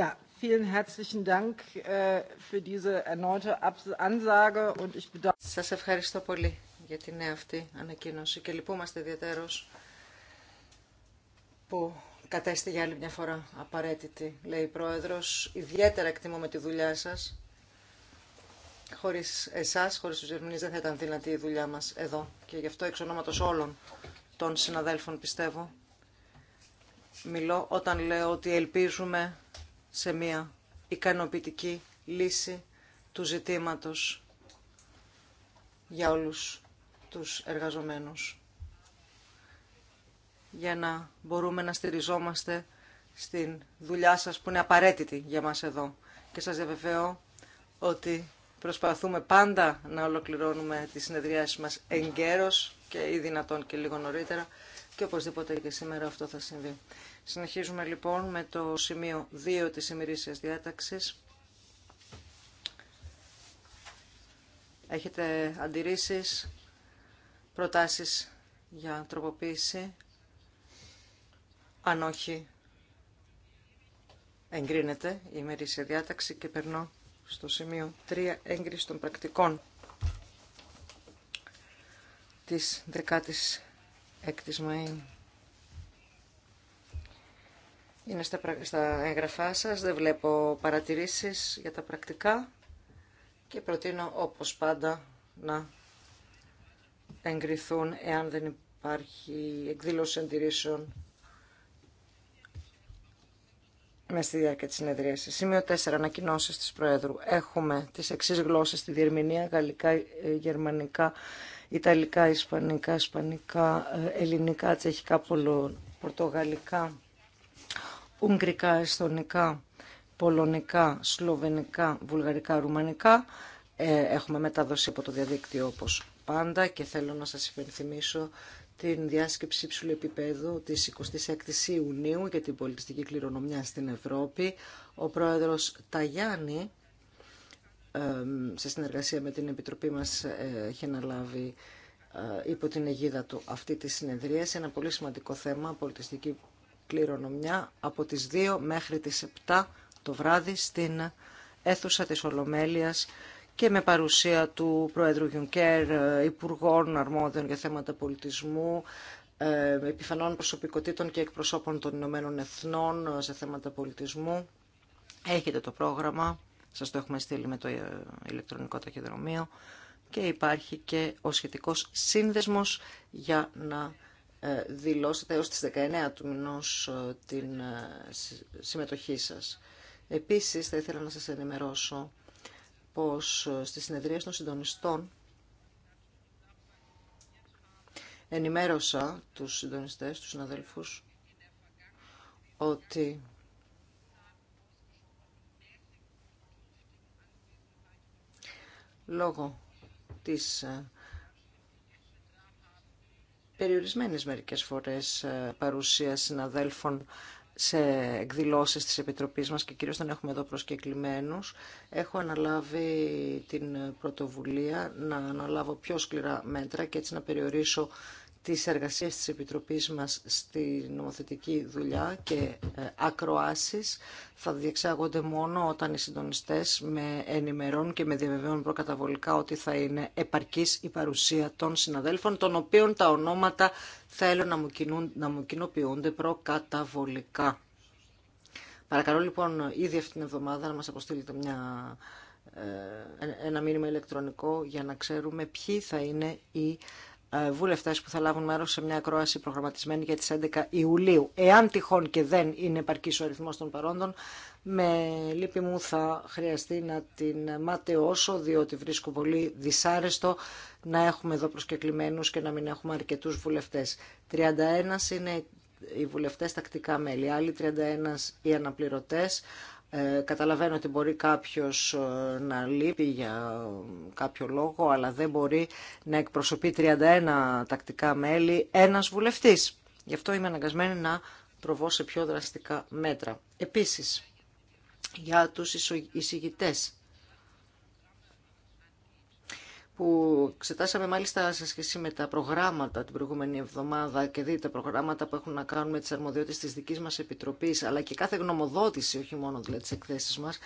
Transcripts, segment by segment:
Ja, vielen herzlichen Dank äh, für diese erneute Ansage und ich bedanke. Σας ευχαριστώ πολύ για την νέα αυτή ανακοίνωση και λυπούμαστε ιδιαίτερως που κατέστη για άλλη μια φορά απαραίτητη, λέει η Πρόεδρος. Ιδιαίτερα με τη δουλειά σας. Χωρίς εσάς, χωρίς τους Γερμανείς δεν θα ήταν δυνατή η δουλειά μας εδώ και γι' αυτό εξ ονόματος όλων των συναδέλφων πιστεύω. Μιλώ όταν λέω ότι ελπίζουμε σε μια ικανοποιητική λύση του ζητήματος για όλους τους εργαζομένους. Για να μπορούμε να στηριζόμαστε στην δουλειά σας που είναι απαραίτητη για μας εδώ. Και σας διαβεβαιώ ότι προσπαθούμε πάντα να ολοκληρώνουμε τις συνεδριάσεις μας εγκαίρως και ή δυνατόν και λίγο νωρίτερα και οπωσδήποτε και σήμερα αυτό θα συμβεί. Συνεχίζουμε λοιπόν με το σημείο 2 της ημερήσιας διάταξης. Έχετε αντιρρήσεις, προτάσεις για τροποποίηση. Αν όχι, εγκρίνεται η ημερήσια διάταξη και περνώ στο σημείο 3 έγκριση των πρακτικών της δεκάτης είναι στα, στα έγγραφά σας, δεν βλέπω παρατηρήσεις για τα πρακτικά και προτείνω όπως πάντα να εγκριθούν εάν δεν υπάρχει εκδήλωση αντιρρήσεων με στη διάρκεια της συνεδρίασης. Σημείο 4. Ανακοινώσεις της Προέδρου. Έχουμε τις εξής γλώσσες στη Διερμηνία, Γαλλικά, Γερμανικά, Ιταλικά, Ισπανικά, Ισπανικά, ε, Ελληνικά, Τσεχικά, Πορτογαλικά, Ουγγρικά, Εστονικά, Πολωνικά, Σλοβενικά, Βουλγαρικά, Ρουμανικά. Ε, έχουμε μεταδοση από το διαδίκτυο όπως πάντα και θέλω να σας υπενθυμίσω την διάσκεψη υψηλού επίπεδου της 26ης Ιουνίου για την πολιτιστική κληρονομιά στην Ευρώπη. Ο πρόεδρος Ταγιάννη σε συνεργασία με την Επιτροπή μας ε, έχει αναλάβει ε, υπό την αιγίδα του αυτή τη συνεδρία σε ένα πολύ σημαντικό θέμα, πολιτιστική κληρονομιά, από τις 2 μέχρι τις 7 το βράδυ στην αίθουσα της Ολομέλειας και με παρουσία του Πρόεδρου Γιουνκέρ, ε, Υπουργών Αρμόδιων για θέματα πολιτισμού, επιφανών προσωπικότητων και εκπροσώπων των Ηνωμένων Εθνών σε θέματα πολιτισμού. Έχετε το πρόγραμμα. Σας το έχουμε στείλει με το ε, ηλεκτρονικό ταχυδρομείο και υπάρχει και ο σχετικός σύνδεσμος για να ε, δηλώσετε έως τις 19 του μηνός ε, την συμμετοχή σας. Επίσης θα ήθελα να σας ενημερώσω πως στις συνεδρίες των συντονιστών ενημέρωσα τους συντονιστές, τους συναδέλφους, ότι λόγω της ε, περιορισμένης μερικές φορές ε, παρουσίας συναδέλφων σε εκδηλώσεις της Επιτροπής μας και κυρίως όταν έχουμε εδώ προσκεκλημένους, έχω αναλάβει την πρωτοβουλία να αναλάβω πιο σκληρά μέτρα και έτσι να περιορίσω τις εργασίες της Επιτροπής μας στη νομοθετική δουλειά και ε, ακροάσεις θα διεξάγονται μόνο όταν οι συντονιστές με ενημερώνουν και με διαβεβαιώνουν προκαταβολικά ότι θα είναι επαρκής η παρουσία των συναδέλφων των οποίων τα ονόματα θέλω να μου, να μου κοινοποιούνται προκαταβολικά. Παρακαλώ λοιπόν ήδη αυτήν την εβδομάδα να μας αποστείλετε μια, ε, ένα μήνυμα ηλεκτρονικό για να ξέρουμε ποιοι θα είναι οι ε, βουλευτές που θα λάβουν μέρος σε μια ακρόαση προγραμματισμένη για τις 11 Ιουλίου. Εάν τυχόν και δεν είναι επαρκή ο αριθμό των παρόντων, με λύπη μου θα χρειαστεί να την ματαιώσω, διότι βρίσκω πολύ δυσάρεστο να έχουμε εδώ προσκεκλημένου και να μην έχουμε αρκετούς βουλευτές. 31 είναι οι βουλευτές τακτικά μέλη, άλλοι 31 οι αναπληρωτέ. Ε, καταλαβαίνω ότι μπορεί κάποιος ε, να λείπει για κάποιο λόγο, αλλά δεν μπορεί να εκπροσωπεί 31 τακτικά μέλη ένας βουλευτής. Γι' αυτό είμαι αναγκασμένη να προβώ σε πιο δραστικά μέτρα. Επίσης, για τους εισηγητές που εξετάσαμε μάλιστα σε σχέση με τα προγράμματα την προηγούμενη εβδομάδα και δείτε προγράμματα που έχουν να κάνουν με τις αρμοδιότητες της δικής μας Επιτροπής αλλά και κάθε γνωμοδότηση, όχι μόνο δηλαδή τις εκθέσεις μας.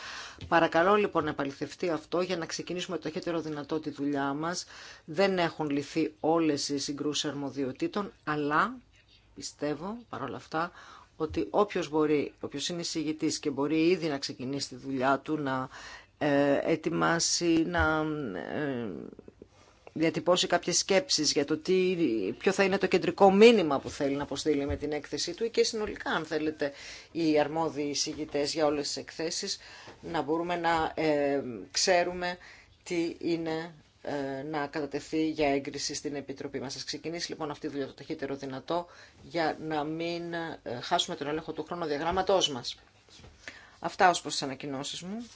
Παρακαλώ λοιπόν να επαληθευτεί αυτό για να ξεκινήσουμε το χέτερο δυνατό τη δουλειά μας. Δεν έχουν λυθεί όλες οι συγκρούσεις αρμοδιοτήτων αλλά πιστεύω παρόλα αυτά ότι όποιος μπορεί, όποιος είναι εισηγητής και μπορεί ήδη να ξεκινήσει τη δουλειά του, να ε, ετοιμάσει να ε, διατυπώσει κάποιες σκέψεις για το τι, ποιο θα είναι το κεντρικό μήνυμα που θέλει να αποστείλει με την έκθεσή του και συνολικά αν θέλετε οι αρμόδιοι εισηγητές για όλες τις εκθέσεις να μπορούμε να ε, ξέρουμε τι είναι να κατατεθεί για έγκριση στην Επιτροπή μας. Ας ξεκινήσει λοιπόν αυτή η δουλειά το ταχύτερο δυνατό για να μην χάσουμε τον έλεγχο του χρονοδιαγράμματός μας. Αυτά ως προς τις ανακοινώσεις μου.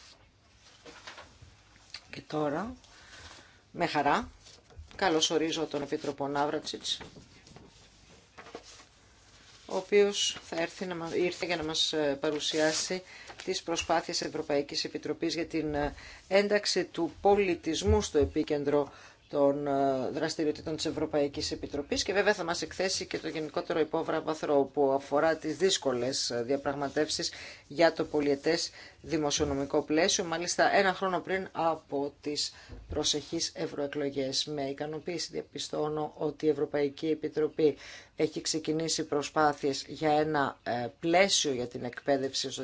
Και τώρα, με χαρά, καλώς ορίζω τον Επίτροπο Ναύρατσιτς, ο οποίος θα έρθει να, ήρθε για να μας ε, παρουσιάσει τις προσπάθειες Ευρωπαϊκής Επιτροπής για την ε, ένταξη του πολιτισμού στο επίκεντρο των ε, δραστηριοτήτων της Ευρωπαϊκής Επιτροπής και βέβαια θα μας εκθέσει και το γενικότερο υπόβραβαθρο, που αφορά τις δύσκολες διαπραγματεύσεις για το πολιετές δημοσιονομικό πλαίσιο, μάλιστα ένα χρόνο πριν από τις προσεχείς ευρωεκλογές. Με ικανοποίηση διαπιστώνω ότι η Ευρωπαϊκή Επιτροπή έχει ξεκινήσει προσπάθειες για ένα ε, πλαίσιο για την εκπαίδευση στο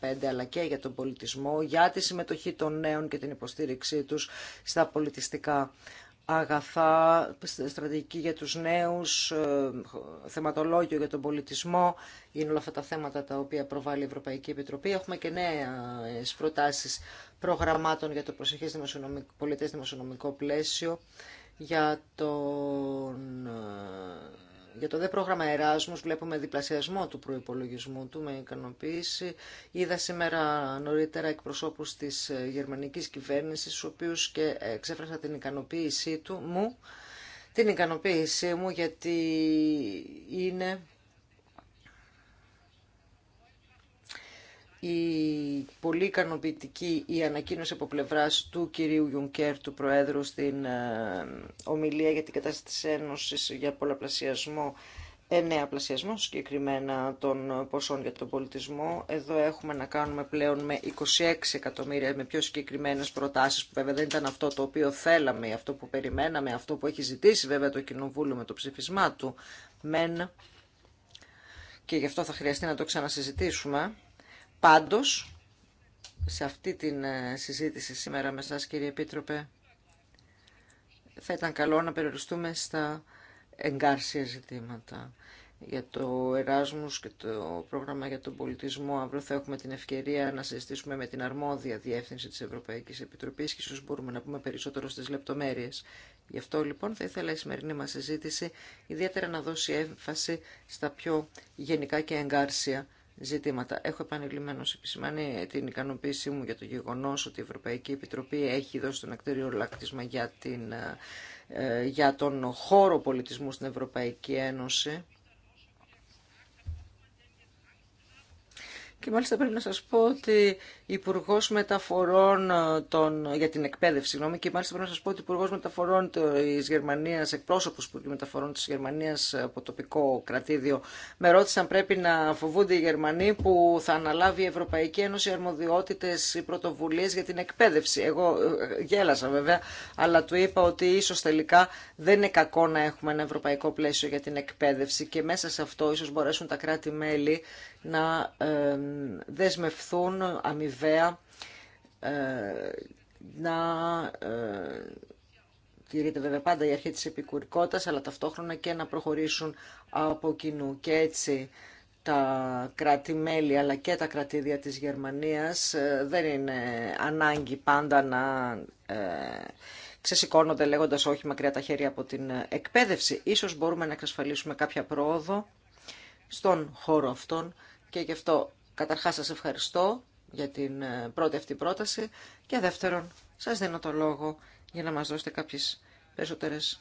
2025, αλλά και για τον πολιτισμό, για τη συμμετοχή των νέων και την υποστήριξή τους στα πολιτιστικά αγαθά, στρατηγική για τους νέους, ε, θεματολόγιο για τον πολιτισμό. Είναι όλα αυτά τα θέματα τα οποία προβάλλει η Ευρωπαϊκή Επιτροπή. Έχουμε και νέες προτάσεις προγραμμάτων για το προσεχές δημοσιονομικό, πολιτές δημοσιονομικό πλαίσιο, για τον ε, για το δε πρόγραμμα Εράσμου, βλέπουμε διπλασιασμό του προπολογισμού του με ικανοποίηση. Είδα σήμερα νωρίτερα εκπροσώπους της γερμανική κυβέρνηση, του οποίους και εξέφρασα την ικανοποίησή του μου, την ικανοποίησή μου γιατί είναι η πολύ ικανοποιητική η ανακοίνωση από πλευρά του κυρίου Γιουνκέρ, του Προέδρου, στην ε, ομιλία για την κατάσταση της Ένωση για πολλαπλασιασμό, εννέα πλασιασμό συγκεκριμένα των ποσών για τον πολιτισμό. Εδώ έχουμε να κάνουμε πλέον με 26 εκατομμύρια, με πιο συγκεκριμένε προτάσει, που βέβαια δεν ήταν αυτό το οποίο θέλαμε, αυτό που περιμέναμε, αυτό που έχει ζητήσει βέβαια το Κοινοβούλιο με το ψηφισμά του, μεν... Και γι' αυτό θα χρειαστεί να το ξανασυζητήσουμε Πάντως, σε αυτή την ε, συζήτηση σήμερα με σας κύριε Επίτροπε, θα ήταν καλό να περιοριστούμε στα εγκάρσια ζητήματα. Για το Εράσμους και το πρόγραμμα για τον πολιτισμό αύριο θα έχουμε την ευκαιρία να συζητήσουμε με την αρμόδια διεύθυνση της Ευρωπαϊκής Επιτροπής και ίσως μπορούμε να πούμε περισσότερο στις λεπτομέρειες. Γι' αυτό λοιπόν θα ήθελα η σημερινή μας συζήτηση ιδιαίτερα να δώσει έμφαση στα πιο γενικά και εγκάρσια ζητήματα. Έχω επανειλημμένω επισημάνει την ικανοποίησή μου για το γεγονός ότι η Ευρωπαϊκή Επιτροπή έχει δώσει τον ακτήριο λακτισμα για, την, ε, για τον χώρο πολιτισμού στην Ευρωπαϊκή Ένωση. Και μάλιστα πρέπει να σας πω ότι Υπουργό Μεταφορών ε, για την εκπαίδευση, συγγνώμη, και μάλιστα πρέπει να σα πω ότι Υπουργό Μεταφορών τη Γερμανία, εκπρόσωπο Υπουργείου Μεταφορών τη Γερμανία ε, από τοπικό κρατήδιο, με ρώτησαν πρέπει να φοβούνται οι Γερμανοί που θα αναλάβει η Ευρωπαϊκή Ένωση αρμοδιότητε ή πρωτοβουλίε για την εκπαίδευση. Εγώ ε, γέλασα βέβαια, αλλά του είπα ότι ίσω τελικά δεν είναι κακό να έχουμε ένα ευρωπαϊκό πλαίσιο για την εκπαίδευση και μέσα σε αυτό ίσω μπορέσουν τα κράτη-μέλη να δεσμευθούν αμοιβή βέβαια ε, να ε, τηρείται βέβαια πάντα η αρχή της επικουρικότητας, αλλά ταυτόχρονα και να προχωρήσουν από κοινού. Και έτσι τα κρατη αλλά και τα κρατήδια της Γερμανίας ε, δεν είναι ανάγκη πάντα να ξεσηκώνονται λέγοντας όχι μακριά τα χέρια από την εκπαίδευση. Ίσως μπορούμε να εξασφαλίσουμε κάποια πρόοδο στον χώρο αυτόν και γι' αυτό καταρχάς σας ευχαριστώ για την ε, πρώτη αυτή πρόταση και δεύτερον σας δίνω το λόγο για να μας δώσετε κάποιες περισσότερες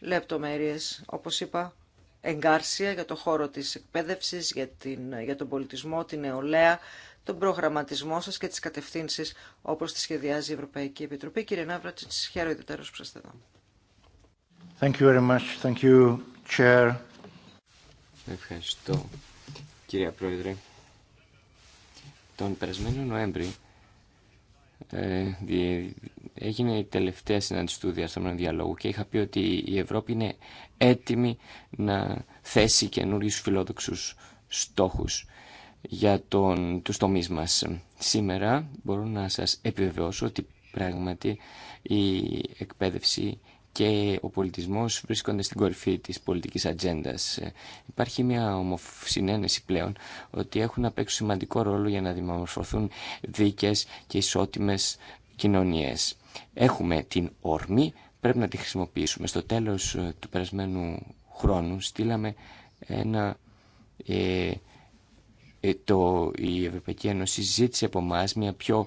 λεπτομέρειες, όπως είπα, εγκάρσια για το χώρο της εκπαίδευσης, για, την, ε, για τον πολιτισμό, την νεολαία, τον προγραμματισμό σας και τις κατευθύνσεις όπως τη σχεδιάζει η Ευρωπαϊκή Επιτροπή. Κύριε Ναύρατσιτ, χαίρομαι ιδιαίτερως που είστε εδώ. Ευχαριστώ, κύριε Πρόεδρε. Τον περασμένο Νοέμβρη ε, έγινε η τελευταία συνάντηση του διαλόγου και είχα πει ότι η Ευρώπη είναι έτοιμη να θέσει καινούριου φιλόδοξους στόχους για τον, τους τομείς Σήμερα μπορώ να σας επιβεβαιώσω ότι πράγματι η εκπαίδευση και ο πολιτισμός βρίσκονται στην κορυφή της πολιτικής ατζέντα. Ε, υπάρχει μια ομοσυνένεση πλέον ότι έχουν να παίξουν σημαντικό ρόλο για να δημορφωθούν δίκες και ισότιμες κοινωνίες. Έχουμε την όρμη, πρέπει να τη χρησιμοποιήσουμε. Στο τέλος ε, του περασμένου χρόνου στείλαμε ένα... Ε, το, η Ευρωπαϊκή Ένωση ζήτησε από εμά μια πιο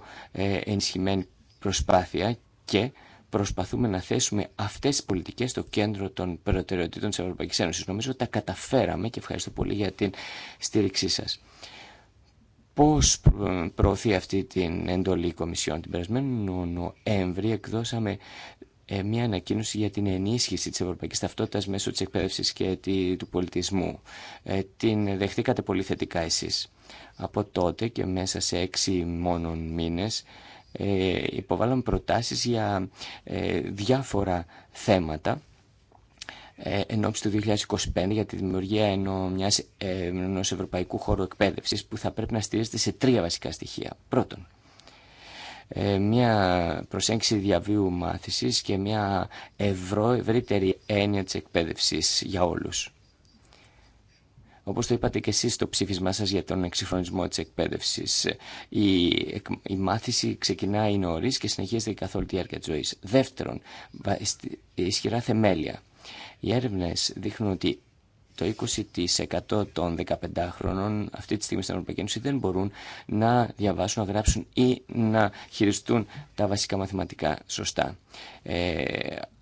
ενισχυμένη προσπάθεια και προσπαθούμε να θέσουμε αυτέ τι πολιτικέ στο κέντρο των προτεραιοτήτων τη Ευρωπαϊκή Ένωση. Νομίζω ότι τα καταφέραμε και ευχαριστώ πολύ για την στήριξή σα. Πώ προωθεί αυτή την εντολή η Κομισιόν. Την περασμένη Νοέμβρη εκδώσαμε ε, μια ανακοίνωση για την ενίσχυση της ευρωπαϊκής ταυτότητας μέσω της εκπαίδευσης και του πολιτισμού. Ε, την δεχτήκατε πολύ θετικά εσείς. Από τότε και μέσα σε έξι μόνον μήνες ε, υποβάλαμε προτάσεις για ε, διάφορα θέματα ε, του 2025 για τη δημιουργία ενό, μιας, ε, ενός ευρωπαϊκού χώρου εκπαίδευσης που θα πρέπει να στηρίζεται σε τρία βασικά στοιχεία. Πρώτον, ε, μια προσέγγιση διαβίου μάθησης και μια ευρώ, ευρύτερη έννοια της εκπαίδευσης για όλους. Όπως το είπατε και εσείς στο ψήφισμά σας για τον εξυγχρονισμό της εκπαίδευσης, η, μάθηση ξεκινάει νωρίς και συνεχίζεται καθ' όλη τη διάρκεια της ζωής. Δεύτερον, ισχυρά θεμέλια. Οι έρευνες δείχνουν ότι το 20% των 15 χρονών αυτή τη στιγμή στην Ευρωπαϊκή Ένωση δεν μπορούν να διαβάσουν, να γράψουν ή να χειριστούν τα βασικά μαθηματικά σωστά. Ε,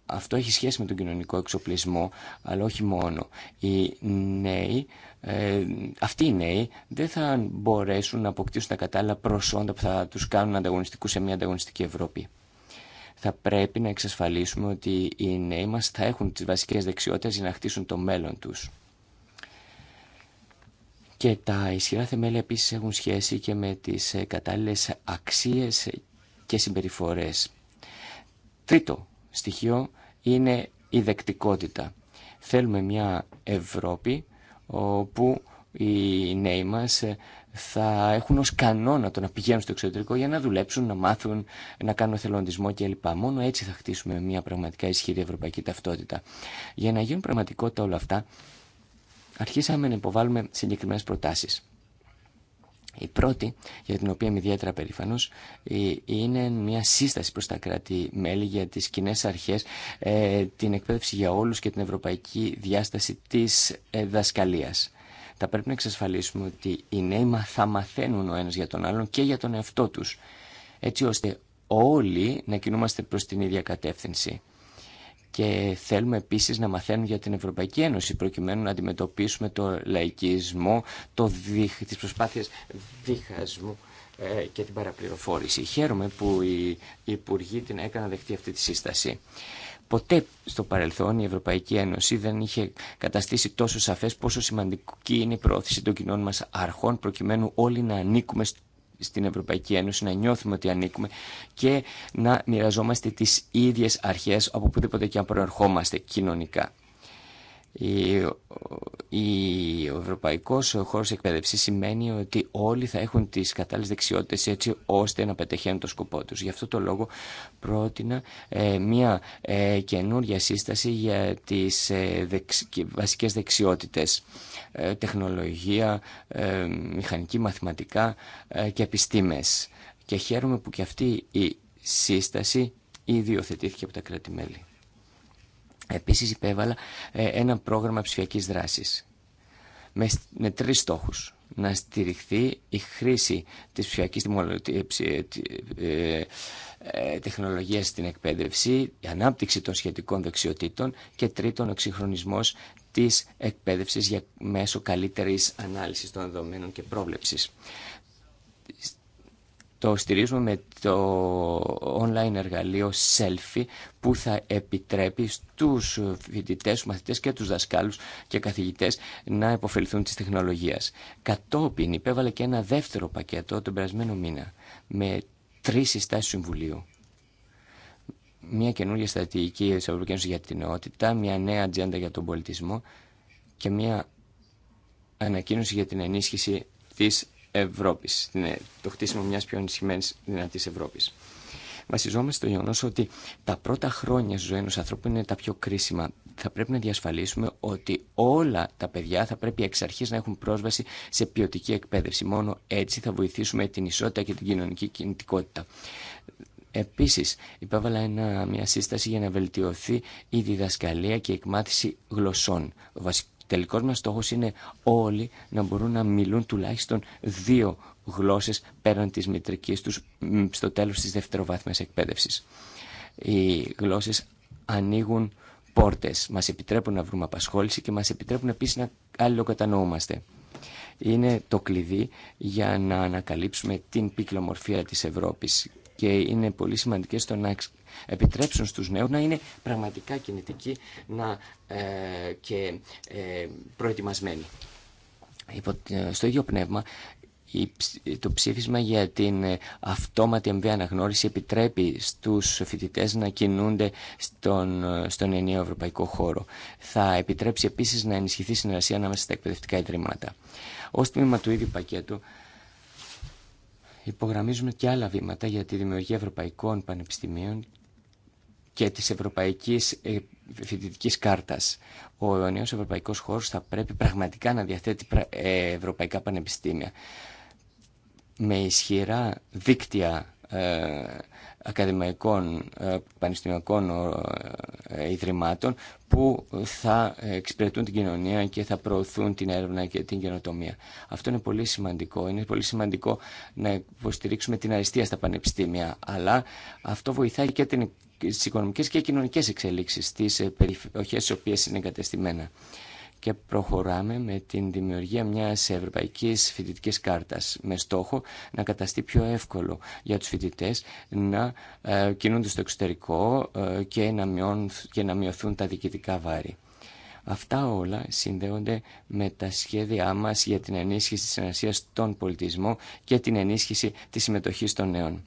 αυτό έχει σχέση με τον κοινωνικό εξοπλισμό, αλλά όχι μόνο. Οι νέοι ε, αυτοί οι νέοι δεν θα μπορέσουν να αποκτήσουν τα κατάλληλα προσόντα που θα τους κάνουν ανταγωνιστικούς σε μια ανταγωνιστική Ευρώπη. Θα πρέπει να εξασφαλίσουμε ότι οι νέοι μας θα έχουν τις βασικές δεξιότητες για να χτίσουν το μέλλον τους. Και τα ισχυρά θεμέλια επίσης έχουν σχέση και με τις ε, κατάλληλες αξίες και συμπεριφορές. Τρίτο στοιχείο είναι η δεκτικότητα. Θέλουμε μια Ευρώπη όπου οι νέοι μας ε, θα έχουν ως κανόνα το να πηγαίνουν στο εξωτερικό για να δουλέψουν, να μάθουν, να κάνουν εθελοντισμό κλπ. Μόνο έτσι θα χτίσουμε μια πραγματικά ισχυρή ευρωπαϊκή ταυτότητα. Για να γίνουν πραγματικότητα όλα αυτά, αρχίσαμε να υποβάλουμε συγκεκριμένες προτάσεις. Η πρώτη, για την οποία είμαι ιδιαίτερα περήφανο ε, είναι μια σύσταση προ τα κράτη-μέλη για τις κοινέ αρχές, ε, την εκπαίδευση για όλους και την ευρωπαϊκή διάσταση της ε, δασκαλία. Θα πρέπει να εξασφαλίσουμε ότι οι νέοι θα μαθαίνουν ο ένα για τον άλλον και για τον εαυτό τους, έτσι ώστε όλοι να κινούμαστε προ την ίδια κατεύθυνση και θέλουμε επίσης να μαθαίνουν για την Ευρωπαϊκή Ένωση προκειμένου να αντιμετωπίσουμε το λαϊκισμό, το διχ, τις προσπάθειες διχασμού ε, και την παραπληροφόρηση. Χαίρομαι που οι Υπουργοί την έκαναν δεχτεί αυτή τη σύσταση. Ποτέ στο παρελθόν η Ευρωπαϊκή Ένωση δεν είχε καταστήσει τόσο σαφές πόσο σημαντική είναι η προώθηση των κοινών μας αρχών προκειμένου όλοι να ανήκουμε στην Ευρωπαϊκή Ένωση, να νιώθουμε ότι ανήκουμε και να μοιραζόμαστε τις ίδιες αρχές από οπουδήποτε και αν προερχόμαστε κοινωνικά. Ο ευρωπαϊκός χώρος εκπαίδευση σημαίνει ότι όλοι θα έχουν τις κατάλληλες δεξιότητες έτσι ώστε να πετυχαίνουν το σκοπό του. Γι' αυτό το λόγο πρότεινα ε, μια ε, καινούργια σύσταση για τις ε, βασικέ δεξιότητε. Ε, τεχνολογία, ε, μηχανική, μαθηματικά ε, και επιστήμες. Και χαίρομαι που και αυτή η σύσταση ήδη οθετήθηκε από τα κράτη-μέλη. Επίσης υπέβαλα ένα πρόγραμμα ψηφιακής δράσης με, με τρεις στόχους. Να στηριχθεί η χρήση της ψηφιακής τεχνολογίας στην εκπαίδευση, η ανάπτυξη των σχετικών δεξιοτήτων και τρίτον, ο εξυγχρονισμός της εκπαίδευσης για μέσω καλύτερης ανάλυσης των δεδομένων και πρόβλεψης. Το στηρίζουμε με το online εργαλείο Selfie που θα επιτρέπει στους φοιτητές, στους μαθητές και τους δασκάλους και καθηγητές να υποφεληθούν της τεχνολογίας. Κατόπιν υπέβαλε και ένα δεύτερο πακέτο τον περασμένο μήνα με τρεις συστάσεις συμβουλίου μια καινούργια στρατηγική τη Ευρωπαϊκή Ένωση για την νεότητα, μια νέα ατζέντα για τον πολιτισμό και μια ανακοίνωση για την ενίσχυση τη Ευρώπη. Ε, το χτίσιμο μια πιο ενισχυμένη δυνατή Ευρώπη. Βασιζόμαστε στο γεγονό ότι τα πρώτα χρόνια στη ζωή ενό ανθρώπου είναι τα πιο κρίσιμα. Θα πρέπει να διασφαλίσουμε ότι όλα τα παιδιά θα πρέπει εξ αρχή να έχουν πρόσβαση σε ποιοτική εκπαίδευση. Μόνο έτσι θα βοηθήσουμε την ισότητα και την κοινωνική κινητικότητα. Επίση, υπέβαλα ένα, μια σύσταση για να βελτιωθεί η διδασκαλία και η εκμάθηση γλωσσών. Ο τελικό μα στόχο είναι όλοι να μπορούν να μιλούν τουλάχιστον δύο γλώσσες πέραν της μητρικής τους στο τέλος της δευτεροβάθμιας εκπαίδευση. Οι γλώσσε ανοίγουν πόρτες, μα επιτρέπουν να βρούμε απασχόληση και μας επιτρέπουν επίση να αλληλοκατανοούμαστε. Είναι το κλειδί για να ανακαλύψουμε την πυκλομορφία της Ευρώπης και είναι πολύ σημαντικές στο να επιτρέψουν στους νέους να είναι πραγματικά κινητικοί να, ε, και ε, προετοιμασμένοι. Ε, στο ίδιο πνεύμα, το ψήφισμα για την ε, αυτόματη εμβέα αναγνώριση επιτρέπει στους φοιτητές να κινούνται στον, ε, στον ενιαίο ευρωπαϊκό χώρο. Θα επιτρέψει επίσης να ενισχυθεί συνεργασία ανάμεσα στα εκπαιδευτικά ιδρύματα. Ως τμήμα του ίδιου πακέτου, υπογραμμίζουμε και άλλα βήματα για τη δημιουργία ευρωπαϊκών πανεπιστημίων και της Ευρωπαϊκής ε, Φοιτητικής Κάρτας. Ο νέος ευρωπαϊκός χώρος θα πρέπει πραγματικά να διαθέτει ε, ευρωπαϊκά πανεπιστήμια με ισχυρά δίκτυα ε, ακαδημαϊκών ε, πανεπιστημιακών ε, ε, ιδρυμάτων που θα εξυπηρετούν την κοινωνία και θα προωθούν την έρευνα και την καινοτομία. Αυτό είναι πολύ σημαντικό. Είναι πολύ σημαντικό να υποστηρίξουμε την αριστεία στα πανεπιστήμια, αλλά αυτό βοηθάει και τι οικονομικέ και κοινωνικέ εξελίξει στις περιοχές στι οποίε είναι εγκατεστημένα και προχωράμε με την δημιουργία μιας ευρωπαϊκής φοιτητικής κάρτας με στόχο να καταστεί πιο εύκολο για τους φοιτητές να ε, κινούνται στο εξωτερικό ε, και, να και να μειωθούν τα διοικητικά βάρη. Αυτά όλα συνδέονται με τα σχέδιά μας για την ενίσχυση της συνεργασίας των πολιτισμών και την ενίσχυση της συμμετοχής των νέων.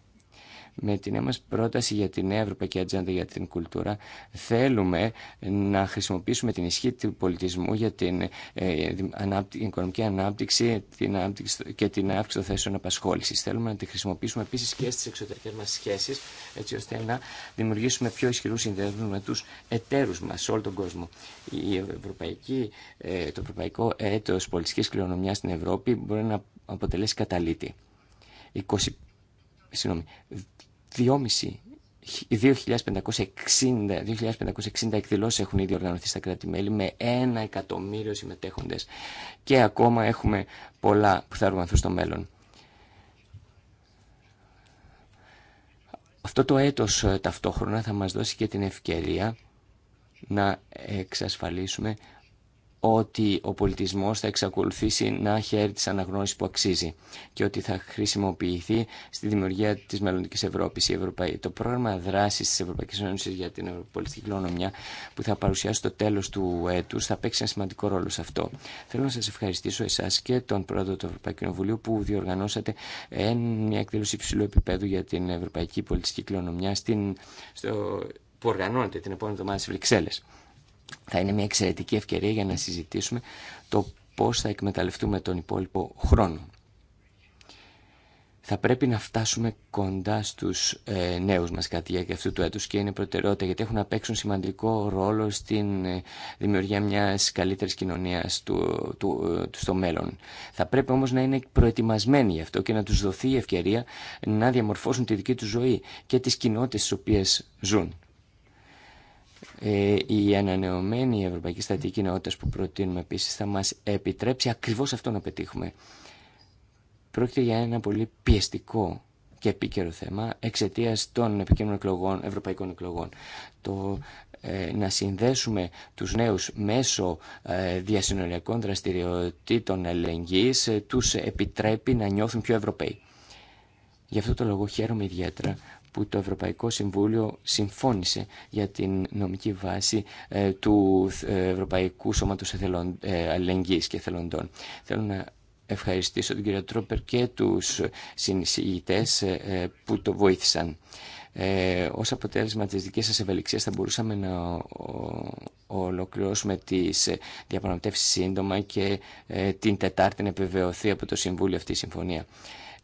Με την νέα μας πρόταση για την νέα Ευρωπαϊκή Ατζέντα για την Κουλτούρα θέλουμε να χρησιμοποιήσουμε την ισχύ του πολιτισμού για την ε, οικονομική ανάπτυξη και την αύξηση των θέσεων απασχόλησης. Θέλουμε να τη χρησιμοποιήσουμε επίσης και στις εξωτερικές μας σχέσεις έτσι ώστε να δημιουργήσουμε πιο ισχυρούς συνδέσμους με τους εταίρους μας σε όλο τον κόσμο. Η ευρωπαϊκή, ε, το ευρωπαϊκό έτος πολιτικής κληρονομιάς στην Ευρώπη μπορεί να αποτελέσει καταλήτη συγγνώμη, 2.560 εκδηλώσει έχουν ήδη οργανωθεί στα κράτη-μέλη με ένα εκατομμύριο συμμετέχοντες και ακόμα έχουμε πολλά που θα οργανωθούν στο μέλλον. Αυτό το έτος ε, ταυτόχρονα θα μας δώσει και την ευκαιρία να εξασφαλίσουμε ότι ο πολιτισμός θα εξακολουθήσει να χαίρει της αναγνώρισης που αξίζει και ότι θα χρησιμοποιηθεί στη δημιουργία της μελλοντική Ευρώπης. Η Το πρόγραμμα δράσης της Ευρωπαϊκής Ένωσης για την πολιτική κληρονομιά που θα παρουσιάσει το τέλος του έτους θα παίξει ένα σημαντικό ρόλο σε αυτό. Θέλω να σας ευχαριστήσω εσάς και τον πρόεδρο του Ευρωπαϊκού Κοινοβουλίου που διοργανώσατε μια εκδήλωση υψηλού επίπεδου για την Ευρωπαϊκή Πολιτική Κληρονομιά στην... στο... που οργανώνεται την επόμενη εβδομάδα στις θα είναι μια εξαιρετική ευκαιρία για να συζητήσουμε το πώς θα εκμεταλλευτούμε τον υπόλοιπο χρόνο. Θα πρέπει να φτάσουμε κοντά στους ε, νέους μας κατά αυτού του έτους και είναι προτεραιότητα γιατί έχουν να παίξουν σημαντικό ρόλο στην ε, δημιουργία μιας καλύτερης κοινωνίας του, ε, του, στο μέλλον. Θα πρέπει όμως να είναι προετοιμασμένοι γι' αυτό και να τους δοθεί η ευκαιρία να διαμορφώσουν τη δική τους ζωή και τις κοινότητες στις οποίες ζουν. Ε, η ανανεωμένη Ευρωπαϊκή Στατική Νεότητα που προτείνουμε επίση θα μα επιτρέψει ακριβώς αυτό να πετύχουμε. Πρόκειται για ένα πολύ πιεστικό και επίκαιρο θέμα εξαιτία των επικίνδυνων ευρωπαϊκών εκλογών. Το ε, να συνδέσουμε τους νέους μέσω ε, διασυνοριακών δραστηριοτήτων ελεγγύης ε, τους επιτρέπει να νιώθουν πιο Ευρωπαίοι. Γι' αυτό το λόγο χαίρομαι ιδιαίτερα που το Ευρωπαϊκό Συμβούλιο συμφώνησε για την νομική βάση ε, του ε, Ευρωπαϊκού Σώματος Εθελον, ε, Αλληλεγγύης και Εθελοντών. Θέλω να ευχαριστήσω τον κύριο Τρόπερ και τους συνεισηγητές ε, που το βοήθησαν. Ε, ως αποτέλεσμα της δικής σας ευελιξίας θα μπορούσαμε να ολοκληρώσουμε τις διαπραγματεύσεις σύντομα και την Τετάρτη να επιβεβαιωθεί από το Συμβούλιο αυτή η συμφωνία.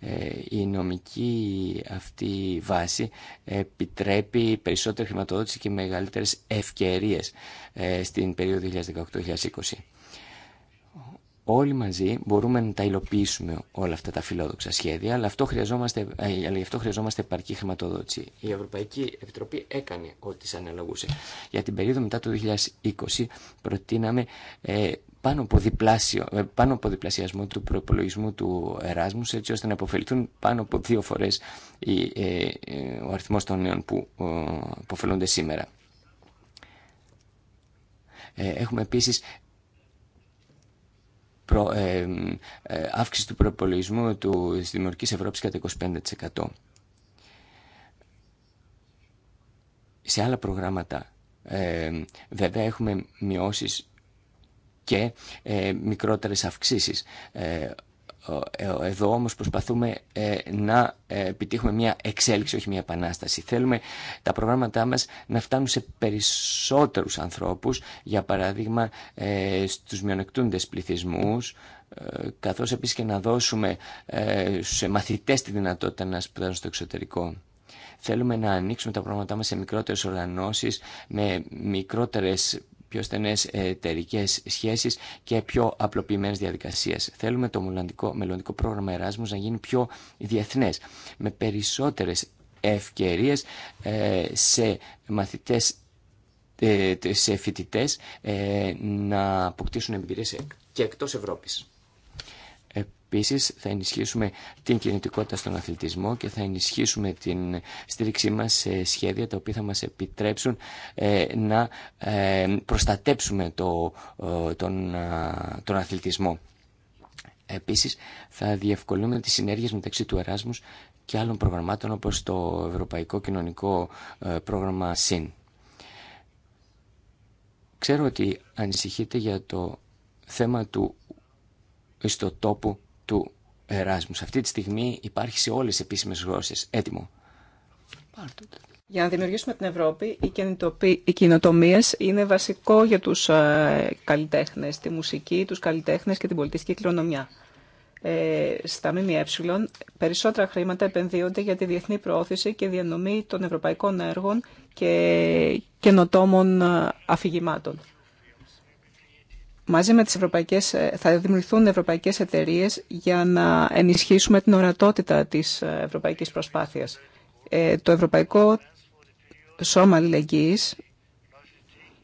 Ε, η νομική αυτή βάση επιτρέπει περισσότερη χρηματοδότηση και μεγαλύτερες ευκαιρίες ε, στην περίοδο 2018-2020. Όλοι μαζί μπορούμε να τα υλοποιήσουμε όλα αυτά τα φιλόδοξα σχέδια, αλλά, αυτό χρειαζόμαστε, ε, αλλά γι' αυτό χρειαζόμαστε επαρκή χρηματοδότηση. Η Ευρωπαϊκή Επιτροπή έκανε ό,τι σαν αναλογούσε. Για την περίοδο μετά το 2020 προτείναμε πάνω από, ε, πάνω από διπλασιασμό του προπολογισμού του Εράσμου έτσι ώστε να αποφελθούν πάνω από δύο φορές ε, ε, ο αριθμός των νέων που ε, σήμερα. Ε, έχουμε επίσης προ, αύξηση του προπολογισμού του, της Ευρώπη Ευρώπης κατά 25%. Σε άλλα προγράμματα βέβαια έχουμε μειώσεις και ε, μικρότερες αυξήσεις. Ε, ε, εδώ όμως προσπαθούμε ε, να επιτύχουμε μια εξέλιξη, όχι μια επανάσταση. Θέλουμε τα προγράμματά μας να φτάνουν σε περισσότερους ανθρώπους, για παράδειγμα στους μειονεκτούντες πληθυσμούς, καθώς επίσης και να δώσουμε σε μαθητές τη δυνατότητα να σπουδάσουν στο εξωτερικό. Θέλουμε να ανοίξουμε τα προγράμματά μας σε μικρότερες οργανώσεις, με μικρότερες πιο στενές εταιρικέ σχέσεις και πιο απλοποιημένες διαδικασίες. Θέλουμε το μελλοντικό πρόγραμμα Εράσμους να γίνει πιο διεθνές, με περισσότερες ευκαιρίες ε, σε μαθητές ε, σε φοιτητές ε, να αποκτήσουν εμπειρίες και εκτός Ευρώπης. Επίσης θα ενισχύσουμε την κινητικότητα στον αθλητισμό και θα ενισχύσουμε την στήριξή μας σε σχέδια τα οποία θα μας επιτρέψουν ε, να ε, προστατέψουμε το, ε, τον, τον αθλητισμό. Επίσης θα διευκολύνουμε τις συνέργειες μεταξύ του Εράσμους και άλλων προγραμμάτων όπως το Ευρωπαϊκό Κοινωνικό Πρόγραμμα ΣΥΝ. Ξέρω ότι ανησυχείτε για το θέμα του στο τόπο του Εράσμου. Αυτή τη στιγμή υπάρχει σε όλες τις επίσημες γλώσσες. Έτοιμο. Για να δημιουργήσουμε την Ευρώπη, οι κοινοτομίε είναι βασικό για τους ε, καλλιτέχνες, τη μουσική, τους καλλιτέχνες και την πολιτιστική κληρονομιά. Ε, στα ΜΜΕ, περισσότερα χρήματα επενδύονται για τη διεθνή προώθηση και διανομή των ευρωπαϊκών έργων και καινοτόμων ε, αφηγημάτων μαζί με τις ευρωπαϊκές, ε, θα δημιουργηθούν ευρωπαϊκές εταιρείες για να ενισχύσουμε την ορατότητα της ε, ευρωπαϊκής προσπάθειας. Ε, το Ευρωπαϊκό Σώμα Αλληλεγγύης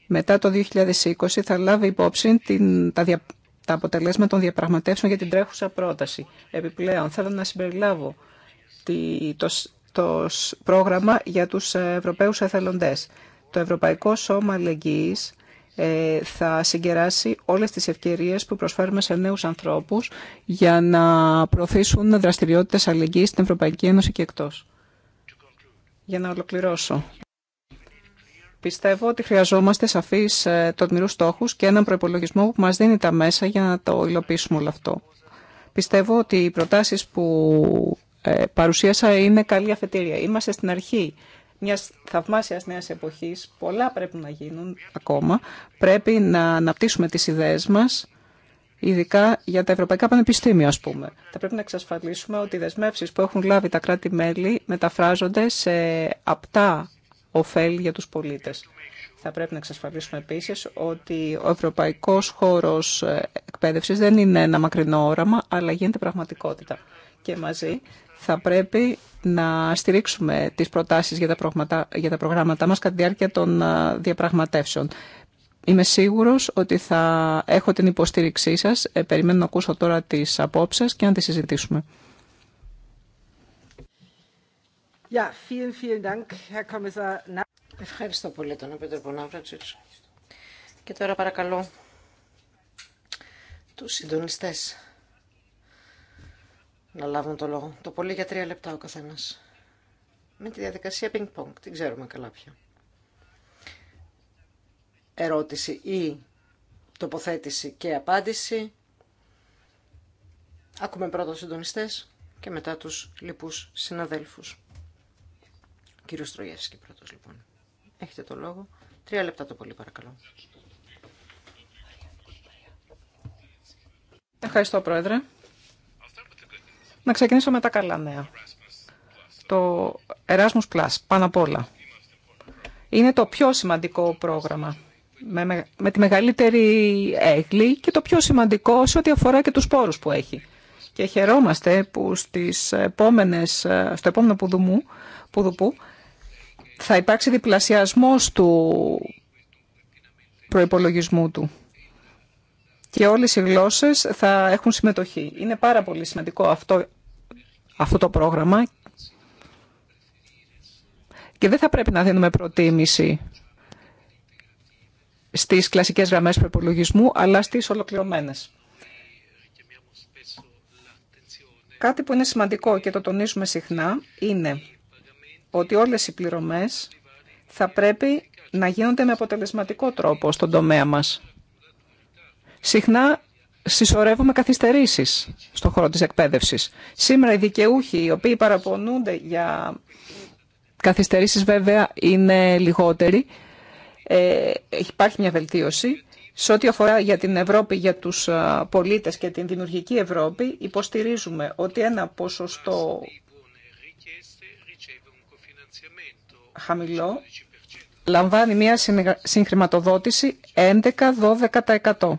μετά το 2020 θα λάβει υπόψη την, τα, αποτελέσματα των διαπραγματεύσεων για την τρέχουσα πρόταση. Επιπλέον, θέλω να συμπεριλάβω το, το πρόγραμμα για τους Ευρωπαίους εθελοντές. Το Ευρωπαϊκό Σώμα Αλληλεγγύης ε, θα συγκεράσει όλες τις ευκαιρίες που προσφέρουμε σε νέους ανθρώπους για να προωθήσουν δραστηριότητες αλληλεγγύης στην Ευρωπαϊκή Ένωση και εκτός. Για να ολοκληρώσω. Πιστεύω ότι χρειαζόμαστε σαφείς ε, τολμηρούς στόχους και έναν προπολογισμό που μας δίνει τα μέσα για να το υλοποιήσουμε όλο αυτό. Πιστεύω ότι οι προτάσεις που ε, παρουσίασα είναι καλή αφετήρια. Είμαστε στην αρχή μιας θαυμάσιας νέας εποχής. Πολλά πρέπει να γίνουν ακόμα. Πρέπει να αναπτύσσουμε τις ιδέες μας, ειδικά για τα ευρωπαϊκά πανεπιστήμια, ας πούμε. Θα πρέπει να εξασφαλίσουμε ότι οι δεσμεύσεις που έχουν λάβει τα κράτη-μέλη μεταφράζονται σε απτά ωφέλη για τους πολίτες. Θα πρέπει να εξασφαλίσουμε επίσης ότι ο ευρωπαϊκός χώρος εκπαίδευσης δεν είναι ένα μακρινό όραμα, αλλά γίνεται πραγματικότητα. Και μαζί θα πρέπει να στηρίξουμε τις προτάσεις για τα, προγραμματά, για τα προγράμματά μας κατά τη διάρκεια των διαπραγματεύσεων. Είμαι σίγουρος ότι θα έχω την υποστήριξή σας. Ε, περιμένω να ακούσω τώρα τις απόψεις και να τις συζητήσουμε. Ευχαριστώ πολύ τον Επίτροπο Ναύρατσιτς. Και τώρα παρακαλώ τους συντονιστές να λάβουν το λόγο. Το πολύ για τρία λεπτά ο καθένας. Με τη διαδικασία ping-pong, την ξέρουμε καλά πια. Ερώτηση ή τοποθέτηση και απάντηση. Ακούμε πρώτα τους συντονιστές και μετά τους λοιπούς συναδέλφους. Κύριο Στρογεύσκη πρώτος λοιπόν. Έχετε το λόγο. Τρία λεπτά το πολύ παρακαλώ. Ευχαριστώ Πρόεδρε. Να ξεκινήσω με τα καλά νέα. Το Erasmus Plus, πάνω απ' όλα. Είναι το πιο σημαντικό πρόγραμμα με, τη μεγαλύτερη έγκλη και το πιο σημαντικό σε ό,τι αφορά και τους πόρους που έχει. Και χαιρόμαστε που στις επόμενες, στο επόμενο πουδουμού, πουδουπού θα υπάρξει διπλασιασμός του προϋπολογισμού του και όλες οι γλώσσες θα έχουν συμμετοχή. Είναι πάρα πολύ σημαντικό αυτό, αυτό το πρόγραμμα και δεν θα πρέπει να δίνουμε προτίμηση στις κλασικές γραμμές προπολογισμού, αλλά στις ολοκληρωμένες. Κάτι που είναι σημαντικό και το τονίζουμε συχνά είναι ότι όλες οι πληρωμές θα πρέπει να γίνονται με αποτελεσματικό τρόπο στον τομέα μας συχνά συσσωρεύουμε καθυστερήσεις στον χώρο τη εκπαίδευση. Σήμερα οι δικαιούχοι οι οποίοι παραπονούνται για καθυστερήσεις βέβαια είναι λιγότεροι. Ε, υπάρχει μια βελτίωση. Σε ό,τι αφορά για την Ευρώπη, για τους πολίτες και την δημιουργική Ευρώπη, υποστηρίζουμε ότι ένα ποσοστό χαμηλό λαμβάνει μια συγχρηματοδότηση 11-12%.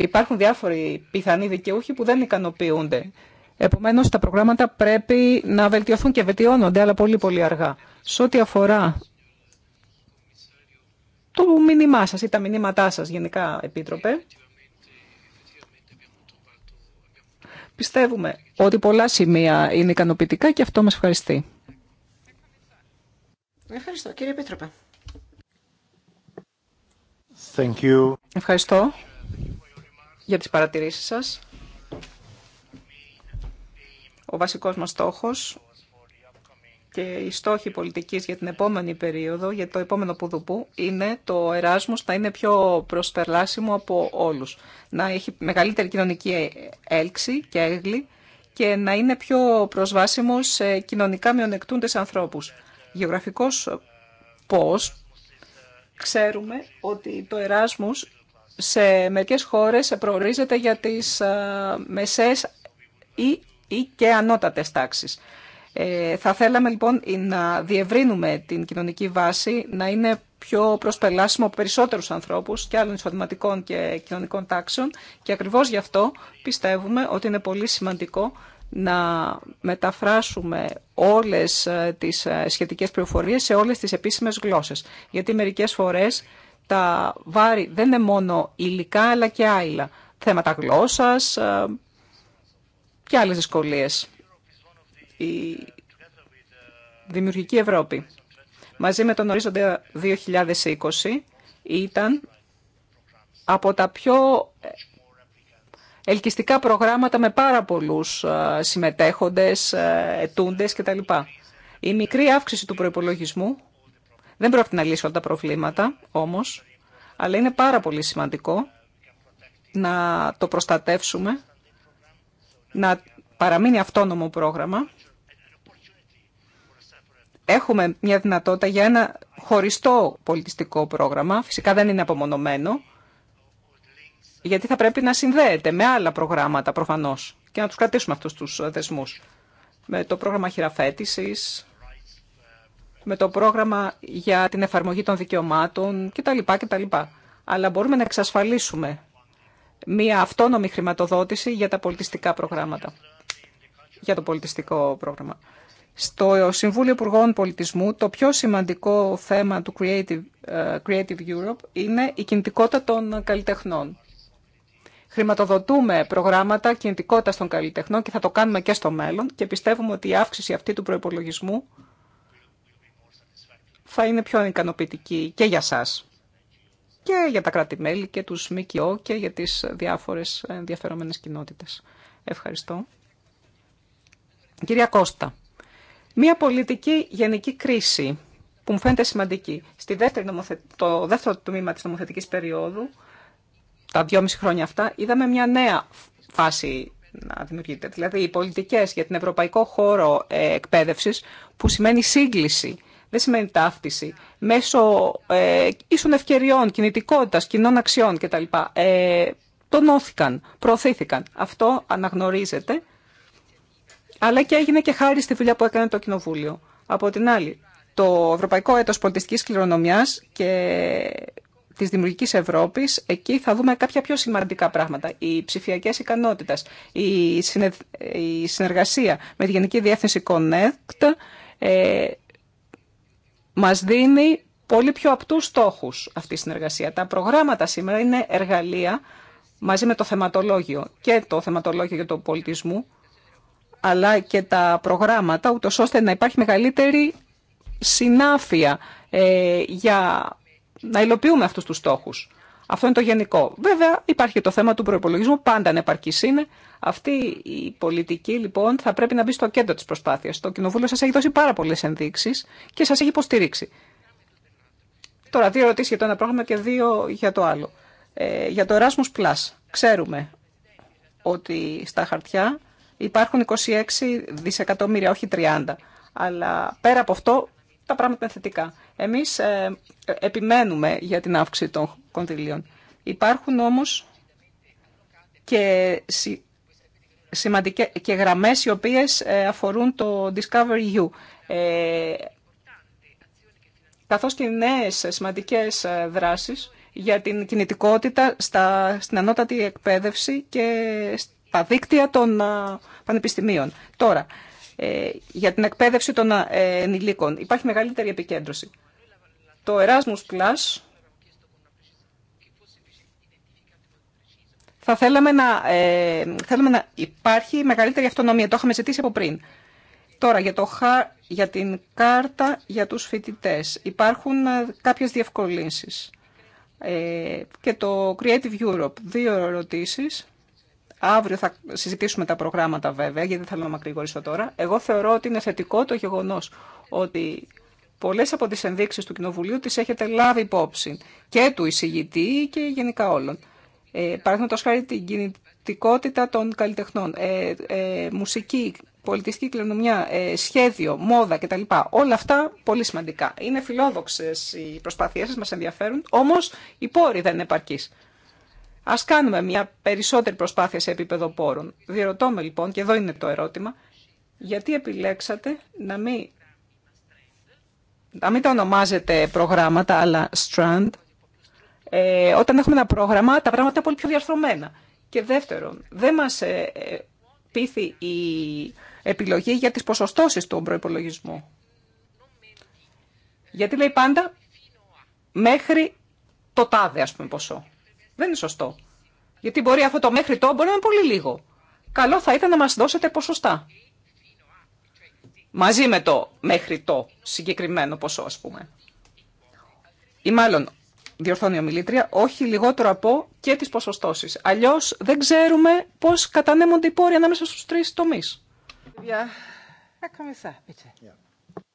Υπάρχουν διάφοροι πιθανοί δικαιούχοι που δεν ικανοποιούνται. Επομένως, τα προγράμματα πρέπει να βελτιωθούν και βελτιώνονται, αλλά πολύ πολύ αργά. Σε ό,τι αφορά το μήνυμά σας ή τα μηνύματά σας γενικά, Επίτροπε, πιστεύουμε ότι πολλά σημεία είναι ικανοποιητικά και αυτό μας ευχαριστεί. Ευχαριστώ, κύριε Επίτροπε. Thank you. Ευχαριστώ για τις παρατηρήσεις σας. Ο βασικός μας στόχος και η στόχη πολιτικής για την επόμενη περίοδο, για το επόμενο πουδουπού, είναι το Εράσμος να είναι πιο προσπερλάσιμο από όλους. Να έχει μεγαλύτερη κοινωνική έλξη και έγκλη και να είναι πιο προσβάσιμο σε κοινωνικά μειονεκτούντες ανθρώπους. Γεωγραφικός πώς ξέρουμε ότι το Εράσμος σε μερικές χώρες προορίζεται για τις ε, μεσές ή, και ανώτατες τάξεις. Ε, θα θέλαμε λοιπόν να διευρύνουμε την κοινωνική βάση, να είναι πιο προσπελάσιμο από περισσότερους ανθρώπους και άλλων εισοδηματικών και κοινωνικών τάξεων και ακριβώς γι' αυτό πιστεύουμε ότι είναι πολύ σημαντικό να μεταφράσουμε όλες ε, τις σχετικές πληροφορίες σε όλες τις επίσημες γλώσσες. Γιατί μερικές φορές τα βάρη δεν είναι μόνο υλικά αλλά και άλλα. Θέματα γλώσσας ε, και άλλες δυσκολίες. Η Δημιουργική Ευρώπη μαζί με τον ορίζοντα 2020 ήταν από τα πιο ελκυστικά προγράμματα με πάρα πολλούς ε, συμμετέχοντες, ε, ετούντες κτλ. Η μικρή αύξηση του προϋπολογισμού δεν πρόκειται να λύσει όλα τα προβλήματα όμως, αλλά είναι πάρα πολύ σημαντικό να το προστατεύσουμε, να παραμείνει αυτόνομο πρόγραμμα. Έχουμε μια δυνατότητα για ένα χωριστό πολιτιστικό πρόγραμμα. Φυσικά δεν είναι απομονωμένο, γιατί θα πρέπει να συνδέεται με άλλα προγράμματα προφανώς και να τους κρατήσουμε αυτούς τους δεσμούς. Με το πρόγραμμα χειραφέτησης, με το πρόγραμμα για την εφαρμογή των δικαιωμάτων κτλ. κτλ. Αλλά μπορούμε να εξασφαλίσουμε μία αυτόνομη χρηματοδότηση για τα πολιτιστικά προγράμματα. Για το πολιτιστικό πρόγραμμα. Στο Συμβούλιο Υπουργών Πολιτισμού το πιο σημαντικό θέμα του Creative, ε, Creative Europe είναι η κινητικότητα των καλλιτεχνών. Χρηματοδοτούμε προγράμματα κινητικότητας των καλλιτεχνών και θα το κάνουμε και στο μέλλον και πιστεύουμε ότι η αύξηση αυτή του προϋπολογισμού θα είναι πιο ικανοποιητική και για σας και για τα κράτη-μέλη και τους ΜΚΟ και για τις διάφορες ενδιαφερόμενες κοινότητες. Ευχαριστώ. Κυρία Κώστα, μία πολιτική γενική κρίση που μου φαίνεται σημαντική. Στη δεύτερη Το δεύτερο τμήμα της νομοθετικής περίοδου, τα δυόμιση χρόνια αυτά, είδαμε μια νέα φάση να δημιουργείται. Δηλαδή, οι πολιτικές για την ευρωπαϊκό χώρο ε, εκπαίδευσης, που σημαίνει σύγκληση δεν σημαίνει ταύτιση, μέσω ε, ίσων ευκαιριών, κινητικότητας, κοινών αξιών κτλ. Ε, τονώθηκαν, προωθήθηκαν. Αυτό αναγνωρίζεται, αλλά και έγινε και χάρη στη δουλειά που έκανε το Κοινοβούλιο. Από την άλλη, το Ευρωπαϊκό Έτος Πολιτιστικής Κληρονομιάς και της Δημιουργική Ευρώπη, εκεί θα δούμε κάποια πιο σημαντικά πράγματα. Οι ψηφιακέ ικανότητε, η, συνεργασία με τη Γενική Διεύθυνση Connect, ε, μας δίνει πολύ πιο απτούς στόχους αυτή η συνεργασία. Τα προγράμματα σήμερα είναι εργαλεία μαζί με το θεματολόγιο και το θεματολόγιο για τον πολιτισμό, αλλά και τα προγράμματα, ούτως ώστε να υπάρχει μεγαλύτερη συνάφεια ε, για να υλοποιούμε αυτούς τους στόχους. Αυτό είναι το γενικό. Βέβαια υπάρχει και το θέμα του προπολογισμού, πάντα ανεπαρκή είναι. Αυτή η πολιτική λοιπόν θα πρέπει να μπει στο κέντρο τη προσπάθεια. Το Κοινοβούλιο σα έχει δώσει πάρα πολλέ ενδείξει και σα έχει υποστηρίξει. Τώρα, δύο ερωτήσει για το ένα πρόγραμμα και δύο για το άλλο. Ε, για το Erasmus Plus, ξέρουμε ότι στα χαρτιά υπάρχουν 26 δισεκατομμύρια, όχι 30. Αλλά πέρα από αυτό τα πράγματα είναι θετικά. Εμείς ε, επιμένουμε για την αύξηση των κονδυλίων. Υπάρχουν όμως και, συ, και γραμμές οι οποίες ε, αφορούν το Discovery You. Ε, καθώς και νέες σημαντικές ε, δράσεις για την κινητικότητα στα, στην ανώτατη εκπαίδευση και στα δίκτυα των πανεπιστημίων. Τώρα, ε, για την εκπαίδευση των ε, ενηλίκων. Υπάρχει μεγαλύτερη επικέντρωση. Το Erasmus Plus θα θέλαμε να, ε, θέλαμε να υπάρχει μεγαλύτερη αυτονομία. Το είχαμε ζητήσει από πριν. Τώρα, για, το, για την κάρτα για τους φοιτητές. υπάρχουν ε, κάποιες διευκολύνσεις. και το Creative Europe, δύο ερωτήσεις. Αύριο θα συζητήσουμε τα προγράμματα βέβαια, γιατί δεν θέλω να μακρηγορήσω τώρα. Εγώ θεωρώ ότι είναι θετικό το γεγονό ότι πολλέ από τι ενδείξει του Κοινοβουλίου τις έχετε λάβει υπόψη και του εισηγητή και γενικά όλων. Ε, Παραδείγματο χάρη την κινητικότητα των καλλιτεχνών, ε, ε, μουσική, πολιτιστική κληρονομιά, ε, σχέδιο, μόδα κτλ. Όλα αυτά πολύ σημαντικά. Είναι φιλόδοξε οι προσπάθειές σα, μα ενδιαφέρουν, Όμω οι πόροι δεν είναι Α κάνουμε μια περισσότερη προσπάθεια σε επίπεδο πόρων. Διερωτώ λοιπόν, και εδώ είναι το ερώτημα, γιατί επιλέξατε να μην, να μην τα ονομάζετε προγράμματα, αλλά strand. Ε, όταν έχουμε ένα πρόγραμμα, τα πράγματα είναι πολύ πιο διαρθρωμένα. Και δεύτερον, δεν μας ε, η επιλογή για τις ποσοστώσεις του προπολογισμού. Γιατί λέει πάντα μέχρι το τάδε, ας πούμε, ποσό. Δεν είναι σωστό. Γιατί μπορεί αυτό το μέχρι το μπορεί να είναι πολύ λίγο. Καλό θα ήταν να μας δώσετε ποσοστά. Μαζί με το μέχρι το συγκεκριμένο ποσό, ας πούμε. Ή μάλλον, διορθώνει ομιλήτρια, όχι λιγότερο από και τις ποσοστώσεις. Αλλιώς δεν ξέρουμε πώς κατανέμονται οι πόροι ανάμεσα στους τρεις τομείς.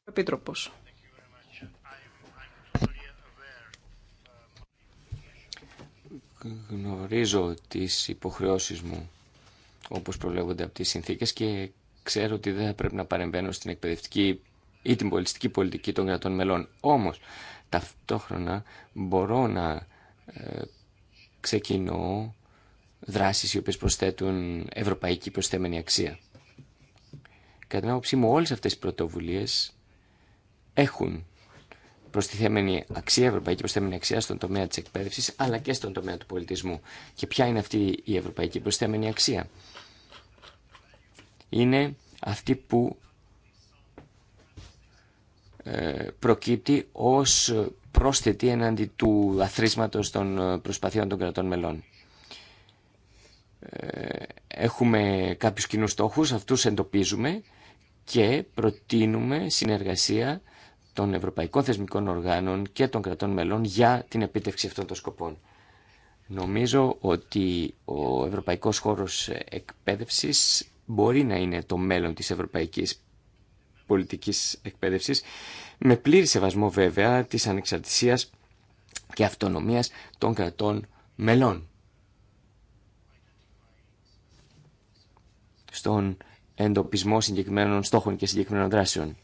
Επίτροπος. γνωρίζω τις υποχρεώσεις μου όπως προλέγονται από τις συνθήκες και ξέρω ότι δεν πρέπει να παρεμβαίνω στην εκπαιδευτική ή την πολιτιστική πολιτική των κρατών μελών. Όμως, ταυτόχρονα μπορώ να ε, ξεκινώ δράσεις οι οποίες προσθέτουν ευρωπαϊκή προσθέμενη αξία. Κατά την άποψή μου όλες αυτές οι πρωτοβουλίες έχουν προστιθέμενη αξία, ευρωπαϊκή προστιθέμενη αξία στον τομέα τη εκπαίδευση, αλλά και στον τομέα του πολιτισμού. Και ποια είναι αυτή η ευρωπαϊκή προστιθέμενη αξία. Είναι αυτή που ε, προκύπτει ως πρόσθετη εναντί του αθρίσματος των προσπαθειών των κρατών μελών. Ε, έχουμε κάποιους κοινούς στόχους, αυτούς εντοπίζουμε και προτείνουμε συνεργασία των ευρωπαϊκών θεσμικών οργάνων και των κρατών μελών για την επίτευξη αυτών των σκοπών. Νομίζω ότι ο ευρωπαϊκός χώρος εκπαίδευσης μπορεί να είναι το μέλλον της ευρωπαϊκής πολιτικής εκπαίδευσης με πλήρη σεβασμό βέβαια της ανεξαρτησίας και αυτονομίας των κρατών μελών. Στον εντοπισμό συγκεκριμένων στόχων και συγκεκριμένων δράσεων.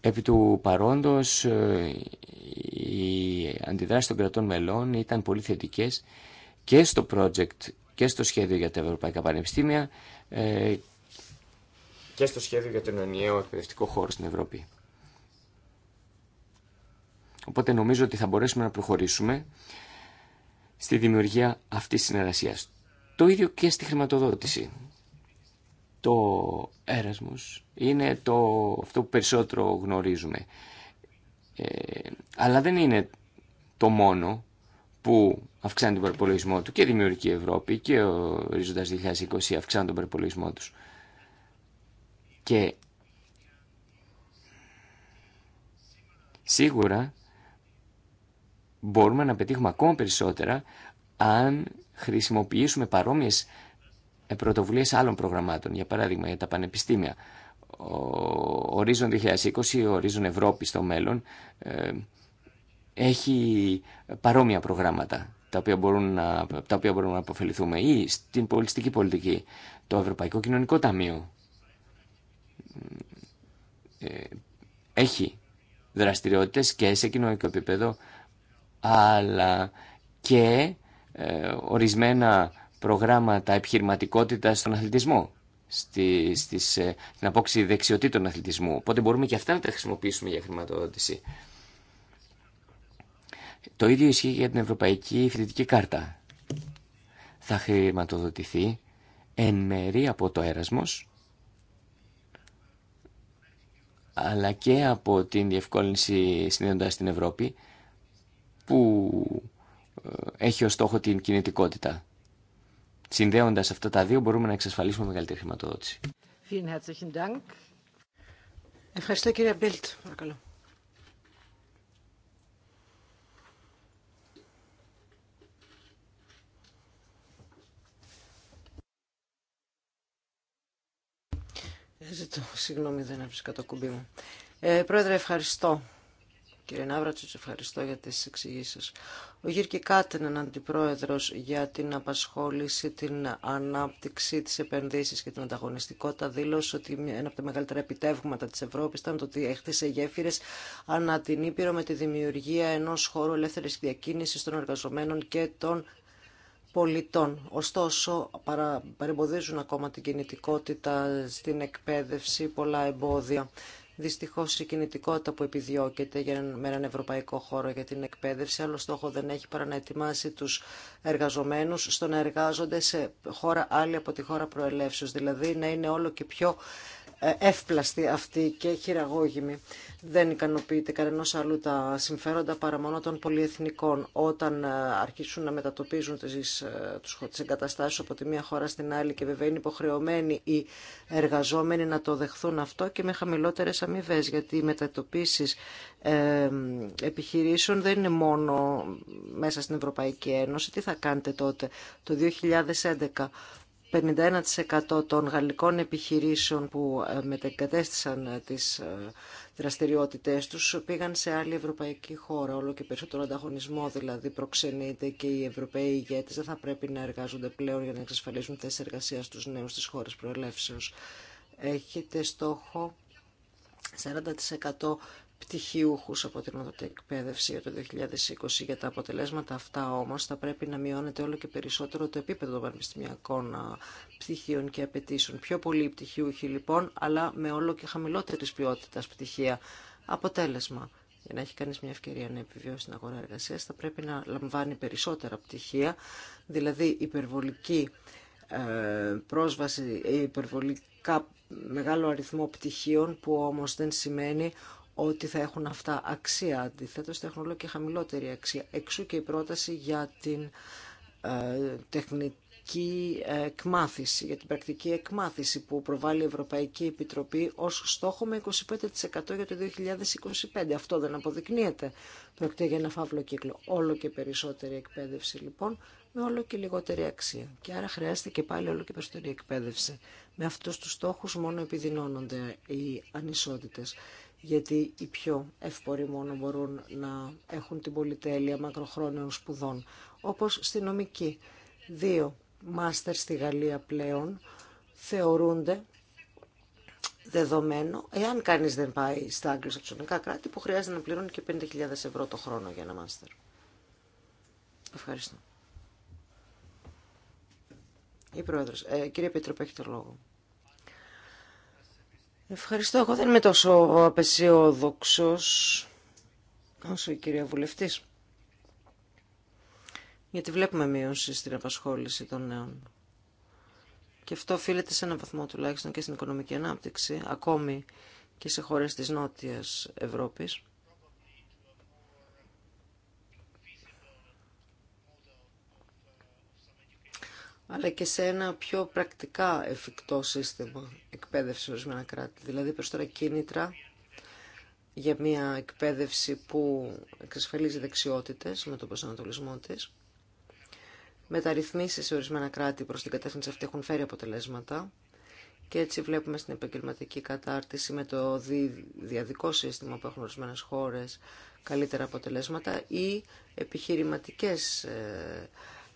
Επί του παρόντος, ε, οι αντιδράσεις των κρατών μελών ήταν πολύ θετικές και στο project και στο σχέδιο για τα Ευρωπαϊκά Πανεπιστήμια ε, και στο σχέδιο για τον ενιαίο εκπαιδευτικό χώρο στην Ευρώπη. Οπότε νομίζω ότι θα μπορέσουμε να προχωρήσουμε στη δημιουργία αυτής της συνεργασίας. Το ίδιο και στη χρηματοδότηση. Το έρασμος είναι το, αυτό που περισσότερο γνωρίζουμε. Ε, αλλά δεν είναι το μόνο που αυξάνει τον προπολογισμό του και η Δημιουργική Ευρώπη και ο Ρίζοντας 2020 αυξάνει τον προπολογισμό τους. Και σίγουρα μπορούμε να πετύχουμε ακόμα περισσότερα αν χρησιμοποιήσουμε παρόμοιες ε, πρωτοβουλίε άλλων προγραμμάτων, για παράδειγμα για τα πανεπιστήμια. Ο Ορίζον 2020, ο Ορίζον Ευρώπη στο μέλλον, ε, έχει παρόμοια προγράμματα τα οποία, μπορούν να, τα οποία μπορούμε να αποφεληθούμε ή στην πολιτιστική πολιτική, το Ευρωπαϊκό Κοινωνικό Ταμείο ε, έχει δραστηριότητες και σε κοινωνικό επίπεδο αλλά και ε, ορισμένα προγράμματα επιχειρηματικότητας στον αθλητισμό, στη, στις, ε, στην απόξη δεξιοτήτων αθλητισμού. Οπότε μπορούμε και αυτά να τα χρησιμοποιήσουμε για χρηματοδότηση. Το ίδιο ισχύει για την Ευρωπαϊκή Φοιτητική Κάρτα. Θα χρηματοδοτηθεί εν μέρη από το έρασμος, αλλά και από την διευκόλυνση συνέδοντας στην Ευρώπη, που ε, έχει ως στόχο την κινητικότητα. Συνδέοντας αυτά τα δύο μπορούμε να εξασφαλίσουμε μεγαλύτερη χρηματοδότηση. Ευχαριστώ κύριε Μπίλτ. Παρακαλώ. Ε, ζητώ συγγνώμη δεν έβρισκα το κουμπί μου. Ε, πρόεδρε ευχαριστώ. Κύριε Ναύρατσος, ευχαριστώ για τις εξηγήσεις. Ο Γύρκη Κάτενεν, αντιπρόεδρος για την απασχόληση, την ανάπτυξη, τις επενδύσεις και την ανταγωνιστικότητα, δήλωσε ότι ένα από τα μεγαλύτερα επιτεύγματα της Ευρώπης ήταν το ότι έχτισε γέφυρες ανά την Ήπειρο με τη δημιουργία ενός χώρου ελεύθερης διακίνησης των εργαζομένων και των πολιτών. Ωστόσο, παρα, παρεμποδίζουν ακόμα την κινητικότητα στην εκπαίδευση πολλά εμπόδια Δυστυχώ η κινητικότητα που επιδιώκεται με έναν ευρωπαϊκό χώρο για την εκπαίδευση, άλλο στόχο δεν έχει παρά να ετοιμάσει τους εργαζομένους στο να εργάζονται σε χώρα άλλη από τη χώρα προελεύσεω. δηλαδή να είναι όλο και πιο εύπλαστη αυτή και χειραγώγημη. Δεν ικανοποιείται κανένα άλλου τα συμφέροντα παρά μόνο των πολυεθνικών. Όταν ε, αρχίσουν να μετατοπίζουν τις, ε, τις εγκαταστάσεις από τη μία χώρα στην άλλη και βέβαια είναι υποχρεωμένοι οι εργαζόμενοι να το δεχθούν αυτό και με χαμηλότερες αμοιβέ, γιατί οι μετατοπίσεις ε, επιχειρήσεων δεν είναι μόνο μέσα στην Ευρωπαϊκή Ένωση. Τι θα κάνετε τότε το 2011 51% των γαλλικών επιχειρήσεων που ε, μετεγκατέστησαν ε, τις ε, δραστηριότητές τους πήγαν σε άλλη ευρωπαϊκή χώρα. Όλο και περισσότερο ανταγωνισμό δηλαδή προξενείται και οι Ευρωπαίοι ηγέτες δεν θα πρέπει να εργάζονται πλέον για να εξασφαλίσουν θέσεις εργασίας στους νέους της χώρας προελεύσεως. Έχετε στόχο 40% πτυχιούχους από την εκπαίδευση για το 2020. Για τα αποτελέσματα αυτά όμως θα πρέπει να μειώνεται όλο και περισσότερο το επίπεδο των πανεπιστημιακών πτυχίων και απαιτήσεων. Πιο πολλοί πτυχιούχοι λοιπόν, αλλά με όλο και χαμηλότερης ποιότητας πτυχία. Αποτέλεσμα. Για να έχει κανεί μια ευκαιρία να επιβιώσει στην αγορά εργασία, θα πρέπει να λαμβάνει περισσότερα πτυχία, δηλαδή υπερβολική ε, πρόσβαση, ε, υπερβολικά μεγάλο αριθμό πτυχίων που όμως δεν σημαίνει ότι θα έχουν αυτά αξία. Αντιθέτως θα έχουν όλο και χαμηλότερη αξία. Εξού και η πρόταση για την ε, τεχνική εκμάθηση, για την πρακτική εκμάθηση που προβάλλει η Ευρωπαϊκή Επιτροπή ως στόχο με 25% για το 2025. Αυτό δεν αποδεικνύεται. Πρόκειται για ένα φαύλο κύκλο. Όλο και περισσότερη εκπαίδευση λοιπόν με όλο και λιγότερη αξία. Και άρα χρειάζεται και πάλι όλο και περισσότερη εκπαίδευση. Με αυτούς τους στόχους μόνο επιδεινώνονται οι ανισότητες γιατί οι πιο εύποροι μόνο μπορούν να έχουν την πολυτέλεια μακροχρόνιων σπουδών, όπως στη νομική. Δύο μάστερ στη Γαλλία πλέον θεωρούνται δεδομένο, εάν κανείς δεν πάει στα αγγλοσαξονικά κράτη, που χρειάζεται να πληρώνει και 50.000 ευρώ το χρόνο για ένα μάστερ. Ευχαριστώ. Η Πρόεδρος. Ε, κύριε έχει το λόγο. Ευχαριστώ. Εγώ δεν είμαι τόσο απεσιόδοξος όσο η κυρία Βουλευτής. Γιατί βλέπουμε μείωση στην απασχόληση των νέων. Και αυτό οφείλεται σε έναν βαθμό τουλάχιστον και στην οικονομική ανάπτυξη, ακόμη και σε χώρες της Νότιας Ευρώπης. αλλά και σε ένα πιο πρακτικά εφικτό σύστημα εκπαίδευση ορισμένα κράτη. Δηλαδή τώρα κίνητρα για μια εκπαίδευση που εξασφαλίζει δεξιότητε με τον προσανατολισμό τα Μεταρρυθμίσεις σε ορισμένα κράτη προ την κατεύθυνση αυτή έχουν φέρει αποτελέσματα και έτσι βλέπουμε στην επαγγελματική κατάρτιση με το διαδικό σύστημα που έχουν ορισμένε χώρες καλύτερα αποτελέσματα ή επιχειρηματικές ε,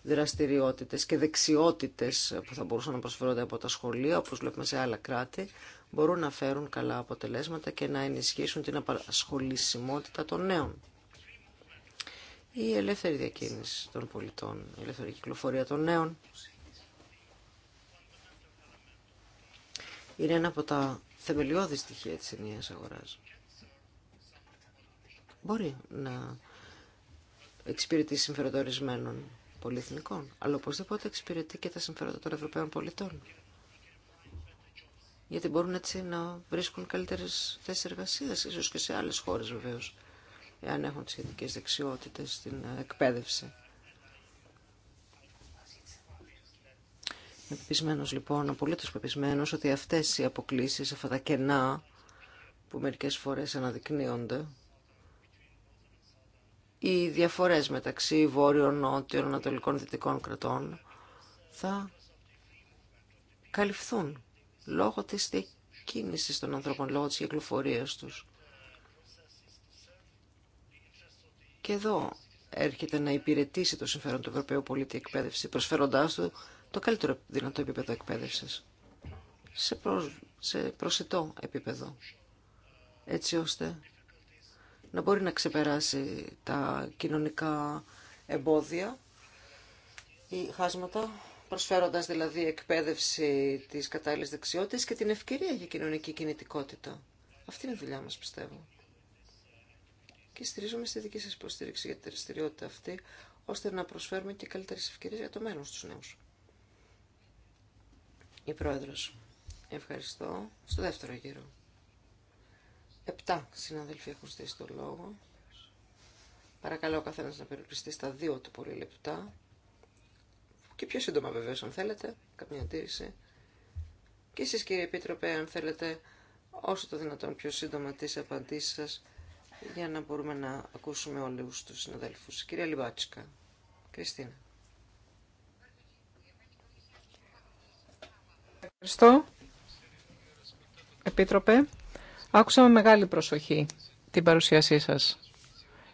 δραστηριότητες και δεξιότητες που θα μπορούσαν να προσφέρονται από τα σχολεία, όπως βλέπουμε σε άλλα κράτη, μπορούν να φέρουν καλά αποτελέσματα και να ενισχύσουν την απασχολησιμότητα των νέων. Η ελεύθερη διακίνηση των πολιτών, η ελεύθερη κυκλοφορία των νέων, είναι ένα από τα θεμελιώδη στοιχεία της ενιαίας αγοράς. Μπορεί να εξυπηρετήσει συμφεροντορισμένων πολυεθνικών, αλλά οπωσδήποτε εξυπηρετεί και τα συμφέροντα των Ευρωπαίων πολιτών. Γιατί μπορούν έτσι να βρίσκουν καλύτερες θέσει εργασίας, ίσω και σε άλλες χώρες βεβαίως, εάν έχουν τις σχετικές δεξιότητες στην εκπαίδευση. Είμαι πεπισμένο λοιπόν, απολύτω πεπισμένο, ότι αυτές οι αποκλήσει, αυτά τα κενά που μερικέ φορέ αναδεικνύονται, οι διαφορές μεταξύ βόρειων, νότιων, ανατολικών, δυτικών κρατών θα καλυφθούν λόγω της διακίνησης των ανθρώπων, λόγω της κυκλοφορίας τους. Και εδώ έρχεται να υπηρετήσει το συμφέρον του Ευρωπαίου πολίτη εκπαίδευση, προσφέροντάς του το καλύτερο δυνατό επίπεδο εκπαίδευσης σε, προσιτό επίπεδο, έτσι ώστε να μπορεί να ξεπεράσει τα κοινωνικά εμπόδια ή χάσματα, προσφέροντας δηλαδή εκπαίδευση της κατάλληλης δεξιότητας και την ευκαιρία για κοινωνική κινητικότητα. Αυτή είναι η δουλειά μας πιστεύω. Και στηρίζομαι στη δική σας υποστήριξη για τη δραστηριότητα αυτή, ώστε να προσφέρουμε και καλύτερες ευκαιρίες για το μέλλον στους νέους. Η Πρόεδρος. Ευχαριστώ. Στο δεύτερο γύρο. Επτά συναδέλφοι έχουν στήσει το λόγο. Παρακαλώ ο καθένα να περιοριστεί στα δύο του πολύ λεπτά. Και πιο σύντομα βεβαίω, αν θέλετε, καμία αντίρρηση. Και εσεί, κύριε Επίτροπε, αν θέλετε, όσο το δυνατόν πιο σύντομα τι απαντήσει σα, για να μπορούμε να ακούσουμε όλου του συναδέλφου. Κυρία Λιμπάτσικα, Κριστίνα. Ευχαριστώ. Επίτροπε, Άκουσα με μεγάλη προσοχή την παρουσίασή σας,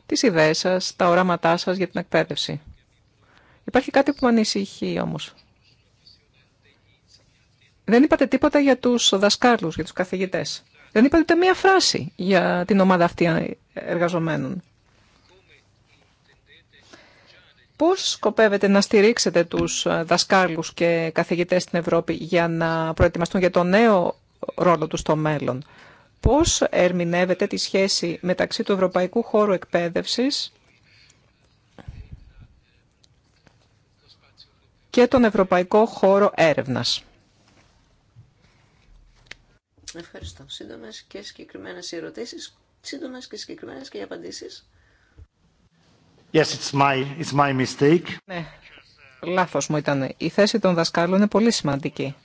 τις ιδέες σας, τα οράματά σας για την εκπαίδευση. Υπάρχει κάτι που με ανησυχεί όμως. Δεν είπατε τίποτα για τους δασκάλους, για τους καθηγητές. Δεν είπατε ούτε μία φράση για την ομάδα αυτή εργαζομένων. Πώς σκοπεύετε να στηρίξετε τους δασκάλους και καθηγητές στην Ευρώπη για να προετοιμαστούν για το νέο ρόλο τους στο μέλλον πώς ερμηνεύεται τη σχέση μεταξύ του Ευρωπαϊκού Χώρου Εκπαίδευσης και τον Ευρωπαϊκό Χώρο Έρευνας. Ευχαριστώ. Σύντομες και συγκεκριμένες ερωτήσεις, σύντομες και συγκεκριμένες και οι απαντήσεις. Yes, it's my, it's my mistake. Ναι, λάθος μου ήταν. Η θέση των δασκάλων είναι πολύ σημαντική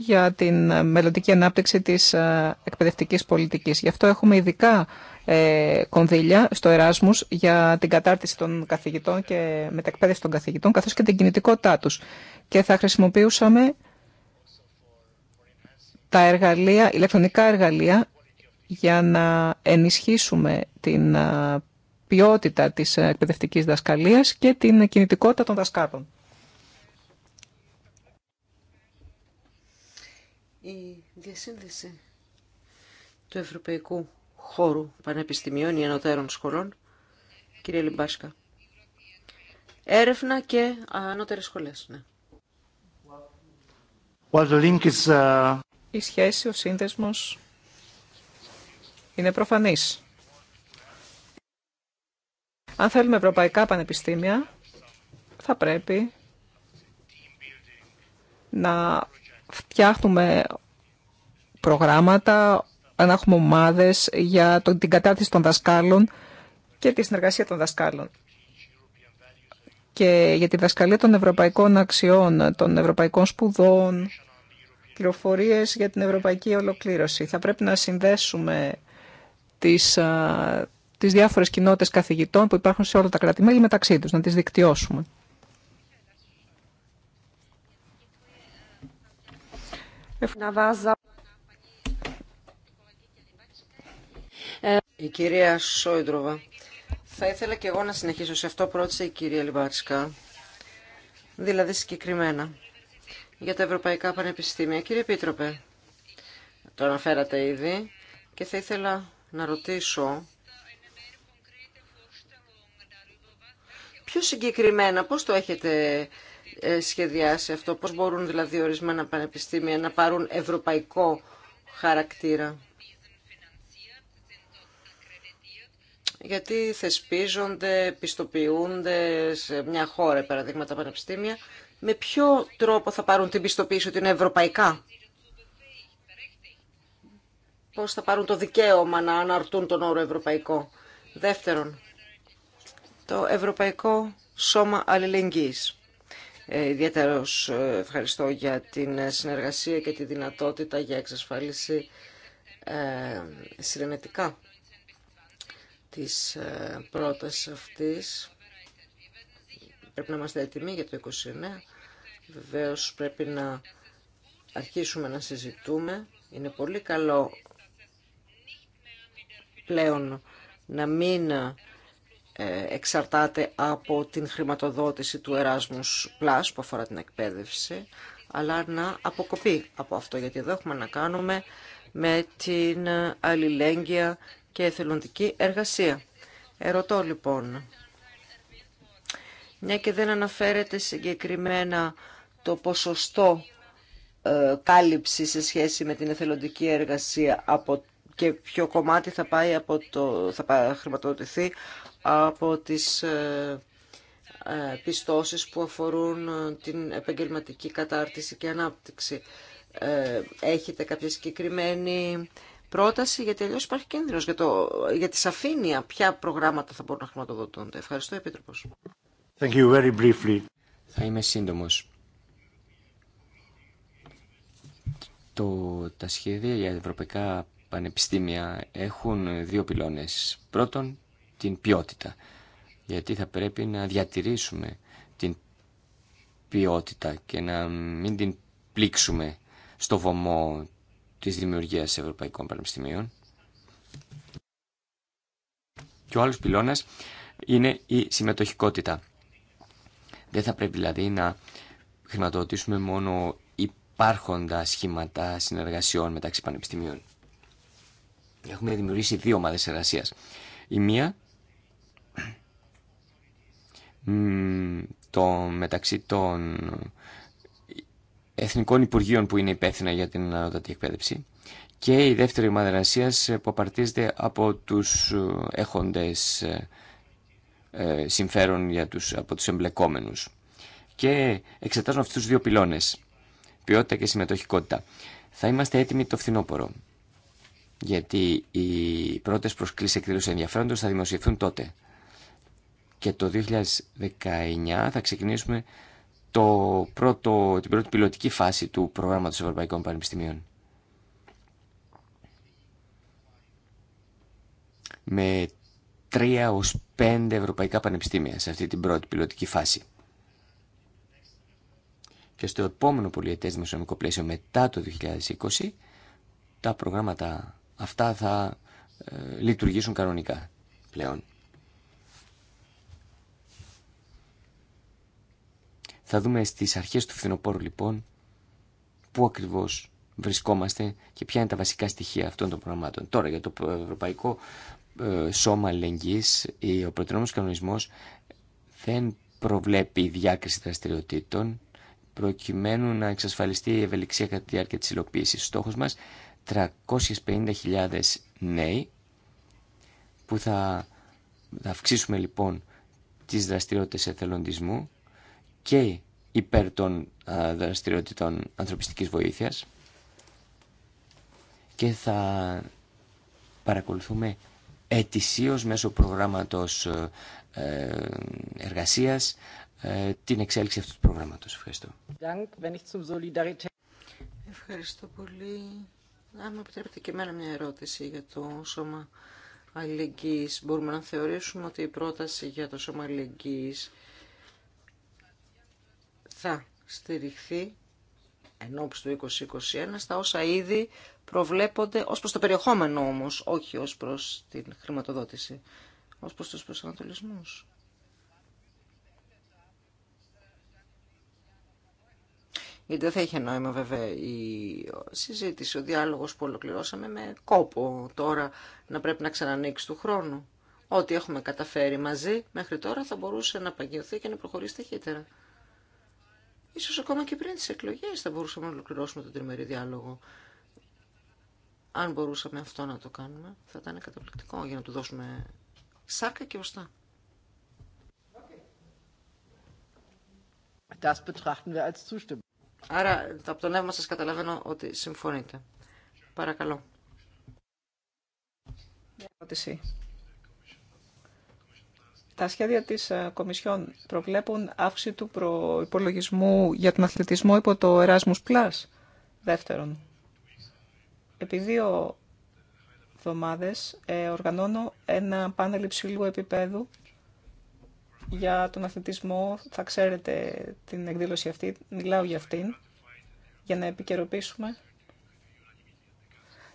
για την μελλοντική ανάπτυξη της ε, εκπαιδευτικής πολιτικής. Γι' αυτό έχουμε ειδικά ε, κονδύλια στο Εράσμους για την κατάρτιση των καθηγητών και μετακπαίδευση των καθηγητών, καθώς και την κινητικότητά τους. Και θα χρησιμοποιούσαμε τα εργαλεία, ηλεκτρονικά εργαλεία για να ενισχύσουμε την ε, ποιότητα της εκπαιδευτικής δασκαλίας και την κινητικότητα των δασκάλων. διασύνδεση του Ευρωπαϊκού Χώρου Πανεπιστημίων ή Ανωτέρων Σχολών, κύριε Λιμπάσκα. Έρευνα και ανώτερες σχολές, ναι. Well, the link is, uh, Η σχέση, ο σύνδεσμος είναι προφανής. Αν θέλουμε ευρωπαϊκά πανεπιστήμια, θα πρέπει να φτιάχνουμε προγράμματα, να έχουμε ομάδε για την κατάρτιση των δασκάλων και τη συνεργασία των δασκάλων. Και για τη δασκαλία των ευρωπαϊκών αξιών, των ευρωπαϊκών σπουδών, πληροφορίε για την ευρωπαϊκή ολοκλήρωση. Θα πρέπει να συνδέσουμε τις, τις διάφορες κοινότητες καθηγητών που υπάρχουν σε όλα τα κράτη-μέλη μεταξύ τους, να τις δικτυώσουμε. Η κυρία Σόιντροβα. Θα ήθελα και εγώ να συνεχίσω σε αυτό ρώτησε η κυρία Λιμπάτσκα. Δηλαδή συγκεκριμένα για τα Ευρωπαϊκά Πανεπιστήμια. Κύριε Επίτροπε, το αναφέρατε ήδη και θα ήθελα να ρωτήσω πιο συγκεκριμένα πώς το έχετε ε, σχεδιάσει αυτό, πώς μπορούν δηλαδή ορισμένα πανεπιστήμια να πάρουν ευρωπαϊκό χαρακτήρα. γιατί θεσπίζονται, πιστοποιούνται σε μια χώρα, παραδείγμα τα πανεπιστήμια. Με ποιο τρόπο θα πάρουν την πιστοποίηση ότι είναι ευρωπαϊκά. Πώς θα πάρουν το δικαίωμα να αναρτούν τον όρο ευρωπαϊκό. Δεύτερον, το Ευρωπαϊκό Σώμα Αλληλεγγύης. Ε, ιδιαίτερος ε, ευχαριστώ για την συνεργασία και τη δυνατότητα για εξασφάλιση ε, συνενετικά της ε, πρότασης αυτής. Πρέπει να είμαστε έτοιμοι για το 29. Βεβαίως πρέπει να αρχίσουμε να συζητούμε. Είναι πολύ καλό πλέον να μην ε, εξαρτάται από την χρηματοδότηση του Erasmus Plus που αφορά την εκπαίδευση, αλλά να αποκοπεί από αυτό, γιατί εδώ έχουμε να κάνουμε με την αλληλέγγυα και εθελοντική εργασία. Ερωτώ λοιπόν, μια και δεν αναφέρεται συγκεκριμένα το ποσοστό ε, κάλυψη σε σχέση με την εθελοντική εργασία από, και ποιο κομμάτι θα, πάει από το, θα χρηματοδοτηθεί από τις ε, ε, πιστώσεις που αφορούν ε, την επαγγελματική κατάρτιση και ανάπτυξη. έχετε κάποια συγκεκριμένη πρόταση, γιατί αλλιώ υπάρχει κίνδυνος για, για τη σαφήνεια ποια προγράμματα θα μπορούν να χρηματοδοτούνται. Ευχαριστώ, Επίτροπο. Θα είμαι σύντομος. τα σχέδια για ευρωπαϊκά πανεπιστήμια έχουν δύο πυλώνες. Πρώτον, την ποιότητα. Γιατί θα πρέπει να διατηρήσουμε την ποιότητα και να μην την πλήξουμε στο βωμό της δημιουργίας Ευρωπαϊκών Πανεπιστημίων. Και ο άλλος πυλώνας είναι η συμμετοχικότητα. Δεν θα πρέπει δηλαδή να χρηματοδοτήσουμε μόνο υπάρχοντα σχήματα συνεργασιών μεταξύ πανεπιστημίων. Έχουμε δημιουργήσει δύο ομάδες εργασία. Η μία το, μεταξύ των εθνικών υπουργείων που είναι υπεύθυνα για την ανώτατη εκπαίδευση και η δεύτερη ομάδα εργασία ε, που απαρτίζεται από τους ε, έχοντες ε, συμφέρον για τους, από τους εμπλεκόμενους. Και εξετάζουμε αυτούς τους δύο πυλώνες, ποιότητα και συμμετοχικότητα. Θα είμαστε έτοιμοι το φθινόπωρο, γιατί οι πρώτες προσκλήσει εκδήλωση ενδιαφέροντος θα δημοσιευθούν τότε. Και το 2019 θα ξεκινήσουμε το πρώτο, την πρώτη πιλωτική φάση του προγράμματος Ευρωπαϊκών Πανεπιστημίων. Με τρία ως πέντε ευρωπαϊκά πανεπιστήμια σε αυτή την πρώτη πιλωτική φάση. Και στο επόμενο πολιετές δημοσιονομικό πλαίσιο μετά το 2020 τα προγράμματα αυτά θα ε, λειτουργήσουν κανονικά πλέον. Θα δούμε στις αρχές του φθινοπόρου λοιπόν πού ακριβώς βρισκόμαστε και ποια είναι τα βασικά στοιχεία αυτών των προγραμμάτων. Τώρα για το Ευρωπαϊκό ε, Σώμα Αλληλεγγύης, ο προτινόμενος κανονισμός δεν προβλέπει διάκριση δραστηριοτήτων προκειμένου να εξασφαλιστεί η ευελιξία κατά τη διάρκεια της υλοποίησης. Στόχος μας 350.000 νέοι που θα, θα αυξήσουμε λοιπόν τις δραστηριότητες εθελοντισμού και υπέρ των δραστηριοτήτων ανθρωπιστικής βοήθειας και θα παρακολουθούμε ετησίως μέσω προγράμματος ε, ε, εργασίας ε, την εξέλιξη αυτού του προγράμματος. Ευχαριστώ. Ευχαριστώ πολύ. Αν μου επιτρέπετε και εμένα μια ερώτηση για το σώμα αλληλεγγύης. Μπορούμε να θεωρήσουμε ότι η πρόταση για το σώμα αλληλεγγύης θα στηριχθεί εν του 2021 στα όσα ήδη προβλέπονται ως προς το περιεχόμενο όμως, όχι ως προς την χρηματοδότηση, ως προς τους προσανατολισμούς. Γιατί δεν θα είχε νόημα βέβαια η συζήτηση, ο διάλογος που ολοκληρώσαμε με κόπο τώρα να πρέπει να ξανανοίξει του χρόνου. Ό,τι έχουμε καταφέρει μαζί μέχρι τώρα θα μπορούσε να παγιωθεί και να προχωρήσει ταχύτερα. Ίσως ακόμα και πριν τις εκλογές θα μπορούσαμε να ολοκληρώσουμε τον τριμερή διάλογο. Αν μπορούσαμε αυτό να το κάνουμε, θα ήταν καταπληκτικό για να του δώσουμε σάρκα και ωστά. Άρα, από το νεύμα σας καταλαβαίνω ότι συμφωνείτε. Παρακαλώ. Μια τα σχέδια της ε, Κομισιόν προβλέπουν αύξηση του προϋπολογισμού για τον αθλητισμό υπό το Erasmus Plus. Δεύτερον, επί δύο εβδομάδες ε, οργανώνω ένα πάνελ υψηλού επίπεδου για τον αθλητισμό. Θα ξέρετε την εκδήλωση αυτή, μιλάω για αυτήν, για να επικαιροποιήσουμε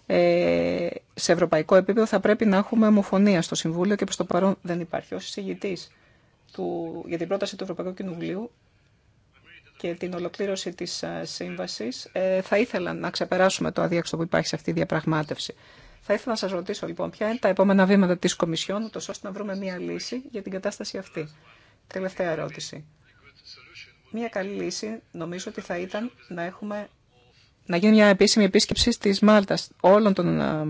ε, σε ευρωπαϊκό επίπεδο θα πρέπει να έχουμε ομοφωνία στο Συμβούλιο και προ το παρόν δεν υπάρχει. Ω εισηγητή για την πρόταση του Ευρωπαϊκού Κοινοβουλίου και την ολοκλήρωση της ε, σύμβαση. Ε, θα ήθελα να ξεπεράσουμε το αδιέξοδο που υπάρχει σε αυτή τη διαπραγμάτευση. Θα ήθελα να σα ρωτήσω λοιπόν ποια είναι τα επόμενα βήματα τη Κομισιόν, ούτω ώστε να βρούμε μία λύση για την κατάσταση αυτή. Τελευταία ερώτηση. Μία καλή λύση νομίζω ότι θα ήταν να έχουμε να γίνει μια επίσημη επίσκεψη τη Μάλτα, όλων των, ε,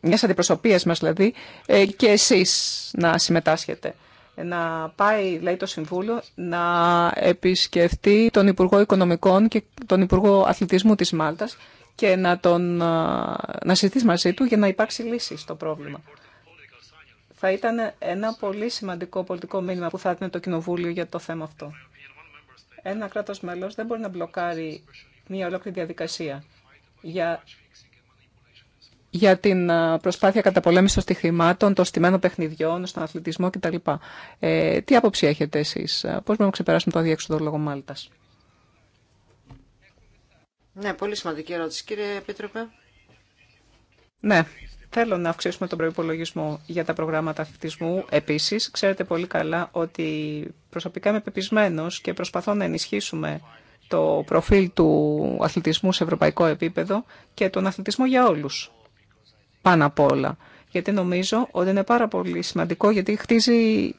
μιας αντιπροσωπείας μας δηλαδή, ε, και εσείς να συμμετάσχετε. Να πάει, λέει το Συμβούλιο, να επισκεφτεί τον Υπουργό Οικονομικών και τον Υπουργό Αθλητισμού της Μάλτας και να, τον, ε, να συζητήσει μαζί του για να υπάρξει λύση στο πρόβλημα. Θα ήταν ένα πολύ σημαντικό πολιτικό μήνυμα που θα έδινε το Κοινοβούλιο για το θέμα αυτό. Ένα κράτος μέλος δεν μπορεί να μπλοκάρει μια ολόκληρη διαδικασία για, για την προσπάθεια καταπολέμησης των στοιχημάτων, των στημένων παιχνιδιών, στον αθλητισμό κτλ. Ε, τι άποψη έχετε εσεί. Πώ μπορούμε να ξεπεράσουμε το αδιέξοδο λόγω μάλτα. Ναι, πολύ σημαντική ερώτηση. Κύριε Επίτροπε. Ναι, θέλω να αυξήσουμε τον προπολογισμό για τα προγράμματα αθλητισμού. Επίση, ξέρετε πολύ καλά ότι προσωπικά είμαι πεπισμένο και προσπαθώ να ενισχύσουμε το προφίλ του αθλητισμού σε ευρωπαϊκό επίπεδο και τον αθλητισμό για όλους, πάνω απ' όλα. Γιατί νομίζω ότι είναι πάρα πολύ σημαντικό, γιατί χτίζει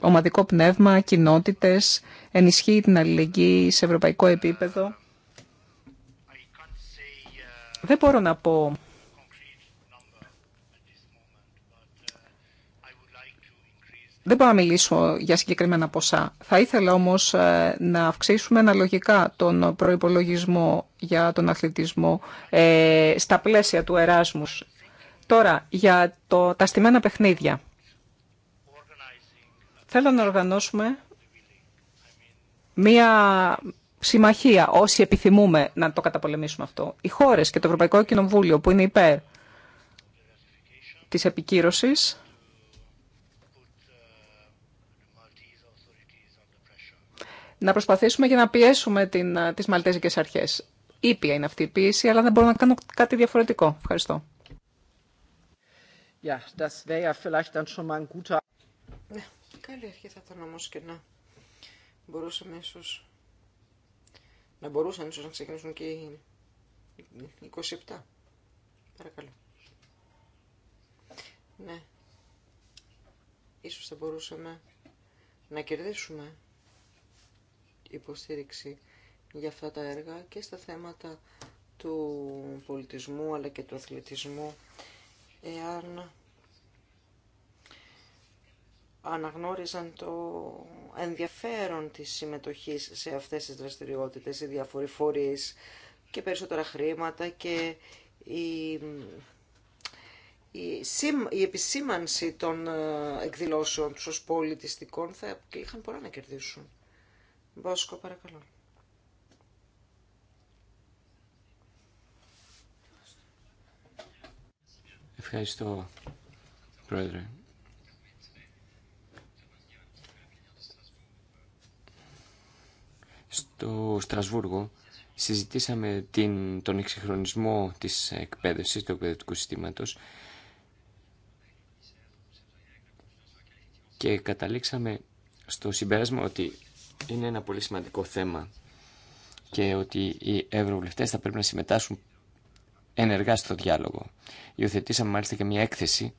ομαδικό πνεύμα, κοινότητες, ενισχύει την αλληλεγγύη σε ευρωπαϊκό επίπεδο. Δεν μπορώ να πω Δεν μπορώ να μιλήσω για συγκεκριμένα ποσά. Θα ήθελα όμως ε, να αυξήσουμε αναλογικά τον προϋπολογισμό για τον αθλητισμό ε, στα πλαίσια του Εράσμους. Τώρα, για το, τα στημένα παιχνίδια. Θέλω να οργανώσουμε μία συμμαχία, όσοι επιθυμούμε να το καταπολεμήσουμε αυτό. Οι χώρες και το Ευρωπαϊκό Κοινοβούλιο που είναι υπέρ της επικύρωσης να προσπαθήσουμε για να πιέσουμε την, ε, τις μαλτέζικες αρχές. Ήπια είναι αυτή η πίεση, αλλά δεν μπορώ να κάνω κάτι διαφορετικό. Ευχαριστώ. καλή αρχή θα ήταν όμως και να μπορούσαμε ίσως... Να μπορούσαν ίσως να ξεκινήσουν και οι 27. Παρακαλώ. Ναι. Ίσως θα μπορούσαμε να κερδίσουμε υποστήριξη για αυτά τα έργα και στα θέματα του πολιτισμού αλλά και του αθλητισμού εάν αναγνώριζαν το ενδιαφέρον της συμμετοχής σε αυτές τις δραστηριότητες, οι διάφοροι φορείς και περισσότερα χρήματα και η, επισήμανση των ε, εκδηλώσεων τους ως πολιτιστικών θα είχαν πολλά να κερδίσουν. Μπόσκο, παρακαλώ. Ευχαριστώ, Πρόεδρε. Στο Στρασβούργο συζητήσαμε την, τον εξυγχρονισμό της εκπαίδευσης, του εκπαιδευτικού συστήματος και καταλήξαμε στο συμπέρασμα ότι είναι ένα πολύ σημαντικό θέμα και ότι οι ευρωβουλευτές θα πρέπει να συμμετάσχουν ενεργά στο διάλογο. Υιοθετήσαμε μάλιστα και μια έκθεση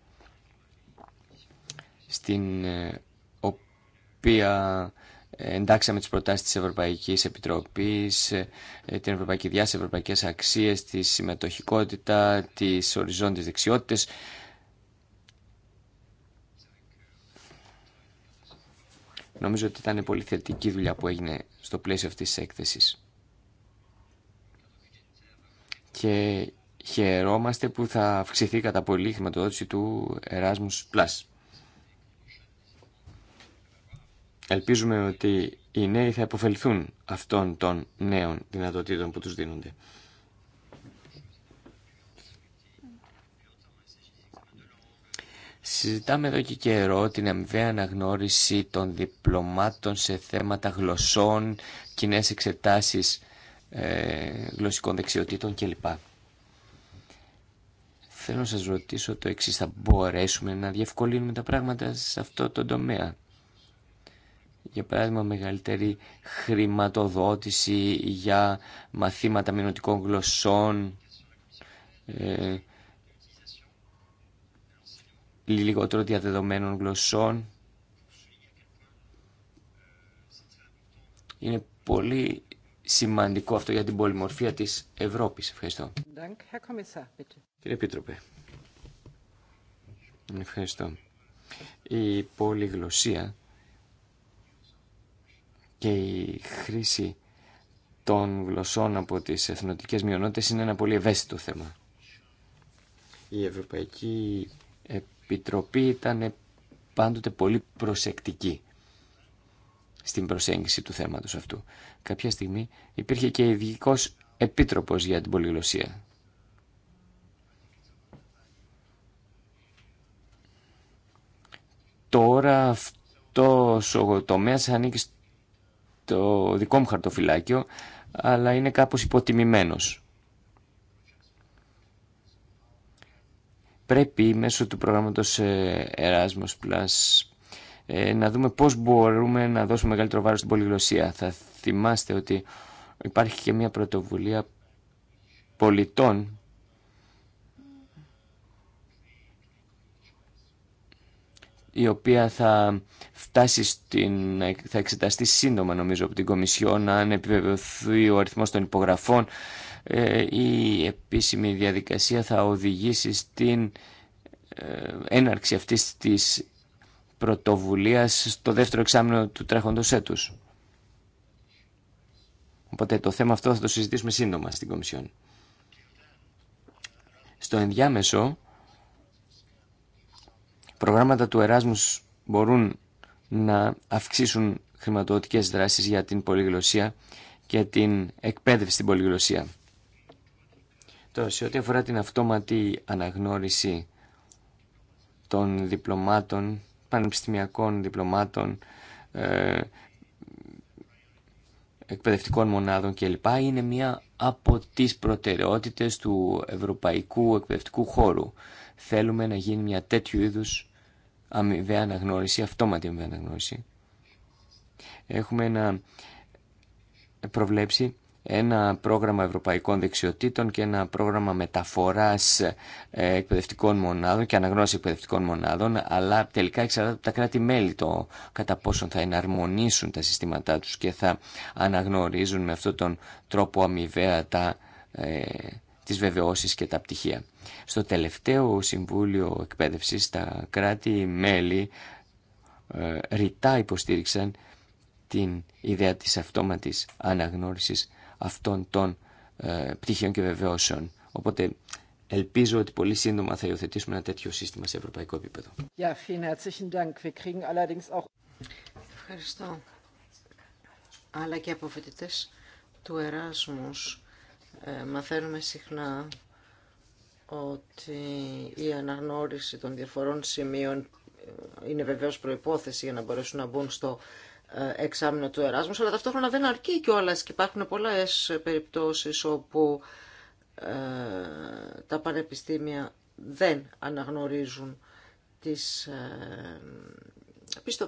στην ε, οποία εντάξαμε τις προτάσεις της Ευρωπαϊκής Επιτροπής, ε, την Ευρωπαϊκή Διάση, Ευρωπαϊκές Αξίες, τη συμμετοχικότητα, τις οριζόντιες δεξιότητες. Νομίζω ότι ήταν πολύ θετική δουλειά που έγινε στο πλαίσιο αυτής της έκθεσης. Και χαιρόμαστε που θα αυξηθεί κατά πολύ η χρηματοδότηση του Erasmus+. Ελπίζουμε ότι οι νέοι θα υποφεληθούν αυτών των νέων δυνατοτήτων που τους δίνονται. Συζητάμε εδώ και καιρό την αμοιβαία αναγνώριση των διπλωμάτων σε θέματα γλωσσών, κοινέ εξετάσεις ε, γλωσσικών δεξιοτήτων κλπ. Θέλω να σας ρωτήσω το εξής, θα μπορέσουμε να διευκολύνουμε τα πράγματα σε αυτό το τομέα. Για παράδειγμα, μεγαλύτερη χρηματοδότηση για μαθήματα μηνωτικών γλωσσών, ε, λιγότερο διαδεδομένων γλωσσών. Είναι πολύ σημαντικό αυτό για την πολυμορφία της Ευρώπης. Ευχαριστώ. Κύριε Επίτροπε, ευχαριστώ. Η πολυγλωσσία και η χρήση των γλωσσών από τις εθνοτικές μειονότητες είναι ένα πολύ ευαίσθητο θέμα. Η Ευρωπαϊκή Επιτροπή ήταν πάντοτε πολύ προσεκτική στην προσέγγιση του θέματος αυτού. Κάποια στιγμή υπήρχε και ειδικό επίτροπος για την πολυγλωσία. Τώρα αυτό ο τομέας ανήκει στο δικό μου χαρτοφυλάκιο, αλλά είναι κάπως υποτιμημένος. πρέπει μέσω του προγράμματος ε, Erasmus Plus ε, να δούμε πώς μπορούμε να δώσουμε μεγαλύτερο βάρος στην πολυγλωσία. Θα θυμάστε ότι υπάρχει και μια πρωτοβουλία πολιτών η οποία θα φτάσει στην, θα εξεταστεί σύντομα νομίζω από την Κομισιόν αν επιβεβαιωθεί ο αριθμός των υπογραφών ε, η επίσημη διαδικασία θα οδηγήσει στην ε, έναρξη αυτής της πρωτοβουλίας στο δεύτερο εξάμεινο του τρέχοντος έτους. Οπότε το θέμα αυτό θα το συζητήσουμε σύντομα στην Κομισιόν. Στο ενδιάμεσο, προγράμματα του Εράσμους μπορούν να αυξήσουν χρηματοδοτικές δράσεις για την πολυγλωσία και την εκπαίδευση στην πολυγλωσία το σε ό,τι αφορά την αυτόματη αναγνώριση των διπλωμάτων, πανεπιστημιακών διπλωμάτων, ε, εκπαιδευτικών μονάδων κλπ. είναι μία από τις προτεραιότητες του ευρωπαϊκού εκπαιδευτικού χώρου. Θέλουμε να γίνει μια τέτοιου είδους αμοιβαία αναγνώριση, αυτόματη αμοιβαία αναγνώριση. Έχουμε να προβλέψει ένα πρόγραμμα ευρωπαϊκών δεξιοτήτων και ένα πρόγραμμα μεταφοράς ε, εκπαιδευτικών μονάδων και αναγνώριση εκπαιδευτικών μονάδων, αλλά τελικά εξαρτάται από τα κράτη-μέλη το κατά πόσον θα εναρμονίσουν τα συστήματά τους και θα αναγνωρίζουν με αυτόν τον τρόπο αμοιβαία τα, ε, τις βεβαιώσεις και τα πτυχία. Στο τελευταίο Συμβούλιο Εκπαίδευσης τα κράτη-μέλη ε, ρητά υποστήριξαν την ιδέα της αυτόματης αναγνώρισης αυτών των ε, πτυχίων και βεβαιώσεων. Οπότε ελπίζω ότι πολύ σύντομα θα υιοθετήσουμε ένα τέτοιο σύστημα σε ευρωπαϊκό επίπεδο. Ευχαριστώ. Αλλά και από φοιτητέ του Εράσμους ε, μαθαίνουμε συχνά ότι η αναγνώριση των διαφορών σημείων ε, είναι βεβαίως προϋπόθεση για να μπορέσουν να μπουν στο ε, εξάμεινο του Εράσμου, αλλά ταυτόχρονα δεν αρκεί κιόλα και υπάρχουν πολλέ περιπτώσει όπου ε, τα πανεπιστήμια δεν αναγνωρίζουν τις, ε,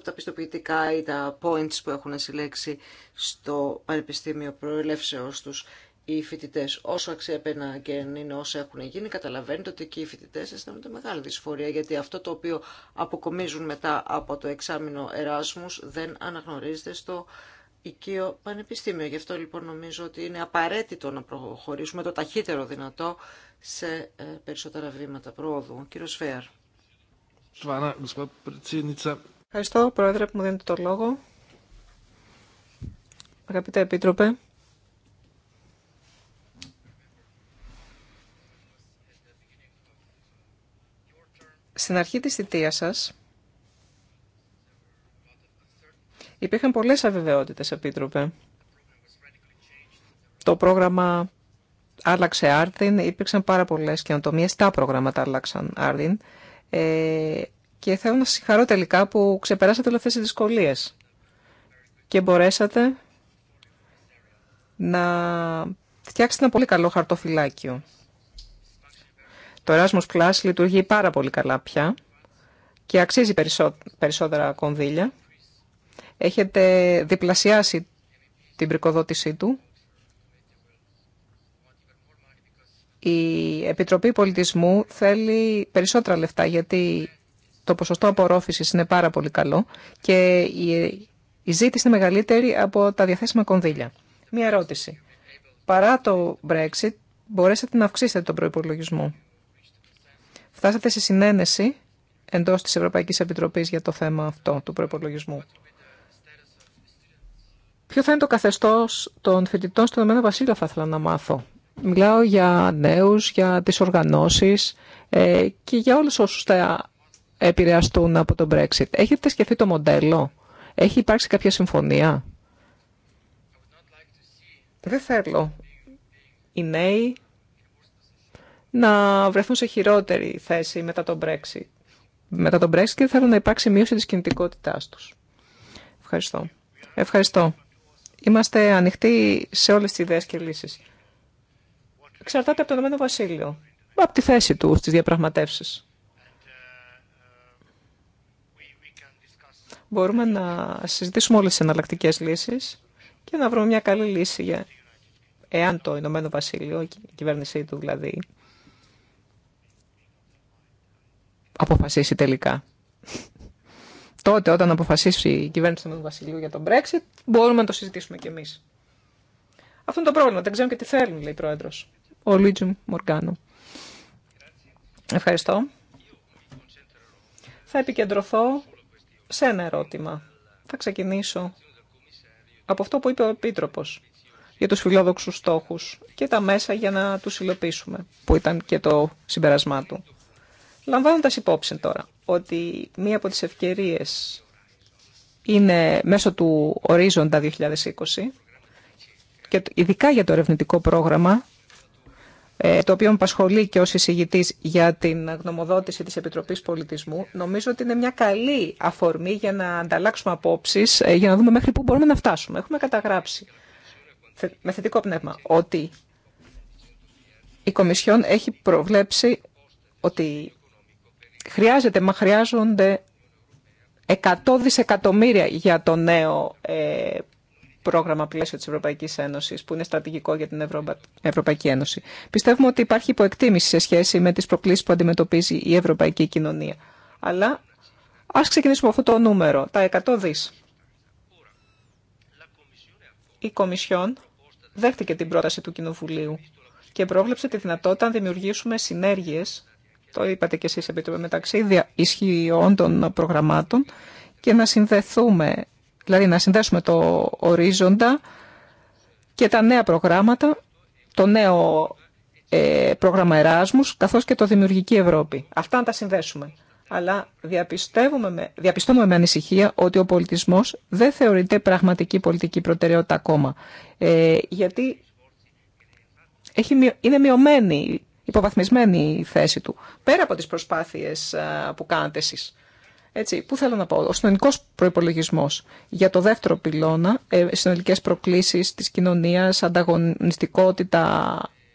τα πιστοποιητικά ή τα points που έχουν συλλέξει στο Πανεπιστήμιο Προελεύσεως τους οι φοιτητέ, όσο αξιέπαινα και είναι όσα έχουν γίνει, καταλαβαίνετε ότι και οι φοιτητέ αισθάνονται μεγάλη δυσφορία, γιατί αυτό το οποίο αποκομίζουν μετά από το εξάμεινο Εράσμου δεν αναγνωρίζεται στο οικείο πανεπιστήμιο. Γι' αυτό λοιπόν νομίζω ότι είναι απαραίτητο να προχωρήσουμε το ταχύτερο δυνατό σε ε, περισσότερα βήματα πρόοδου. Κύριο Σφέαρ. Ευχαριστώ, Πρόεδρε, που μου δίνετε το λόγο. Αγαπητέ Επίτροπε, Στην αρχή της θητείας σας υπήρχαν πολλές αβεβαιότητες, Επίτροπε. Το πρόγραμμα άλλαξε άρδιν, υπήρξαν πάρα πολλές καινοτομίες, τα προγράμματα άλλαξαν άρδιν. Ε, και θέλω να σας συγχαρώ τελικά που ξεπεράσατε όλες αυτές τις δυσκολίες και μπορέσατε να φτιάξετε ένα πολύ καλό χαρτοφυλάκιο. Το Erasmus Plus λειτουργεί πάρα πολύ καλά πια και αξίζει περισσότερα κονδύλια. Έχετε διπλασιάσει την πρικοδότησή του. Η Επιτροπή Πολιτισμού θέλει περισσότερα λεφτά γιατί το ποσοστό απορρόφησης είναι πάρα πολύ καλό και η ζήτηση είναι μεγαλύτερη από τα διαθέσιμα κονδύλια. Μία ερώτηση. Παρά το Brexit, μπορέσατε να αυξήσετε τον προϋπολογισμό φτάσατε σε συνένεση εντός της Ευρωπαϊκή Επιτροπή για το θέμα αυτό του προπολογισμού. Ποιο θα είναι το καθεστώ των φοιτητών στον Ηνωμένο Βασίλειο θα ήθελα να μάθω. Μιλάω για νέους, για τις οργανώσεις ε, και για όλους όσους θα επηρεαστούν από τον Brexit. Έχετε σκεφτεί το μοντέλο. Έχει υπάρξει κάποια συμφωνία. Δεν θέλω οι νέοι να βρεθούν σε χειρότερη θέση μετά τον Brexit. Μετά τον Brexit και θέλουν να υπάρξει μείωση της κινητικότητάς τους. Ευχαριστώ. Ευχαριστώ. Είμαστε ανοιχτοί σε όλες τις ιδέες και λύσεις. Εξαρτάται από το Ηνωμένο Βασίλειο. Από τη θέση του στις διαπραγματεύσεις. Μπορούμε να συζητήσουμε όλες τις εναλλακτικέ λύσεις και να βρούμε μια καλή λύση για εάν το Ηνωμένο Βασίλειο, η κυβέρνησή του δηλαδή, αποφασίσει τελικά. Τότε όταν αποφασίσει η κυβέρνηση του Βασιλείου για τον Brexit μπορούμε να το συζητήσουμε κι εμείς. Αυτό είναι το πρόβλημα. Δεν ξέρουν και τι θέλουν, λέει η Πρόεδρος. Ο Λίτζιμ Μοργκάνο. Ευχαριστώ. Θα επικεντρωθώ σε ένα ερώτημα. Θα ξεκινήσω από αυτό που είπε ο Επίτροπος για τους φιλόδοξους στόχους και τα μέσα για να τους υλοποιήσουμε, που ήταν και το συμπερασμά του. Λαμβάνοντας υπόψη τώρα ότι μία από τις ευκαιρίες είναι μέσω του ορίζοντα 2020 και ειδικά για το ερευνητικό πρόγραμμα ε, το οποίο απασχολεί και ως εισηγητής για την γνωμοδότηση της Επιτροπής Πολιτισμού, νομίζω ότι είναι μια καλή αφορμή για να ανταλλάξουμε απόψεις, ε, για να δούμε μέχρι πού μπορούμε να φτάσουμε. Έχουμε καταγράψει με θετικό πνεύμα ότι η Κομισιόν έχει προβλέψει ότι Χρειάζεται, μα χρειάζονται 100 δισεκατομμύρια για το νέο ε, πρόγραμμα πλαίσιο της Ευρωπαϊκής Ένωσης, που είναι στρατηγικό για την Ευρωπαϊκή Ένωση. Πιστεύουμε ότι υπάρχει υποεκτίμηση σε σχέση με τις προκλήσεις που αντιμετωπίζει η ευρωπαϊκή κοινωνία. Αλλά ας ξεκινήσουμε αυτό το νούμερο, τα 100 δις. Η Κομισιόν δέχτηκε την πρόταση του Κοινοβουλίου και πρόβλεψε τη δυνατότητα να δημιουργήσουμε συνέργειες το είπατε και εσείς επίτροπε, μεταξύ ισχυών των προγραμμάτων και να συνδεθούμε, δηλαδή να συνδέσουμε το ορίζοντα και τα νέα προγράμματα, το νέο ε, πρόγραμμα Εράσμους, καθώς και το Δημιουργική Ευρώπη. Αυτά να τα συνδέσουμε. Αλλά διαπιστεύουμε με, διαπιστώνουμε με ανησυχία ότι ο πολιτισμός δεν θεωρείται πραγματική πολιτική προτεραιότητα ακόμα. Ε, γιατί έχει, είναι μειωμένη υποβαθμισμένη η θέση του, πέρα από τις προσπάθειες που κάνετε εσείς. Έτσι, πού θέλω να πω, ο συνολικό προπολογισμό για το δεύτερο πυλώνα, ε, συνολικέ προκλήσει τη κοινωνία, ανταγωνιστικότητα,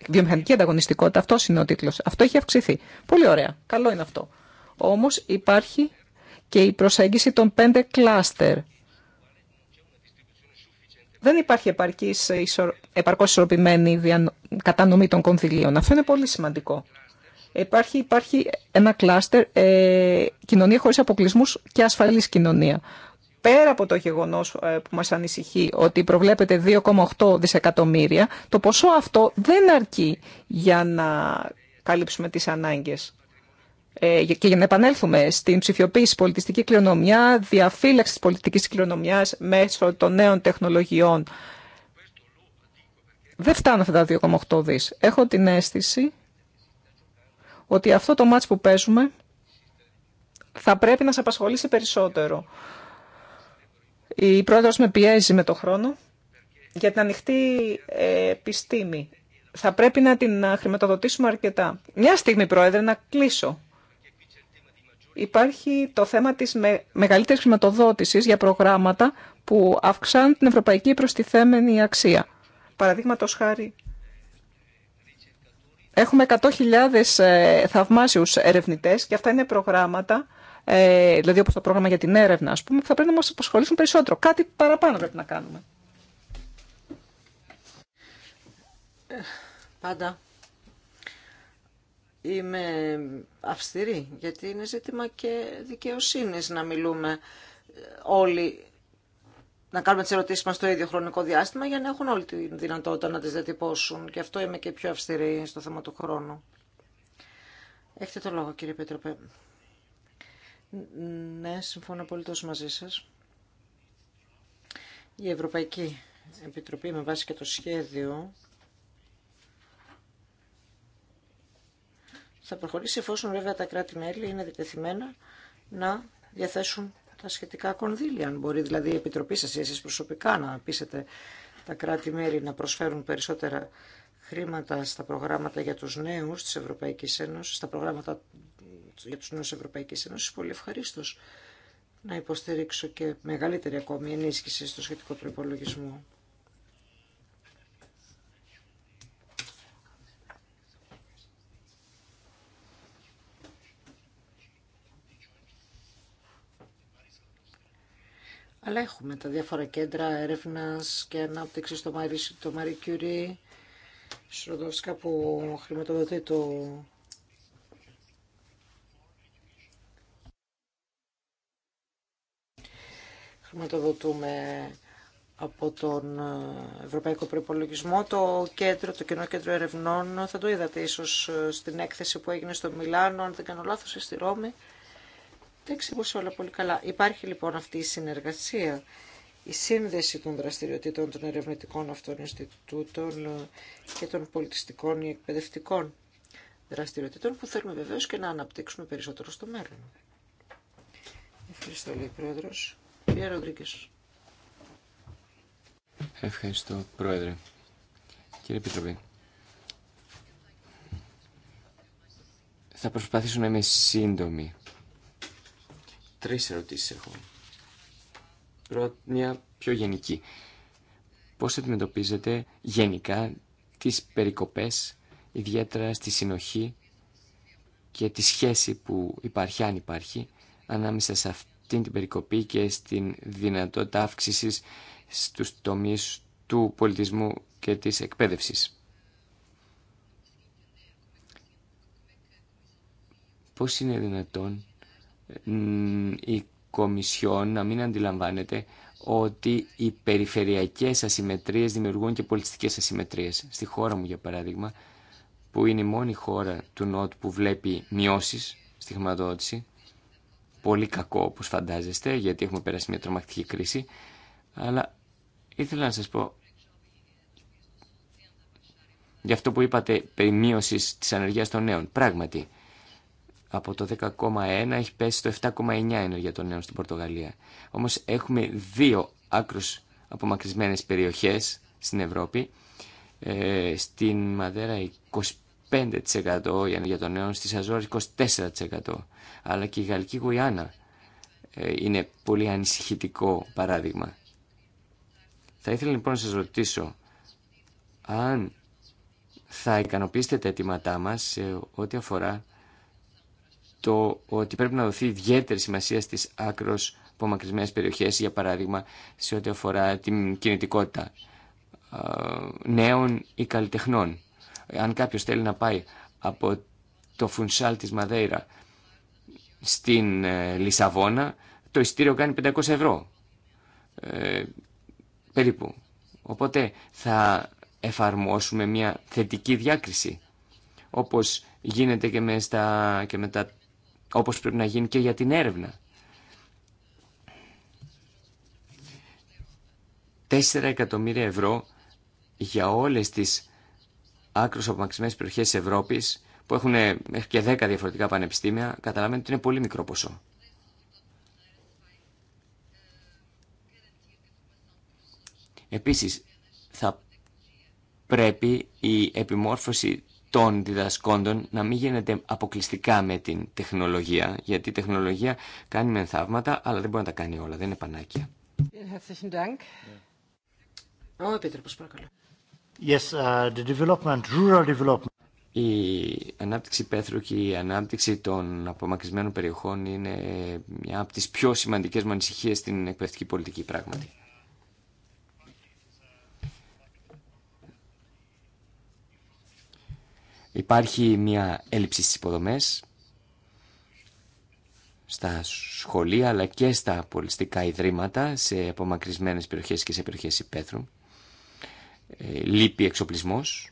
βιομηχανική ανταγωνιστικότητα, αυτό είναι ο τίτλο. Αυτό έχει αυξηθεί. Πολύ ωραία. Καλό είναι αυτό. Όμω υπάρχει και η προσέγγιση των πέντε κλάστερ δεν υπάρχει επαρκής, επαρκώς ισορροπημένη κατανομή των κονδυλίων. Αυτό είναι πολύ σημαντικό. Υπάρχει, υπάρχει ένα κλάστερ ε, κοινωνία χωρίς αποκλεισμούς και ασφαλής κοινωνία. Πέρα από το γεγονός ε, που μας ανησυχεί ότι προβλέπεται 2,8 δισεκατομμύρια, το ποσό αυτό δεν αρκεί για να καλύψουμε τις ανάγκες. Ε, και για να επανέλθουμε στην ψηφιοποίηση πολιτιστική κληρονομιά, διαφύλαξη της πολιτικής κληρονομιάς μέσω των νέων τεχνολογιών. Δεν φτάνουν αυτά τα 2,8 δις. Έχω την αίσθηση ότι αυτό το μάτς που παίζουμε θα πρέπει να σε απασχολήσει περισσότερο. Η πρόεδρος με πιέζει με το χρόνο για την ανοιχτή ε, επιστήμη. Θα πρέπει να την χρηματοδοτήσουμε αρκετά. Μια στιγμή, πρόεδρε, να κλείσω υπάρχει το θέμα της μεγαλύτερης χρηματοδότησης για προγράμματα που αυξάνουν την ευρωπαϊκή προστιθέμενη αξία. Παραδείγματος χάρη, έχουμε 100.000 ε, θαυμάσιους ερευνητές και αυτά είναι προγράμματα, ε, δηλαδή όπως το πρόγραμμα για την έρευνα, ας πούμε, που θα πρέπει να μας απασχολήσουν περισσότερο. Κάτι παραπάνω πρέπει να κάνουμε. Πάντα είμαι αυστηρή, γιατί είναι ζήτημα και δικαιοσύνης να μιλούμε ε, όλοι, να κάνουμε τις ερωτήσεις μας στο ίδιο χρονικό διάστημα για να έχουν όλη τη δυνατότητα να τις διατυπώσουν. Και αυτό είμαι και πιο αυστηρή στο θέμα του χρόνου. Έχετε το λόγο κύριε Πέτροπε. Ναι, συμφωνώ πολύ τόσο μαζί σας. Η Ευρωπαϊκή Επιτροπή με βάση και το σχέδιο θα προχωρήσει εφόσον βέβαια τα κράτη-μέλη είναι διτεθειμένα να διαθέσουν τα σχετικά κονδύλια. Αν μπορεί δηλαδή η Επιτροπή σας ή εσείς προσωπικά να πείσετε τα κράτη-μέλη να προσφέρουν περισσότερα χρήματα στα προγράμματα για τους νέους της Ευρωπαϊκής Ένωσης, στα προγράμματα για τους νέους της Ευρωπαϊκής πολύ ευχαριστώ να υποστηρίξω και μεγαλύτερη ακόμη ενίσχυση στο σχετικό προπολογισμό. Αλλά έχουμε τα διάφορα κέντρα έρευνας και ανάπτυξης στο το Marie Curie, Σροδόσκα που χρηματοδοτεί το χρηματοδοτούμε από τον ε, Ευρωπαϊκό Προπολογισμό. Το κέντρο, το Κοινό Κέντρο Ερευνών, θα το είδατε ίσως ε, στην έκθεση που έγινε στο Μιλάνο, αν δεν κάνω λάθος, στη Ρώμη τα εξηγούσε όλα πολύ καλά. Υπάρχει λοιπόν αυτή η συνεργασία, η σύνδεση των δραστηριοτήτων των ερευνητικών αυτών Ινστιτούτων και των πολιτιστικών ή εκπαιδευτικών δραστηριοτήτων που θέλουμε βεβαίω και να αναπτύξουμε περισσότερο στο μέλλον. Ευχαριστώ, λέει Πρόεδρος. Κυρία Ροδρίκης. Ευχαριστώ, Πρόεδρε. Κύριε Επιτροπή. Θα προσπαθήσω να είμαι σύντομη. Τρεις ερωτήσεις έχω. Πρώτα, μια πιο γενική. Πώς αντιμετωπίζετε γενικά τις περικοπές, ιδιαίτερα στη συνοχή και τη σχέση που υπάρχει, αν υπάρχει, ανάμεσα σε αυτήν την περικοπή και στην δυνατότητα αύξησης στους τομείς του πολιτισμού και της εκπαίδευσης. Πώς είναι δυνατόν η Κομισιόν να μην αντιλαμβάνεται ότι οι περιφερειακές ασυμμετρίες δημιουργούν και πολιτιστικές ασυμμετρίες. Στη χώρα μου, για παράδειγμα, που είναι η μόνη χώρα του Νότου που βλέπει μειώσεις στη χρηματοδότηση, πολύ κακό όπως φαντάζεστε, γιατί έχουμε περάσει μια τρομακτική κρίση, αλλά ήθελα να σας πω, για αυτό που είπατε περί μείωσης της ανεργίας των νέων, πράγματι, από το 10,1 έχει πέσει το 7,9 ενέργεια των νέων στην Πορτογαλία. Όμως έχουμε δύο άκρους απομακρυσμένες περιοχές στην Ευρώπη. Ε, στην Μαδέρα 25% για ενέργεια των στις Αζόρες 24%. Αλλά και η Γαλλική Γουιάννα ε, είναι πολύ ανησυχητικό παράδειγμα. Θα ήθελα λοιπόν να σας ρωτήσω αν θα ικανοποιήσετε τα αιτήματά μας σε ό,τι αφορά το ότι πρέπει να δοθεί ιδιαίτερη σημασία στις άκρος απομακρυσμένες περιοχές, για παράδειγμα σε ό,τι αφορά την κινητικότητα νέων ή καλλιτεχνών. Αν κάποιος θέλει να πάει από το Φουνσάλ της Μαδέιρα στην ε, Λισαβόνα, το ειστήριο κάνει 500 ευρώ ε, περίπου. Οπότε θα εφαρμόσουμε μια θετική διάκριση, όπως γίνεται και με, στα, και με τα όπως πρέπει να γίνει και για την έρευνα. 4 εκατομμύρια ευρώ για όλες τις άκρως απομακρυσμένες περιοχές της Ευρώπης που έχουν μέχρι και 10 διαφορετικά πανεπιστήμια, καταλαβαίνετε ότι είναι πολύ μικρό ποσό. Επίσης, θα πρέπει η επιμόρφωση των διδασκόντων να μην γίνεται αποκλειστικά με την τεχνολογία, γιατί η τεχνολογία κάνει μεν θαύματα, αλλά δεν μπορεί να τα κάνει όλα, δεν είναι πανάκια. Yes, uh, the development, rural development. Η ανάπτυξη πέθρου και η ανάπτυξη των απομακρυσμένων περιοχών είναι μια από τις πιο σημαντικές μου ανησυχίες στην εκπαιδευτική πολιτική πράγματι. Υπάρχει μια έλλειψη στις υποδομές, στα σχολεία αλλά και στα πολιστικά ιδρύματα σε απομακρυσμένες περιοχές και σε περιοχές υπαίθρου. Ε, λείπει εξοπλισμός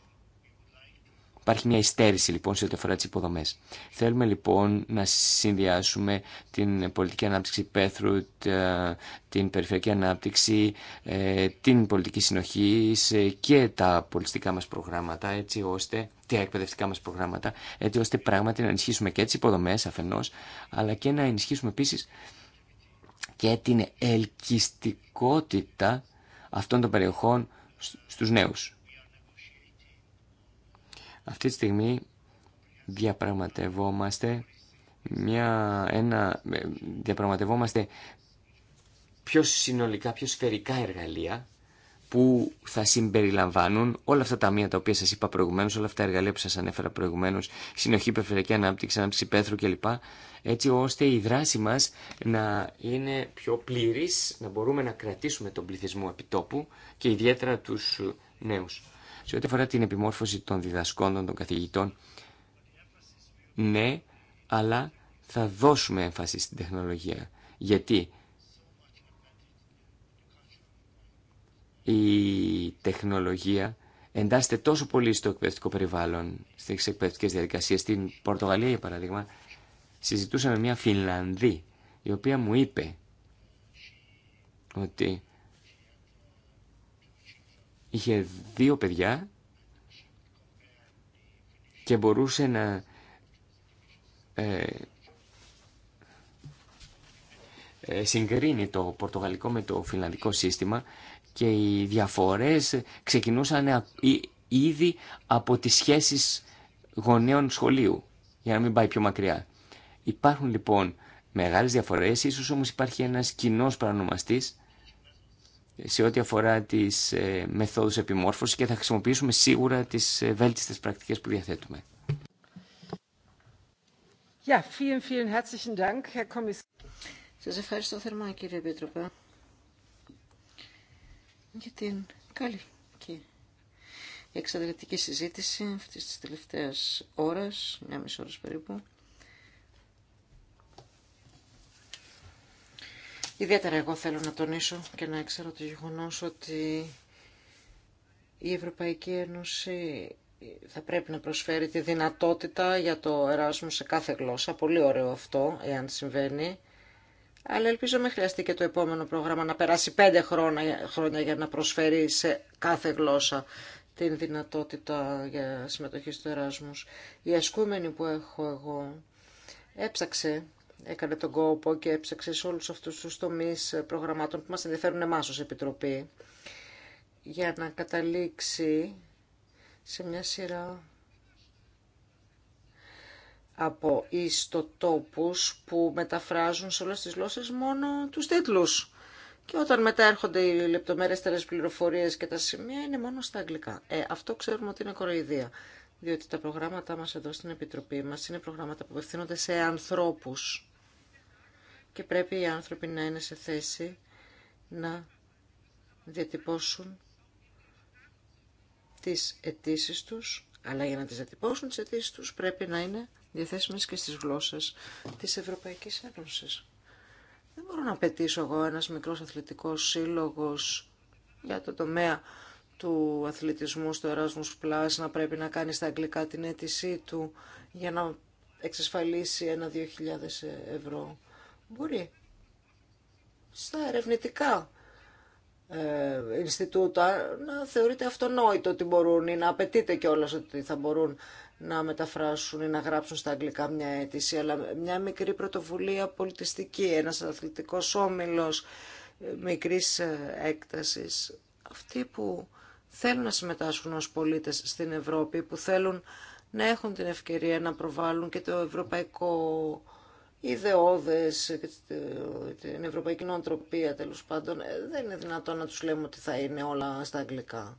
Υπάρχει μια υστέρηση λοιπόν σε ό,τι αφορά τι υποδομέ. Θέλουμε λοιπόν να συνδυάσουμε την πολιτική ανάπτυξη Πέθρου, ε, την περιφερειακή ανάπτυξη, ε, την πολιτική συνοχή και τα πολιτιστικά μα προγράμματα, έτσι ώστε τα εκπαιδευτικά μα προγράμματα, έτσι ώστε πράγματι να ενισχύσουμε και τι υποδομέ αφενό, αλλά και να ενισχύσουμε επίση και την ελκυστικότητα αυτών των περιοχών στους νέους. Αυτή τη στιγμή διαπραγματευόμαστε μια, ένα, ε, διαπραγματευόμαστε πιο συνολικά, πιο σφαιρικά εργαλεία που θα συμπεριλαμβάνουν όλα αυτά τα μία τα οποία σας είπα προηγουμένως, όλα αυτά τα εργαλεία που σας ανέφερα προηγουμένως, συνοχή, περιφερειακή ανάπτυξη, ανάπτυξη πέθρου κλπ. Έτσι ώστε η δράση μας να είναι πιο πλήρης, να μπορούμε να κρατήσουμε τον πληθυσμό επιτόπου και ιδιαίτερα τους νέους. Σε ό,τι αφορά την επιμόρφωση των διδασκόντων, των καθηγητών, ναι, αλλά θα δώσουμε έμφαση στην τεχνολογία. Γιατί η τεχνολογία εντάσσεται τόσο πολύ στο εκπαιδευτικό περιβάλλον, στις εκπαιδευτικές διαδικασίες. Στην Πορτογαλία, για παράδειγμα, συζητούσα με μια Φινλανδή, η οποία μου είπε ότι είχε δύο παιδιά και μπορούσε να ε, ε, συγκρίνει το πορτογαλικό με το φιλανδικό σύστημα και οι διαφορές ξεκινούσαν ήδη από τις σχέσεις γονέων σχολείου, για να μην πάει πιο μακριά. Υπάρχουν λοιπόν μεγάλες διαφορές, ίσως όμως υπάρχει ένας κοινός παρανομαστής σε ό,τι αφορά τις ε, μεθόδους επιμόρφωσης και θα χρησιμοποιήσουμε σίγουρα τις ε, βέλτιστες πρακτικές που διαθέτουμε. Σα vielen, vielen herzlichen Dank, Σας ευχαριστώ θερμά κύριε Επίτροπε για την καλή και εξαντλητική συζήτηση αυτής της τελευταίας ώρας, μια μισή ώρα περίπου. Ιδιαίτερα εγώ θέλω να τονίσω και να ξέρω το γεγονό ότι η Ευρωπαϊκή Ένωση θα πρέπει να προσφέρει τη δυνατότητα για το εράσμο σε κάθε γλώσσα. Πολύ ωραίο αυτό, εάν συμβαίνει. Αλλά ελπίζω με χρειαστεί και το επόμενο πρόγραμμα να περάσει πέντε χρόνια, χρόνια για να προσφέρει σε κάθε γλώσσα την δυνατότητα για συμμετοχή στο εράσμο. Η ασκούμενη που έχω εγώ έψαξε έκανε τον κόπο και έψαξε σε όλους αυτούς τους τομείς προγραμμάτων που μας ενδιαφέρουν εμάς ως Επιτροπή για να καταλήξει σε μια σειρά από ιστοτόπους που μεταφράζουν σε όλες τις γλώσσες μόνο τους τίτλους. Και όταν μετά έρχονται οι λεπτομέρειες πληροφορίες και τα σημεία είναι μόνο στα αγγλικά. Ε, αυτό ξέρουμε ότι είναι κοροϊδία. Διότι τα προγράμματα μας εδώ στην Επιτροπή μας είναι προγράμματα που απευθύνονται σε ανθρώπους και πρέπει οι άνθρωποι να είναι σε θέση να διατυπώσουν τις αιτήσει τους, αλλά για να τις διατυπώσουν τις αιτήσει τους πρέπει να είναι διαθέσιμες και στις γλώσσες της Ευρωπαϊκής Ένωσης. Δεν μπορώ να απαιτήσω εγώ ένας μικρός αθλητικός σύλλογος για το τομέα του αθλητισμού στο Erasmus Plus να πρέπει να κάνει στα αγγλικά την αίτησή του για να εξασφαλίσει ένα 2.000 ευρώ Μπορεί. Στα ερευνητικά ε, Ινστιτούτα να θεωρείται αυτονόητο ότι μπορούν ή να απαιτείται κιόλας ότι θα μπορούν να μεταφράσουν ή να γράψουν στα αγγλικά μια αίτηση, αλλά μια μικρή πρωτοβουλία πολιτιστική, ένας αθλητικός όμιλος ε, μικρής ε, έκτασης. Αυτοί που θέλουν να συμμετάσχουν ως πολίτες στην Ευρώπη, που θέλουν να έχουν την ευκαιρία να προβάλλουν και το ευρωπαϊκό ιδεώδες, την ευρωπαϊκή νοοτροπία τέλος πάντων, ε, δεν είναι δυνατόν να τους λέμε ότι θα είναι όλα στα αγγλικά.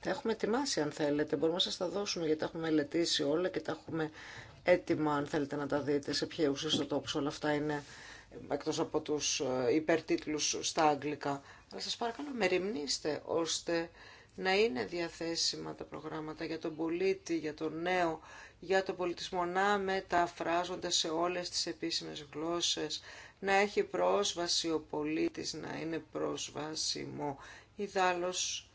Τα έχουμε ετοιμάσει αν θέλετε, μπορούμε να σας τα δώσουμε γιατί τα έχουμε μελετήσει όλα και τα έχουμε έτοιμα αν θέλετε να τα δείτε σε ουσία στο τόπο όλα αυτά είναι εκτός από τους ε, υπερτίτλους στα αγγλικά. Αλλά σας παρακαλώ μεριμνήστε ώστε να είναι διαθέσιμα τα προγράμματα για τον πολίτη, για τον νέο, για τον πολιτισμό, να μεταφράζονται σε όλες τις επίσημες γλώσσες, να έχει πρόσβαση ο πολίτης, να είναι προσβάσιμο. Ιδάλλως,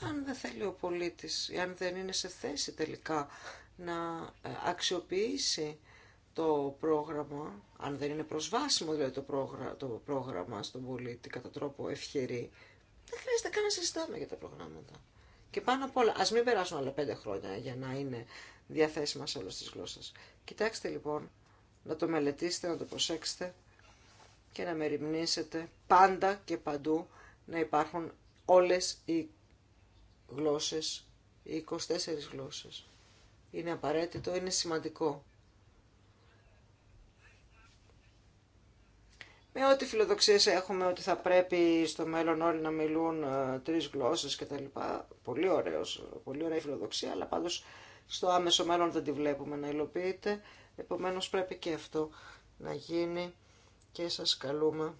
αν δεν θέλει ο πολίτης, αν δεν είναι σε θέση τελικά να ε, αξιοποιήσει το πρόγραμμα, αν δεν είναι προσβάσιμο δηλαδή το πρόγραμμα, το πρόγραμμα στον πολίτη κατά τρόπο ευχερή, δεν χρειάζεται καν να συζητάμε για τα προγράμματα. Και πάνω απ' όλα, α μην περάσουν άλλα πέντε χρόνια για να είναι διαθέσιμα σε όλε τι γλώσσε. Κοιτάξτε λοιπόν, να το μελετήσετε, να το προσέξετε και να μεριμνήσετε πάντα και παντού να υπάρχουν όλες οι γλώσσες, οι 24 γλώσσες. Είναι απαραίτητο, είναι σημαντικό. με ό,τι φιλοδοξίες έχουμε ότι θα πρέπει στο μέλλον όλοι να μιλούν ε, τρεις γλώσσες λοιπά. Πολύ, ωραίος, πολύ ωραία η φιλοδοξία, αλλά πάντως στο άμεσο μέλλον δεν τη βλέπουμε να υλοποιείται. Επομένως πρέπει και αυτό να γίνει και σας καλούμε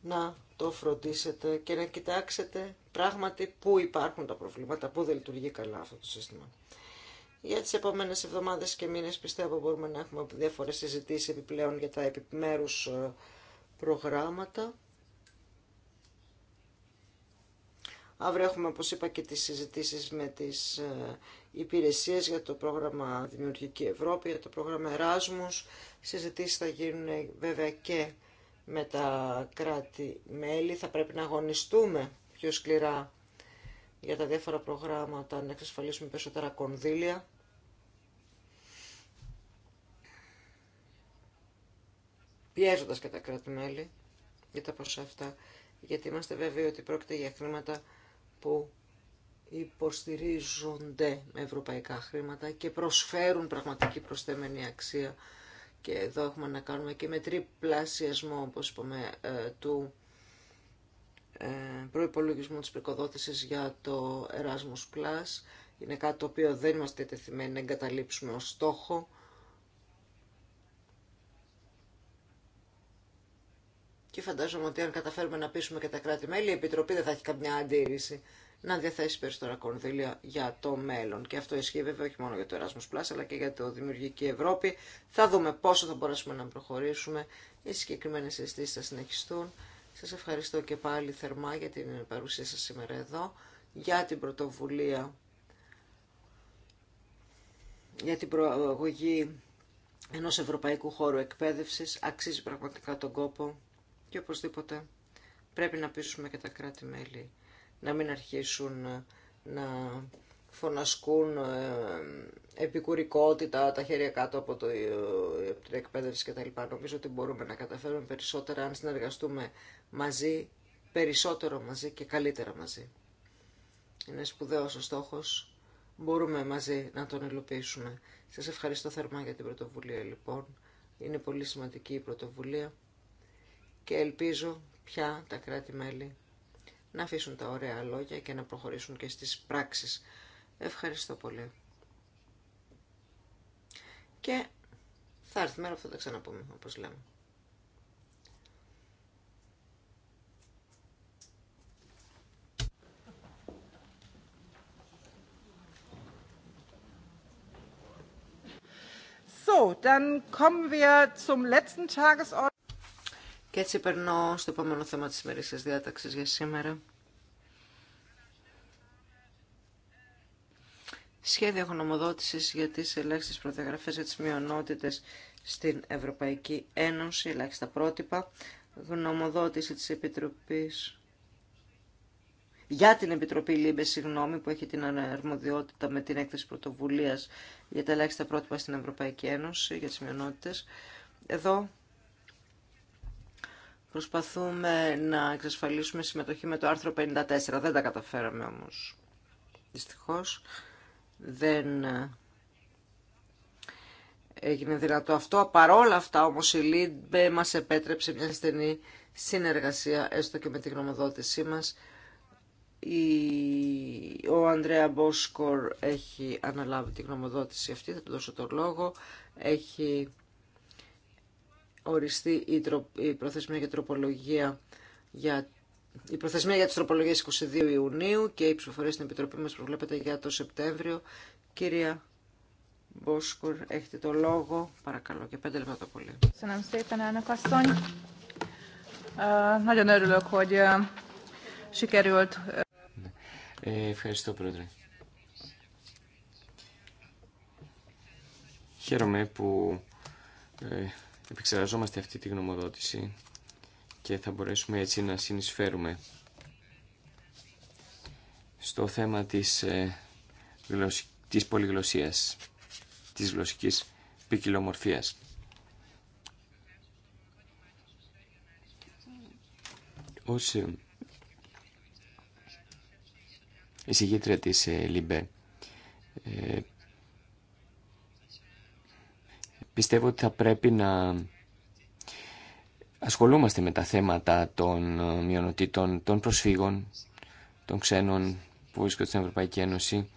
να το φροντίσετε και να κοιτάξετε πράγματι πού υπάρχουν τα προβλήματα, πού δεν λειτουργεί καλά αυτό το σύστημα. Για τις επόμενες εβδομάδες και μήνες πιστεύω μπορούμε να έχουμε διάφορες συζητήσεις επιπλέον για τα επιμέρους ε, προγράμματα. Αύριο έχουμε, όπως είπα, και τις συζητήσεις με τις ε, υπηρεσίες για το πρόγραμμα Δημιουργική Ευρώπη, για το πρόγραμμα Εράσμους. Συζητήσεις θα γίνουν ε, βέβαια και με τα κράτη-μέλη. Θα πρέπει να αγωνιστούμε πιο σκληρά για τα διάφορα προγράμματα, να εξασφαλίσουμε περισσότερα κονδύλια. πιέζοντας και τα κράτη-μέλη για τα ποσά αυτά, γιατί είμαστε βέβαιοι ότι πρόκειται για χρήματα που υποστηρίζονται με ευρωπαϊκά χρήματα και προσφέρουν πραγματική προσθέμενη αξία. Και εδώ έχουμε να κάνουμε και με τριπλασιασμό, όπως είπαμε, ε, του ε, προϋπολογισμού της προκοδότησης για το Erasmus+. Είναι κάτι το οποίο δεν είμαστε τεθειμένοι να εγκαταλείψουμε ως στόχο και φαντάζομαι ότι αν καταφέρουμε να πείσουμε και τα κράτη-μέλη, η Επιτροπή δεν θα έχει καμιά αντίρρηση να διαθέσει περισσότερα κονδύλια για το μέλλον. Και αυτό ισχύει βέβαια όχι μόνο για το Erasmus Plus, αλλά και για το Δημιουργική Ευρώπη. Θα δούμε πόσο θα μπορέσουμε να προχωρήσουμε. Οι συγκεκριμένε συζητήσει θα συνεχιστούν. Σα ευχαριστώ και πάλι θερμά για την παρουσία σα σήμερα εδώ, για την πρωτοβουλία, για την προαγωγή ενός ευρωπαϊκού χώρου εκπαίδευσης. Αξίζει πραγματικά τον κόπο και οπωσδήποτε πρέπει να πείσουμε και τα κράτη-μέλη να μην αρχίσουν ε, να φωνασκούν ε, επικουρικότητα, τα χέρια κάτω από, το, ε, από την εκπαίδευση κτλ. Νομίζω ότι μπορούμε να καταφέρουμε περισσότερα αν συνεργαστούμε μαζί, περισσότερο μαζί και καλύτερα μαζί. Είναι σπουδαίος ο στόχος. Μπορούμε μαζί να τον υλοποιήσουμε. Σας ευχαριστώ θερμά για την πρωτοβουλία λοιπόν. Είναι πολύ σημαντική η πρωτοβουλία και ελπίζω πια τα κράτη-μέλη να αφήσουν τα ωραία λόγια και να προχωρήσουν και στις πράξεις. Ευχαριστώ πολύ. Και θα έρθει μέρα που θα τα ξαναπούμε, όπως λέμε. So, dann kommen wir zum letzten Tagesordnungspunkt. Και έτσι περνώ στο επόμενο θέμα της σημερινής διάταξης για σήμερα. Σχέδιο γνωμοδότησης για τις ελάχιστες προδιαγραφές για τις μειονότητες στην Ευρωπαϊκή Ένωση, ελάχιστα πρότυπα, γνωμοδότηση της Επιτροπής για την Επιτροπή Λίμπε, συγγνώμη, που έχει την αρμοδιότητα με την έκθεση πρωτοβουλία για τα ελάχιστα πρότυπα στην Ευρωπαϊκή Ένωση, για τι μειονότητε. Εδώ Προσπαθούμε να εξασφαλίσουμε συμμετοχή με το άρθρο 54. Δεν τα καταφέραμε όμως. Δυστυχώς δεν ε, έγινε δυνατό αυτό. Παρόλα αυτά όμως η ΛΥΜΠΕ μας επέτρεψε μια στενή συνεργασία έστω και με τη γνωμοδότησή μας. Ο Ανδρέα Μπόσκορ έχει αναλάβει τη γνωμοδότηση αυτή, θα του δώσω τον λόγο. Έχει οριστεί η προθεσμία για τροπολογία για η προθεσμία για τις τροπολογίες 22 Ιουνίου και η ψηφοφορία στην Επιτροπή μας προβλέπεται για το Σεπτέμβριο. Κυρία Μπόσκορ, έχετε το λόγο. Παρακαλώ, και πέντε λεπτά το πολύ. Ναι. Ε, ευχαριστώ, Πρόεδρε. Χαίρομαι που ε, επεξεργαζόμαστε αυτή τη γνωμοδότηση και θα μπορέσουμε έτσι να συνεισφέρουμε στο θέμα της, ε, της πολυγλωσσίας, της γλωσσικής ποικιλομορφίας. Ως ε, εισηγήτρια της ε, ΛΥΜΠΕ πιστεύω ότι θα πρέπει να ασχολούμαστε με τα θέματα των ε, μειονοτήτων, των προσφύγων, των ξένων που βρίσκονται στην Ευρωπαϊκή Ένωση.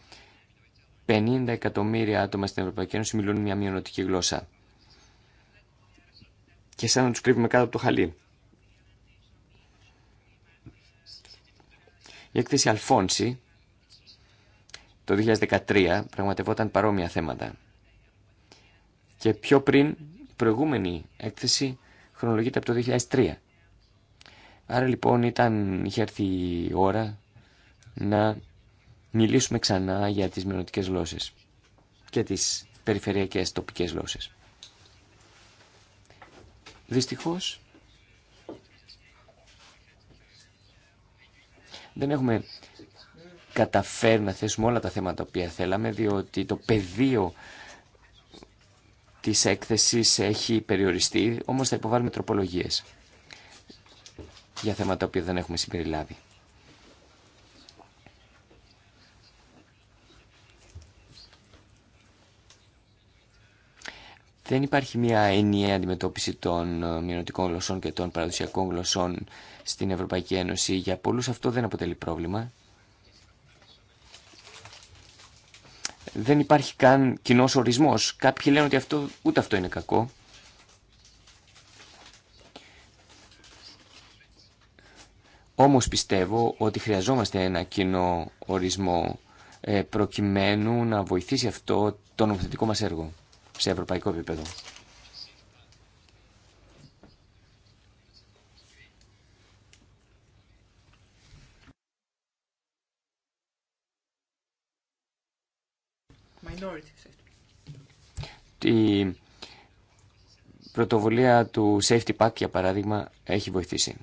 50 εκατομμύρια άτομα στην Ευρωπαϊκή Ένωση μιλούν μια μειονοτική γλώσσα. Και σαν να τους κρύβουμε κάτω από το χαλί. Η έκθεση Αλφόνση το 2013 πραγματευόταν παρόμοια θέματα. Και πιο πριν, η προηγούμενη έκθεση χρονολογείται από το 2003. Άρα λοιπόν ήταν, είχε έρθει η ώρα να μιλήσουμε ξανά για τις μειονοτικές γλώσσες και τις περιφερειακές τοπικές γλώσσες. Δυστυχώς δεν έχουμε καταφέρει να θέσουμε όλα τα θέματα που θέλαμε διότι το πεδίο Τη έκθεση έχει περιοριστεί, όμως θα υποβάλουμε τροπολογίε. για θέματα που δεν έχουμε συμπεριλάβει. Δεν υπάρχει μια ενιαία αντιμετώπιση των ε, μειωνοτικών γλωσσών και των παραδοσιακών γλωσσών στην Ευρωπαϊκή Ένωση. Για πολλούς αυτό δεν αποτελεί πρόβλημα. δεν υπάρχει καν κοινό ορισμό. Κάποιοι λένε ότι αυτό, ούτε αυτό είναι κακό. Όμως πιστεύω ότι χρειαζόμαστε ένα κοινό ορισμό ε, προκειμένου να βοηθήσει αυτό το νομοθετικό μας έργο σε ευρωπαϊκό επίπεδο. Η πρωτοβουλία του Safety Pack, για παράδειγμα, έχει βοηθήσει.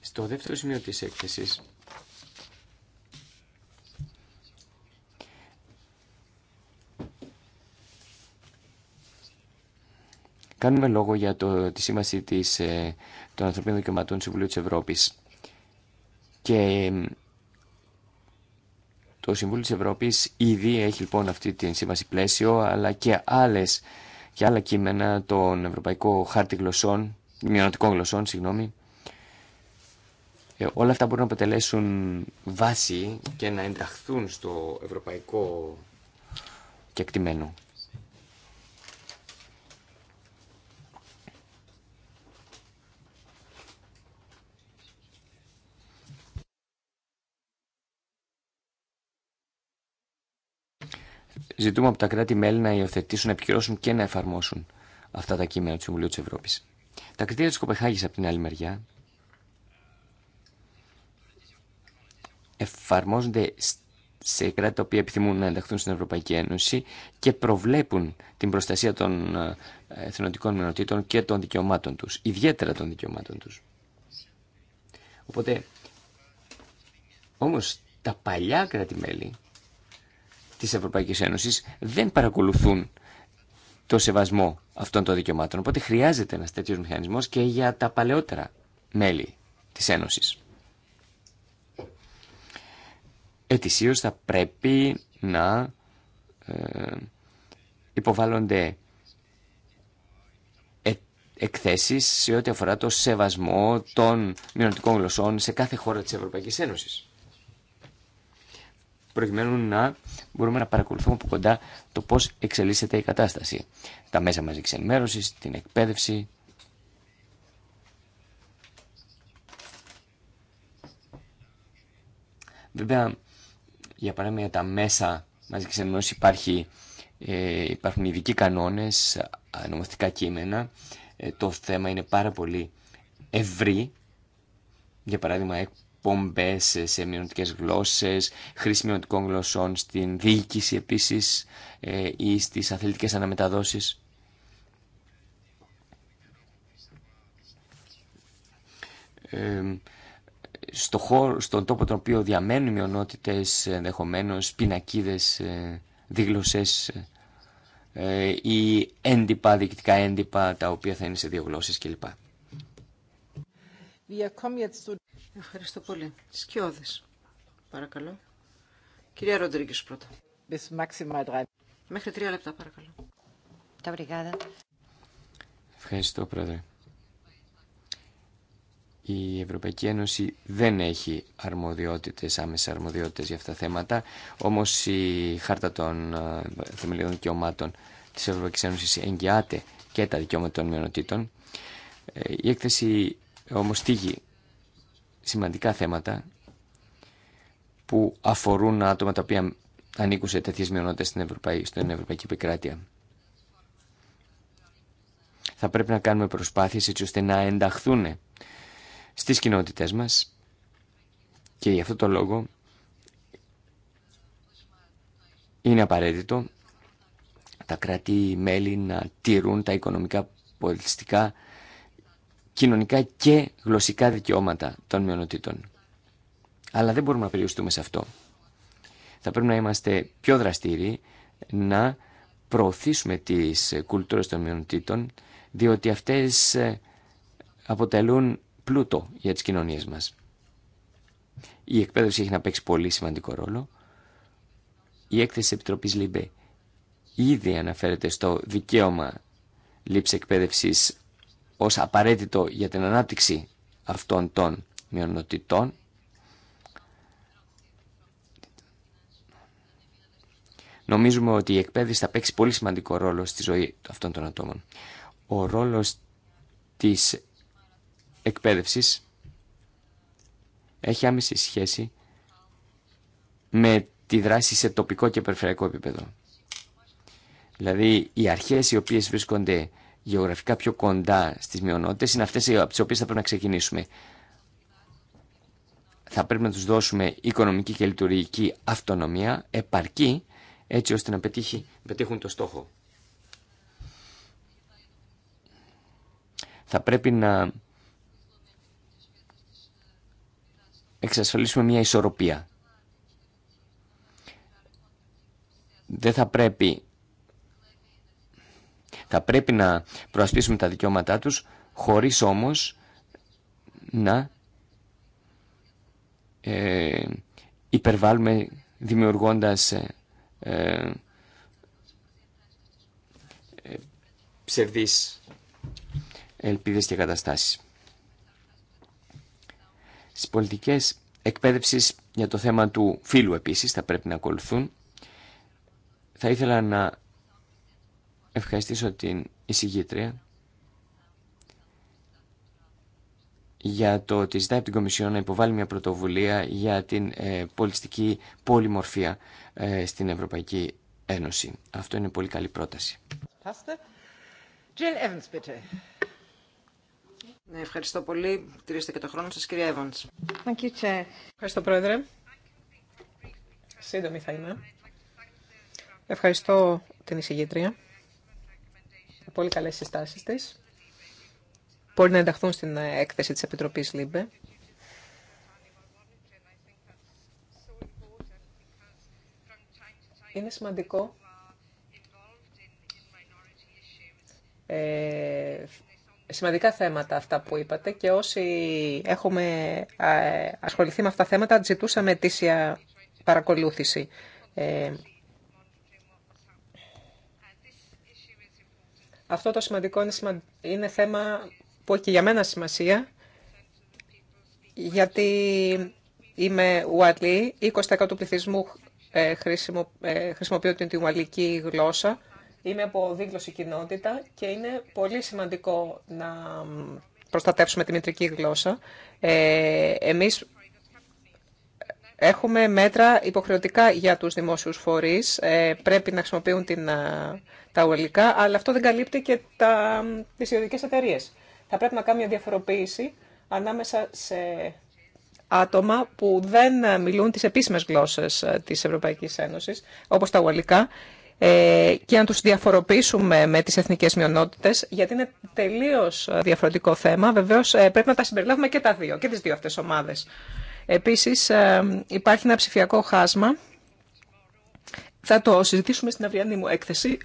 Στο δεύτερο σημείο της έκθεσης, κάνουμε λόγο για το, τη σύμβαση της, ε, των ανθρωπίνων δικαιωμάτων του Συμβουλίου της Ευρώπης. Και το Συμβούλιο της Ευρώπης ήδη έχει λοιπόν αυτή την σύμβαση πλαίσιο, αλλά και, άλλες, και άλλα κείμενα, των Ευρωπαϊκό Χάρτη Γλωσσών, Μειονοτικών Γλωσσών, συγγνώμη, ε, όλα αυτά μπορούν να αποτελέσουν βάση και να ενταχθούν στο ευρωπαϊκό κεκτημένο. ζητούμε από τα κράτη-μέλη να υιοθετήσουν, να επικυρώσουν και να εφαρμόσουν αυτά τα κείμενα του Συμβουλίου τη Ευρώπη. Τα κριτήρια τη Κοπεχάγη, από την άλλη μεριά, εφαρμόζονται σε κράτη τα οποία επιθυμούν να ενταχθούν στην Ευρωπαϊκή Ένωση και προβλέπουν την προστασία των ε, εθνοτικών μειονοτήτων και των δικαιωμάτων τους, ιδιαίτερα των δικαιωμάτων τους. Οπότε, όμως τα παλιά κράτη-μέλη της Ευρωπαϊκής Ένωσης δεν παρακολουθούν το σεβασμό αυτών των δικαιωμάτων. Οπότε χρειάζεται ένας τέτοιος μηχανισμός και για τα παλαιότερα μέλη της Ένωσης. Ετησίως θα πρέπει να ε, υποβάλλονται ε, εκθέσεις σε ό,τι αφορά το σεβασμό των μειονοτικών γλωσσών σε κάθε χώρα της Ευρωπαϊκής Ένωσης προκειμένου να μπορούμε να παρακολουθούμε από κοντά το πώς εξελίσσεται η κατάσταση. Τα μέσα μαζικής ενημέρωσης, την εκπαίδευση, Βέβαια, για παράδειγμα, για τα μέσα μαζικής ενημέρωσης υπάρχει, ε, υπάρχουν ειδικοί κανόνες, νομοθετικά κείμενα. Ε, το θέμα είναι πάρα πολύ ευρύ. Για παράδειγμα, σε μειονοτικές γλώσσε, χρήση μειονοτικών γλωσσών στην διοίκηση επίσης ε, ή στις αθλητικές αναμεταδόσεις. στον τόπο τον οποίο διαμένουν οι μειονότητες ενδεχομένω, πινακίδες, ε, δίγλωσσες ε, ή έντυπα, διοικητικά έντυπα τα οποία θα είναι σε δύο γλώσσες κλπ. Ευχαριστώ πολύ. Σκιώδη. Παρακαλώ. Κυρία Ροντρίγκη, πρώτα. Μέχρι τρία λεπτά παρακαλώ. Τα Ευχαριστώ πρόεδρε. Η Ευρωπαϊκή Ένωση δεν έχει αρμοδιότητε άμεσα αρμοδιότητε για αυτά τα θέματα, Όμω η Χάρτα των ε, Θεμελιωδών Δικαιωμάτων τη Ευρωπαϊκή Ένωση εγγυάται και τα δικαιώματα των μειονοτήτων. Ε, η έκθεση ε, όμως τύχει σημαντικά θέματα που αφορούν άτομα τα οποία ανήκουν σε τέτοιες μειονότητες στην, Ευρωπαϊ... στην Ευρωπαϊκή Επικράτεια. Θα πρέπει να κάνουμε προσπάθειες έτσι ώστε να ενταχθούν στις κοινότητές μας και γι' αυτό το λόγο είναι απαραίτητο τα κράτη-μέλη να τηρούν τα οικονομικά πολιτιστικά κοινωνικά και γλωσσικά δικαιώματα των μειονοτήτων. Αλλά δεν μπορούμε να περιοριστούμε σε αυτό. Θα πρέπει να είμαστε πιο δραστήριοι, να προωθήσουμε τις κουλτούρες των μειονοτήτων, διότι αυτές ε, αποτελούν πλούτο για τις κοινωνίες μας. Η εκπαίδευση έχει να παίξει πολύ σημαντικό ρόλο. Η έκθεση της Επιτροπής ΛΥΜΠΕ ήδη αναφέρεται στο δικαίωμα λήψη εκπαίδευσης ως απαραίτητο για την ανάπτυξη αυτών των μειονοτητών Νομίζουμε ότι η εκπαίδευση θα παίξει πολύ σημαντικό ρόλο στη ζωή αυτών των ατόμων. Ο ρόλος της εκπαίδευσης έχει άμεση σχέση με τη δράση σε τοπικό και περιφερειακό επίπεδο. Δηλαδή οι αρχές οι οποίες βρίσκονται γεωγραφικά πιο κοντά στις μειονότητες είναι αυτές από τις οποίες θα πρέπει να ξεκινήσουμε. Θα πρέπει να τους δώσουμε οικονομική και λειτουργική αυτονομία επαρκή έτσι ώστε να, πετύχει, πετύχουν το στόχο. Θα πρέπει να εξασφαλίσουμε μια ισορροπία. Δεν θα πρέπει θα πρέπει να προασπίσουμε τα δικαιώματά τους χωρίς όμως να ε, υπερβάλλουμε δημιουργώντας ε, ε, ε, ψευδείς ελπίδες και καταστάσεις. Στις πολιτικές εκπαίδευσης για το θέμα του φύλου επίσης θα πρέπει να ακολουθούν. Θα ήθελα να ευχαριστήσω την εισηγήτρια για το ότι ζητάει από την Κομισιόν να υποβάλει μια πρωτοβουλία για την ε, πολιτιστική πολυμορφία ε, στην Ευρωπαϊκή Ένωση. Αυτό είναι πολύ καλή πρόταση. Evans, bitte. Ναι, ευχαριστώ πολύ. Τηρήστε και το χρόνο σας, κυρία Evans. Ευχαριστώ, Πρόεδρε. Σύντομη θα είμαι. Ευχαριστώ την εισηγήτρια πολύ καλές συστάσεις τη Μπορεί να ενταχθούν στην ε, έκθεση της Επιτροπής ΛΥΜΠΕ. Είναι σημαντικό ε, σημαντικά θέματα αυτά που είπατε και όσοι έχουμε ε, ασχοληθεί με αυτά τα θέματα ζητούσαμε αιτήσια παρακολούθηση. Ε, Αυτό το σημαντικό είναι, θέμα που έχει και για μένα σημασία, γιατί είμαι Ουαλή, 20% του πληθυσμού ε, χρησιμο... Ε, την Ουαλική γλώσσα, είμαι από δίγλωση κοινότητα και είναι πολύ σημαντικό να προστατεύσουμε τη μητρική γλώσσα. Ε, εμείς Έχουμε μέτρα υποχρεωτικά για τους δημόσιους φορείς, ε, πρέπει να χρησιμοποιούν την, ε, τα ουελικά, αλλά αυτό δεν καλύπτει και τα, τις ιδιωτικές εταιρείε. Θα πρέπει να κάνουμε μια διαφοροποίηση ανάμεσα σε άτομα που δεν μιλούν τις επίσημες γλώσσες ε, της Ευρωπαϊκής Ένωσης, όπως τα ουαλικά και να τους διαφοροποιήσουμε με τις εθνικές μειονότητες, γιατί είναι τελείως διαφορετικό θέμα. Βεβαίως πρέπει να τα συμπεριλάβουμε και τα δύο, και τις δύο αυτές ομάδες. Επίσης ε, υπάρχει ένα ψηφιακό χάσμα. Θα το συζητήσουμε στην αυριανή μου έκθεση.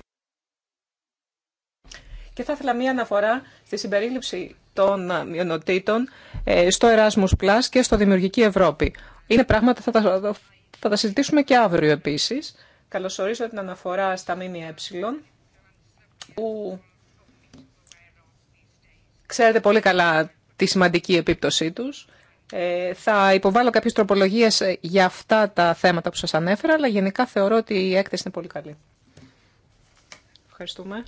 Και θα ήθελα μία αναφορά στη συμπερίληψη των μειονοτήτων ε, στο Erasmus Plus και στο Δημιουργική Ευρώπη. Είναι πράγματα, θα τα, θα τα συζητήσουμε και αύριο επίσης. Καλωσορίζω την αναφορά στα ΜΜΕ που ξέρετε πολύ καλά τη σημαντική επίπτωσή τους. Ε, θα υποβάλω κάποιες τροπολογίες ε, για αυτά τα θέματα που σας ανέφερα, αλλά γενικά θεωρώ ότι η έκθεση είναι πολύ καλή. Ευχαριστούμε.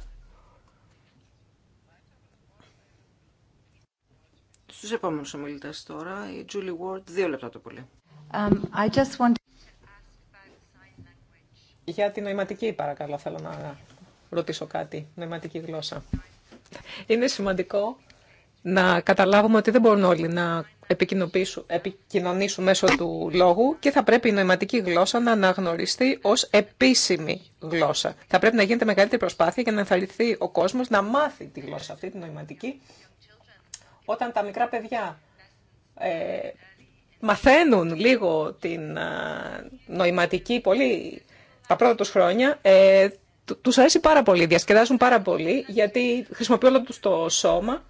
Στους επόμενους ομιλητές τώρα, η Julie Ward, δύο λεπτά το πολύ. Um, I just want... Για τη νοηματική, παρακαλώ, θέλω να ρωτήσω κάτι, νοηματική γλώσσα. Είναι σημαντικό να καταλάβουμε ότι δεν μπορούν όλοι να επικοινωνήσουν μέσω του λόγου και θα πρέπει η νοηματική γλώσσα να αναγνωριστεί ως επίσημη γλώσσα. Θα πρέπει να γίνεται μεγαλύτερη προσπάθεια για να ενθαρρυνθεί ο κόσμος να μάθει τη γλώσσα αυτή, τη νοηματική, όταν τα μικρά παιδιά ε, μαθαίνουν λίγο την ε, νοηματική πολύ τα πρώτα τους χρόνια, ε, τους αρέσει πάρα πολύ, διασκεδάζουν πάρα πολύ, γιατί χρησιμοποιούν όλο τους το σώμα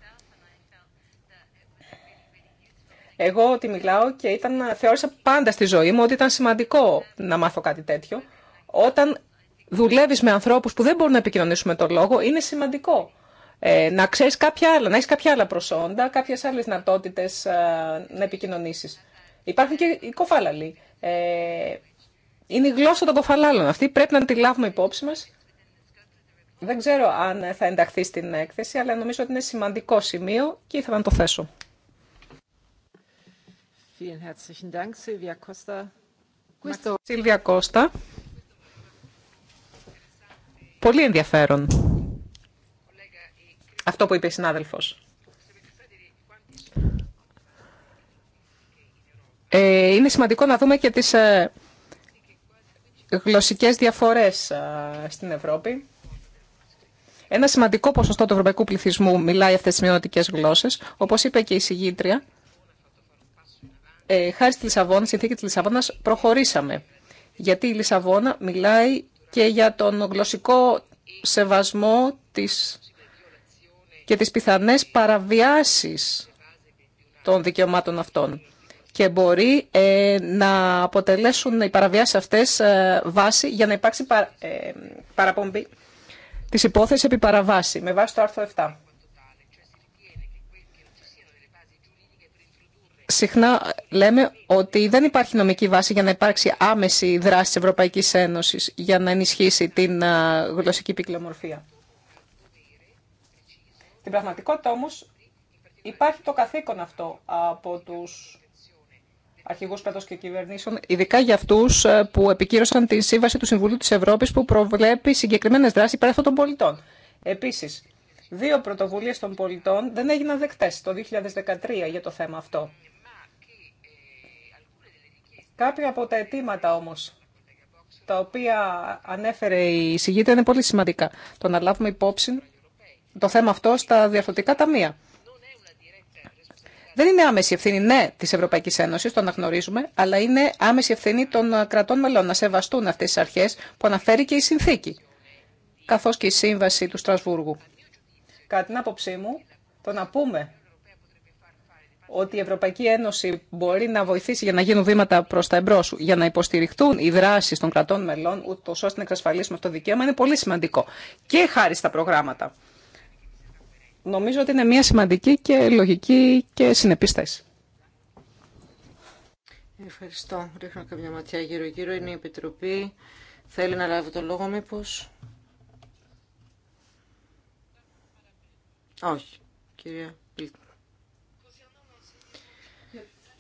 Εγώ ότι μιλάω και ήταν, θεώρησα πάντα στη ζωή μου ότι ήταν σημαντικό να μάθω κάτι τέτοιο. Όταν δουλεύεις με ανθρώπους που δεν μπορούν να επικοινωνήσουν με τον λόγο, είναι σημαντικό. Ε, να ξέρεις κάποια άλλα, να έχεις κάποια άλλα προσόντα, κάποιες άλλες δυνατότητε ε, να επικοινωνήσεις. Υπάρχουν και οι κοφάλαλοι. Ε, είναι η γλώσσα των κοφαλάλων. Αυτή πρέπει να τη λάβουμε υπόψη μας. Δεν ξέρω αν θα ενταχθεί στην έκθεση, αλλά νομίζω ότι είναι σημαντικό σημείο και ήθελα να το θέσω. Σίλβια Κώστα. Πολύ ενδιαφέρον αυτό που είπε η συνάδελφος. Ε, είναι σημαντικό να δούμε και τις ε, γλωσσικές διαφορές ε, στην Ευρώπη. Ένα σημαντικό ποσοστό του ευρωπαϊκού πληθυσμού μιλάει αυτές τις μειωτικές γλώσσες. Όπως είπε και η συγγήτρια, ε, χάρη στη Λισαβόνα, συνθήκη της Λισαβόνας, προχωρήσαμε. Γιατί η Λισαβόνα μιλάει και για τον γλωσσικό σεβασμό της και τις πιθανές παραβιάσεις των δικαιωμάτων αυτών. Και μπορεί ε, να αποτελέσουν οι παραβιάσεις αυτές ε, βάση για να υπάρξει ε, παραπομπή της υπόθεσης επί παραβάση, με βάση το άρθρο 7. Συχνά λέμε ότι δεν υπάρχει νομική βάση για να υπάρξει άμεση δράση της Ευρωπαϊκής Ένωσης για να ενισχύσει την ε, γλωσσική πυκλομορφία. Στην πραγματικότητα όμως υπάρχει το καθήκον αυτό από τους αρχηγούς κρατών και κυβερνήσεων, ειδικά για αυτούς ε, που επικύρωσαν τη Σύμβαση του Συμβουλίου της Ευρώπης που προβλέπει συγκεκριμένες δράσεις υπέρ αυτών των πολιτών. Επίσης, δύο πρωτοβουλίες των πολιτών δεν έγιναν δεκτές το 2013 για το θέμα αυτό. Κάποια από τα αιτήματα όμως τα οποία ανέφερε η συγγήτρια είναι πολύ σημαντικά. Το να λάβουμε υπόψη το θέμα αυτό στα διαφορετικά ταμεία. Δεν είναι άμεση ευθύνη, ναι, τη Ευρωπαϊκή Ένωση, το αναγνωρίζουμε, αλλά είναι άμεση ευθύνη των κρατών μελών να σεβαστούν αυτέ τι αρχέ που αναφέρει και η συνθήκη, καθώ και η σύμβαση του Στρασβούργου. Κατά την άποψή μου, το να πούμε ότι η Ευρωπαϊκή Ένωση μπορεί να βοηθήσει για να γίνουν βήματα προ τα εμπρό, για να υποστηριχτούν οι δράσει των κρατών μελών, ούτω ώστε να εξασφαλίσουμε αυτό το δικαίωμα, είναι πολύ σημαντικό. Και χάρη στα προγράμματα. Νομίζω ότι είναι μια σημαντική και λογική και συνεπή θέση. Ευχαριστώ. Ρίχνω καμιά ματιά γύρω-γύρω. Είναι η Επιτροπή. Θέλει να λάβει το λόγο, μήπω. Όχι. Κυρία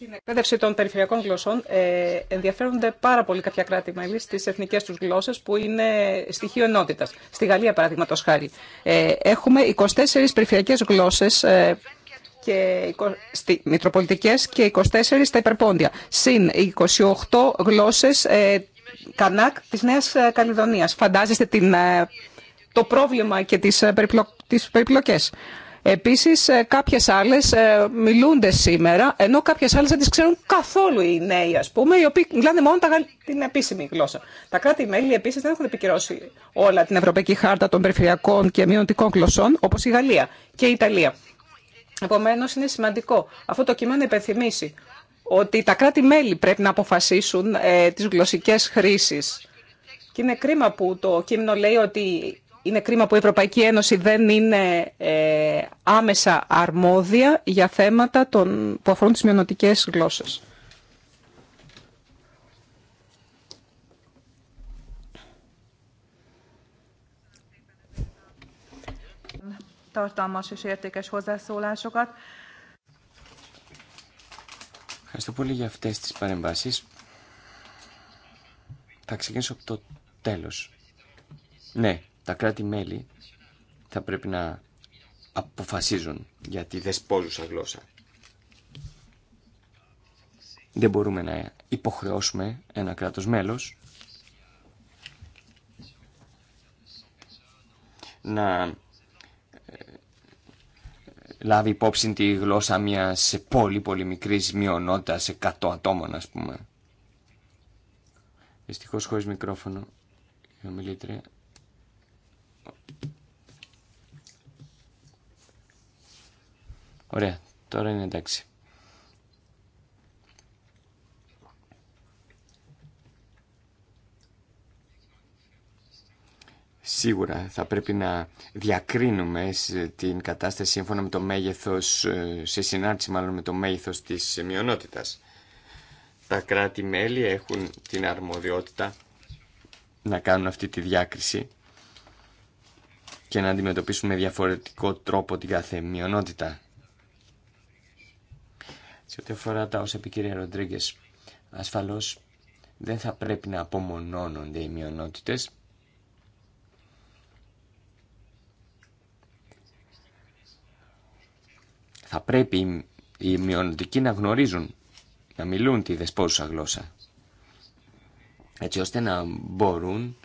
Στην εκπαίδευση των περιφερειακών γλωσσών ε, ενδιαφέρονται πάρα πολύ κάποια κράτη-μέλη στι εθνικέ του γλώσσε που είναι στοιχείο ενότητα. Στη Γαλλία, παραδείγματο χάρη, ε, έχουμε 24 περιφερειακέ γλώσσε ε, και Μητροπολιτικές και 24 στα υπερπόντια, συν 28 γλώσσες ε, Κανάκ της Νέας Καλλιδονίας. Φαντάζεστε την, το πρόβλημα και τις περιπλοκές. Επίσης ε, κάποιες άλλες ε, μιλούνται σήμερα, ενώ κάποιες άλλες δεν τις ξέρουν καθόλου οι νέοι, ας πούμε, οι οποίοι μιλάνε μόνο την επίσημη γλώσσα. Τα κράτη-μέλη επίσης δεν έχουν επικυρώσει όλα την Ευρωπαϊκή Χάρτα των Περιφερειακών και Μειωτικών Γλωσσών, όπως η Γαλλία και η Ιταλία. Επομένως είναι σημαντικό αυτό το κείμενο να υπενθυμίσει ότι τα κράτη-μέλη πρέπει να αποφασίσουν ε, τις γλωσσικές χρήσεις. Και είναι κρίμα που το κείμενο λέει ότι είναι κρίμα που η Ευρωπαϊκή Ένωση δεν είναι ε, άμεσα αρμόδια για θέματα των, που αφορούν τις μειονοτικές γλώσσες. Ευχαριστώ πολύ για αυτές τις παρεμβάσεις. Θα ξεκινήσω από το τέλος. Ναι, τα κράτη-μέλη θα πρέπει να αποφασίζουν για τη δεσπόζουσα γλώσσα. Δεν μπορούμε να υποχρεώσουμε ένα κράτος μέλος να ε, λάβει υπόψη τη γλώσσα σε πολύ πολύ μικρής σε 100 ατόμων ας πούμε. Δυστυχώς χωρίς μικρόφωνο η ομιλήτρια. Ωραία, τώρα είναι εντάξει. Σίγουρα θα πρέπει να διακρίνουμε την κατάσταση σύμφωνα με το μέγεθος, ε, σε συνάρτηση μάλλον με το μέγεθος της μειονότητας. Τα κράτη-μέλη έχουν την αρμοδιότητα να κάνουν αυτή τη διάκριση και να αντιμετωπίσουμε διαφορετικό τρόπο την κάθε μειονότητα. Σε ό,τι αφορά τα όσα είπε η κυρία Ροντρίγκε, δεν θα πρέπει να απομονώνονται οι μειονότητε. Θα πρέπει οι μειονοτικοί να γνωρίζουν, να μιλούν τη δεσπόζουσα γλώσσα, έτσι ώστε να μπορούν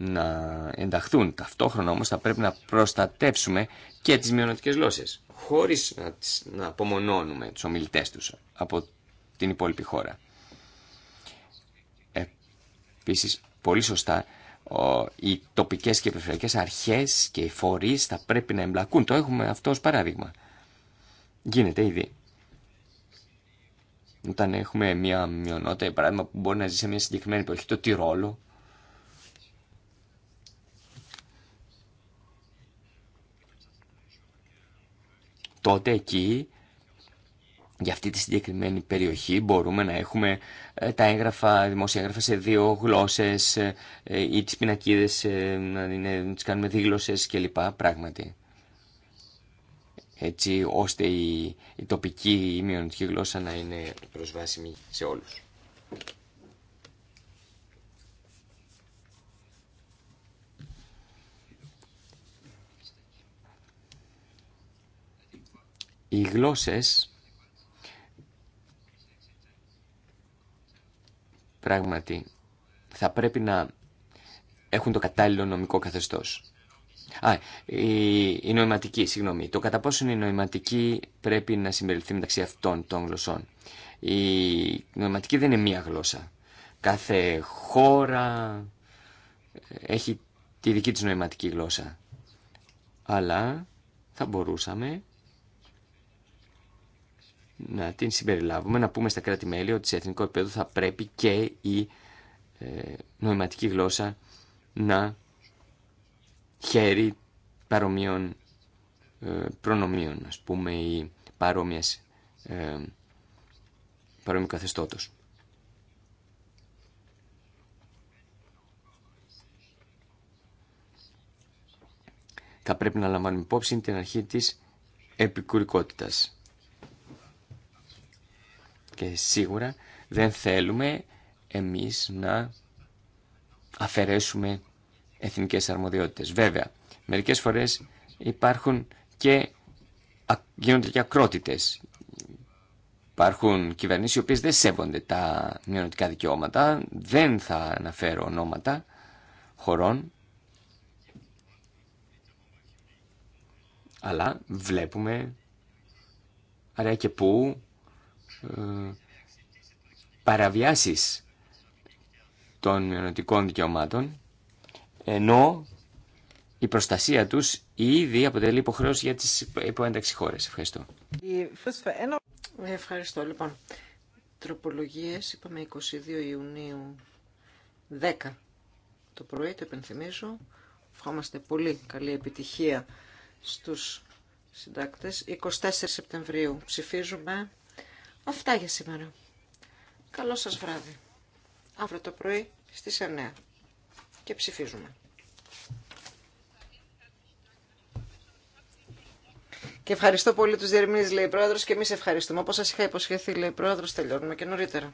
να ενταχθούν. Ταυτόχρονα όμως θα πρέπει να προστατεύσουμε και τις μειονοτικές γλώσσες, χωρίς να, τις, να απομονώνουμε τους ομιλητές τους από την υπόλοιπη χώρα. Επίση, πολύ σωστά, οι τοπικές και περιφερειακές αρχές και οι φορείς θα πρέπει να εμπλακούν. Το έχουμε αυτό ως παράδειγμα. Γίνεται ήδη. Όταν έχουμε μια μειονότητα, παράδειγμα, που μπορεί να ζει σε μια συγκεκριμένη περιοχή, το Τυρόλο, τότε εκεί για αυτή τη συγκεκριμένη περιοχή μπορούμε να έχουμε ε, τα έγγραφα, δημόσια έγγραφα σε δύο γλώσσες ε, ε, ή τις πινακίδες να, είναι, τις κάνουμε δίγλωσσες κλπ. Πράγματι. Έτσι ώστε η, τοπική ή μειονοτική γλώσσα να είναι προσβάσιμη σε όλους. Οι γλώσσες πράγματι θα πρέπει να έχουν το κατάλληλο νομικό καθεστώς. Α, η, νοηματική, συγγνώμη. Το κατά πόσο η νοηματική πρέπει να συμπεριληφθεί μεταξύ αυτών των γλωσσών. Η νοηματική δεν είναι μία γλώσσα. Κάθε χώρα ε, έχει τη δική της νοηματική γλώσσα. Αλλά θα μπορούσαμε να την συμπεριλάβουμε, να πούμε στα κράτη-μέλη ότι σε εθνικό επίπεδο θα πρέπει και η ε, νοηματική γλώσσα να χαίρει παρομοίων ε, προνομίων, ας πούμε, ή παρόμοιες, ε, παρόμοιου καθεστώτος. Θα πρέπει να λαμβάνουμε υπόψη την αρχή της επικουρικότητας και σίγουρα δεν θέλουμε εμείς να αφαιρέσουμε εθνικές αρμοδιότητες. Βέβαια, μερικές φορές υπάρχουν και γίνονται και ακρότητες. Υπάρχουν κυβερνήσεις οι οποίες δεν σέβονται τα μειονοτικά δικαιώματα, δεν θα αναφέρω ονόματα χωρών, αλλά βλέπουμε, αρέα και πού, παραβιάσεις των μειονοτικών δικαιωμάτων, ενώ η προστασία τους ήδη αποτελεί υποχρέωση για τις υποένταξη χώρες. Ευχαριστώ. Ευχαριστώ λοιπόν. Τροπολογίες, είπαμε 22 Ιουνίου 10 το πρωί, το επενθυμίζω. Ευχόμαστε πολύ καλή επιτυχία στους συντάκτες. 24 Σεπτεμβρίου ψηφίζουμε Αυτά για σήμερα. Καλό σας βράδυ. Αύριο το πρωί στις 9 και ψηφίζουμε. Και ευχαριστώ πολύ τους διερμηνείς, λέει η Πρόεδρος, και εμείς ευχαριστούμε. Όπως σας είχα υποσχεθεί, λέει η Πρόεδρος, τελειώνουμε και νωρίτερα.